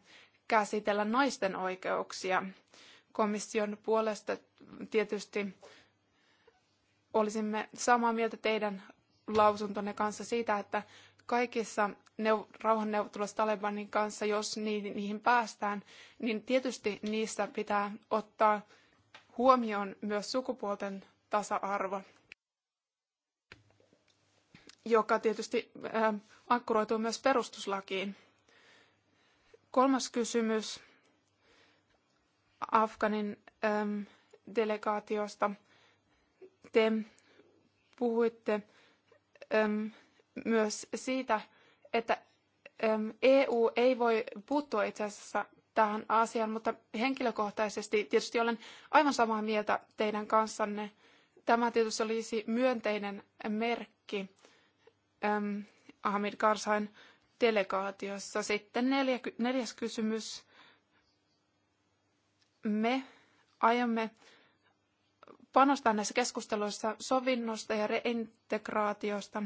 käsitellä naisten oikeuksia. Komission puolesta tietysti olisimme samaa mieltä teidän lausuntonne kanssa siitä, että kaikissa neu- rauhanneuvotteluissa Talebanin kanssa, jos niihin päästään, niin tietysti niissä pitää ottaa huomioon myös sukupuolten tasa-arvo, joka tietysti äh, ankkuroituu myös perustuslakiin. Kolmas kysymys Afganin ähm, delegaatiosta. Te puhuitte myös siitä, että EU ei voi puuttua itse asiassa tähän asiaan, mutta henkilökohtaisesti tietysti olen aivan samaa mieltä teidän kanssanne. Tämä tietysti olisi myönteinen merkki äm, Ahmed Karsain delegaatiossa. Sitten neljä, neljäs kysymys. Me aiomme panostaa näissä keskusteluissa sovinnosta ja reintegraatiosta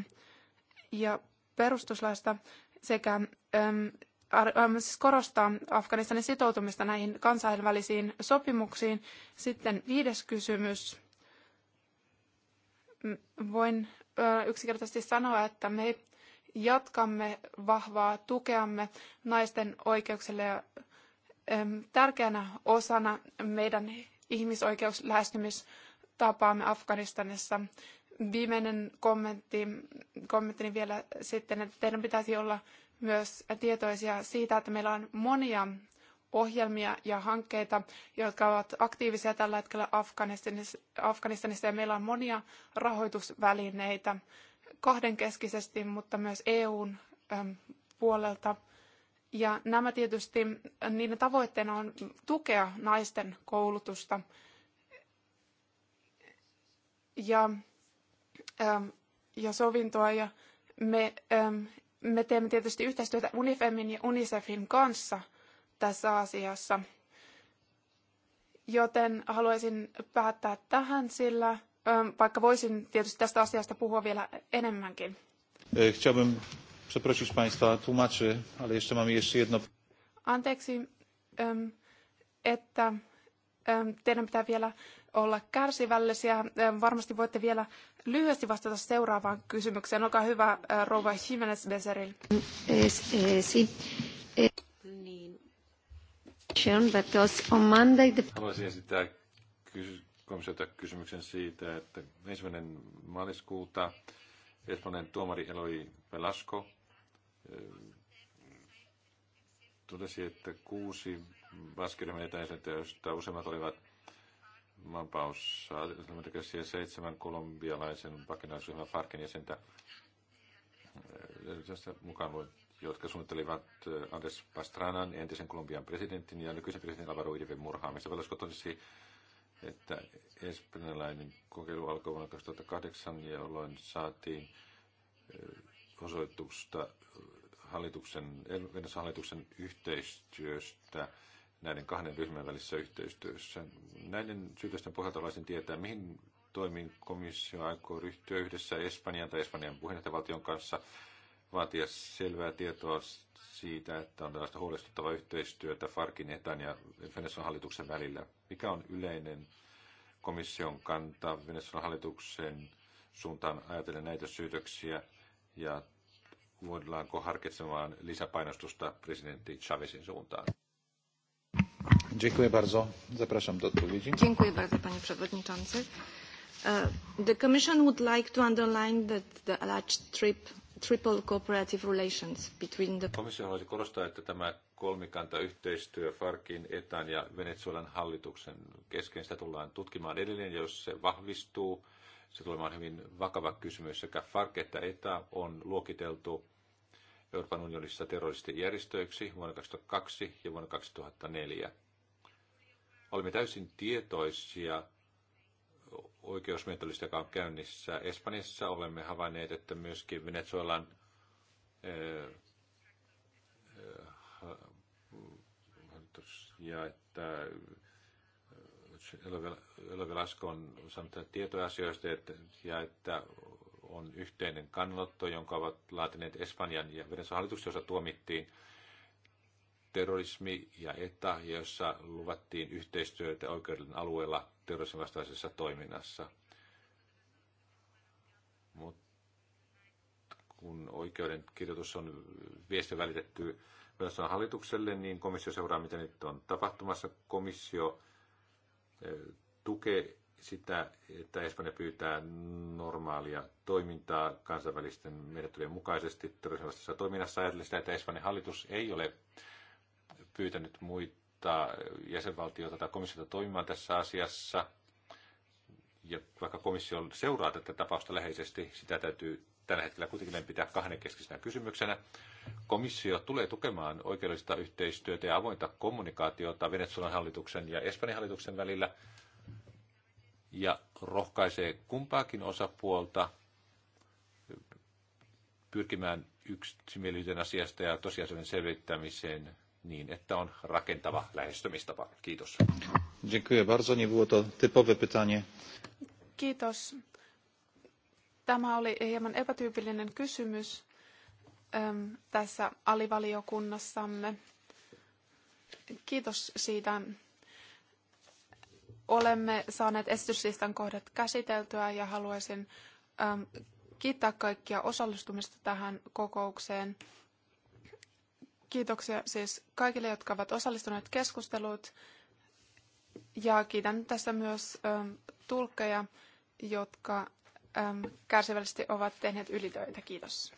ja perustuslaista sekä äm, siis korostaa Afganistanin sitoutumista näihin kansainvälisiin sopimuksiin. Sitten viides kysymys. Voin yksinkertaisesti sanoa, että me jatkamme vahvaa tukeamme naisten oikeuksille ja tärkeänä osana meidän ihmisoikeuslähestymis tapaamme Afganistanissa. Viimeinen kommentti, kommenttini vielä sitten, että teidän pitäisi olla myös tietoisia siitä, että meillä on monia ohjelmia ja hankkeita, jotka ovat aktiivisia tällä hetkellä Afganistanissa, ja meillä on monia rahoitusvälineitä kahdenkeskisesti, mutta myös EUn puolelta. Ja nämä tietysti, niiden tavoitteena on tukea naisten koulutusta ja, äm, ja sovintoa. Ja me, äm, me teemme tietysti yhteistyötä Unifemin ja Unicefin kanssa tässä asiassa. Joten haluaisin päättää tähän, sillä äm, vaikka voisin tietysti tästä asiasta puhua vielä enemmänkin. E, chciałbym przeprosić Państwa tłumaczy, ale jeszcze mamy jeszcze jedno... Anteeksi, että äm, teidän pitää vielä olla kärsivällisiä. Varmasti voitte vielä lyhyesti vastata seuraavaan kysymykseen. Olkaa hyvä, rouva Jimenez Beseril. Eh, eh, niin. Haluaisin esittää kysy- komissiota kysymyksen siitä, että ensimmäinen maaliskuuta espanjan tuomari Eloi Velasco eh, totesi, että kuusi askelmien etäisyyttä, joista useimmat olivat vapaus ja seitsemän kolumbialaisen vakinaisryhmän Farkin jäsentä äh, mukaan jotka suunnittelivat äh, Andres Pastranan, entisen Kolumbian presidentin ja nykyisen presidentin Alvaro Uribe murhaamista. Velasco totesi, että espanjalainen kokeilu alkoi vuonna 2008, jolloin saatiin äh, osoitusta hallituksen, hallituksen yhteistyöstä näiden kahden ryhmän välissä yhteistyössä. Näiden syytösten pohjalta olisin tietää, mihin toimin komissio aikoo ryhtyä yhdessä Espanjan tai Espanjan puheenjohtajavaltion kanssa vaatia selvää tietoa siitä, että on tällaista huolestuttavaa yhteistyötä Farkin, Etan ja Venezuelan hallituksen välillä. Mikä on yleinen komission kanta Venezuelan hallituksen suuntaan ajatellen näitä syytöksiä ja voidaanko harkitsemaan lisäpainostusta presidentti Chavezin suuntaan? Dziękuję bardzo. Uh, the Commission would like to underline that the alleged trip, triple cooperative relations between the... Komissio haluaisi korostaa, että tämä kolmikanta yhteistyö Farkin, Etan ja Venezuelan hallituksen kesken, sitä tullaan tutkimaan edelleen, ja jos se vahvistuu, se tulee olemaan hyvin vakava kysymys. Sekä Farc että ETA on luokiteltu Euroopan unionissa terroristijärjestöiksi vuonna 2002 ja vuonna 2004. Olimme täysin tietoisia oikeusmenettelystä, joka on käynnissä Espanjassa. Olemme havainneet, että myöskin Venezuelan ja että Velasco on saanut tietoja asioista ja että on yhteinen kannanotto, jonka ovat laatineet Espanjan ja Venezuelan hallituksen, jossa tuomittiin terrorismi ja ETA, jossa luvattiin yhteistyötä oikeudellinen alueella terrorismin vastaisessa toiminnassa. Mutta kun oikeuden kirjoitus on viesti välitetty Yhdysvallan hallitukselle, niin komissio seuraa, mitä nyt on tapahtumassa. Komissio eh, tukee sitä, että Espanja pyytää normaalia toimintaa kansainvälisten menettelyjen mukaisesti terrorismin toiminnassa. Ajatellaan sitä, että Espanjan hallitus ei ole pyytänyt muita jäsenvaltioita tai komissiota toimimaan tässä asiassa. Ja vaikka komissio seuraa tätä tapausta läheisesti, sitä täytyy tällä hetkellä kuitenkin pitää kahdenkeskisenä kysymyksenä. Komissio tulee tukemaan oikeudellista yhteistyötä ja avointa kommunikaatiota Venezuelan hallituksen ja Espanjan hallituksen välillä ja rohkaisee kumpaakin osapuolta pyrkimään yksimielisyyden asiasta ja tosiasioiden selvittämiseen niin, että on rakentava lähestymistapa. Kiitos. Dziękuję bardzo. Nie było to typowe pytanie. Kiitos. Tämä oli hieman epätyypillinen kysymys äm, tässä alivaliokunnassamme. Kiitos siitä. Olemme saaneet esityslistan kohdat käsiteltyä ja haluaisin äm, kiittää kaikkia osallistumista tähän kokoukseen. Kiitoksia siis kaikille, jotka ovat osallistuneet keskusteluun. Ja kiitän tässä myös äm, tulkkeja, jotka äm, kärsivällisesti ovat tehneet ylitöitä. Kiitos.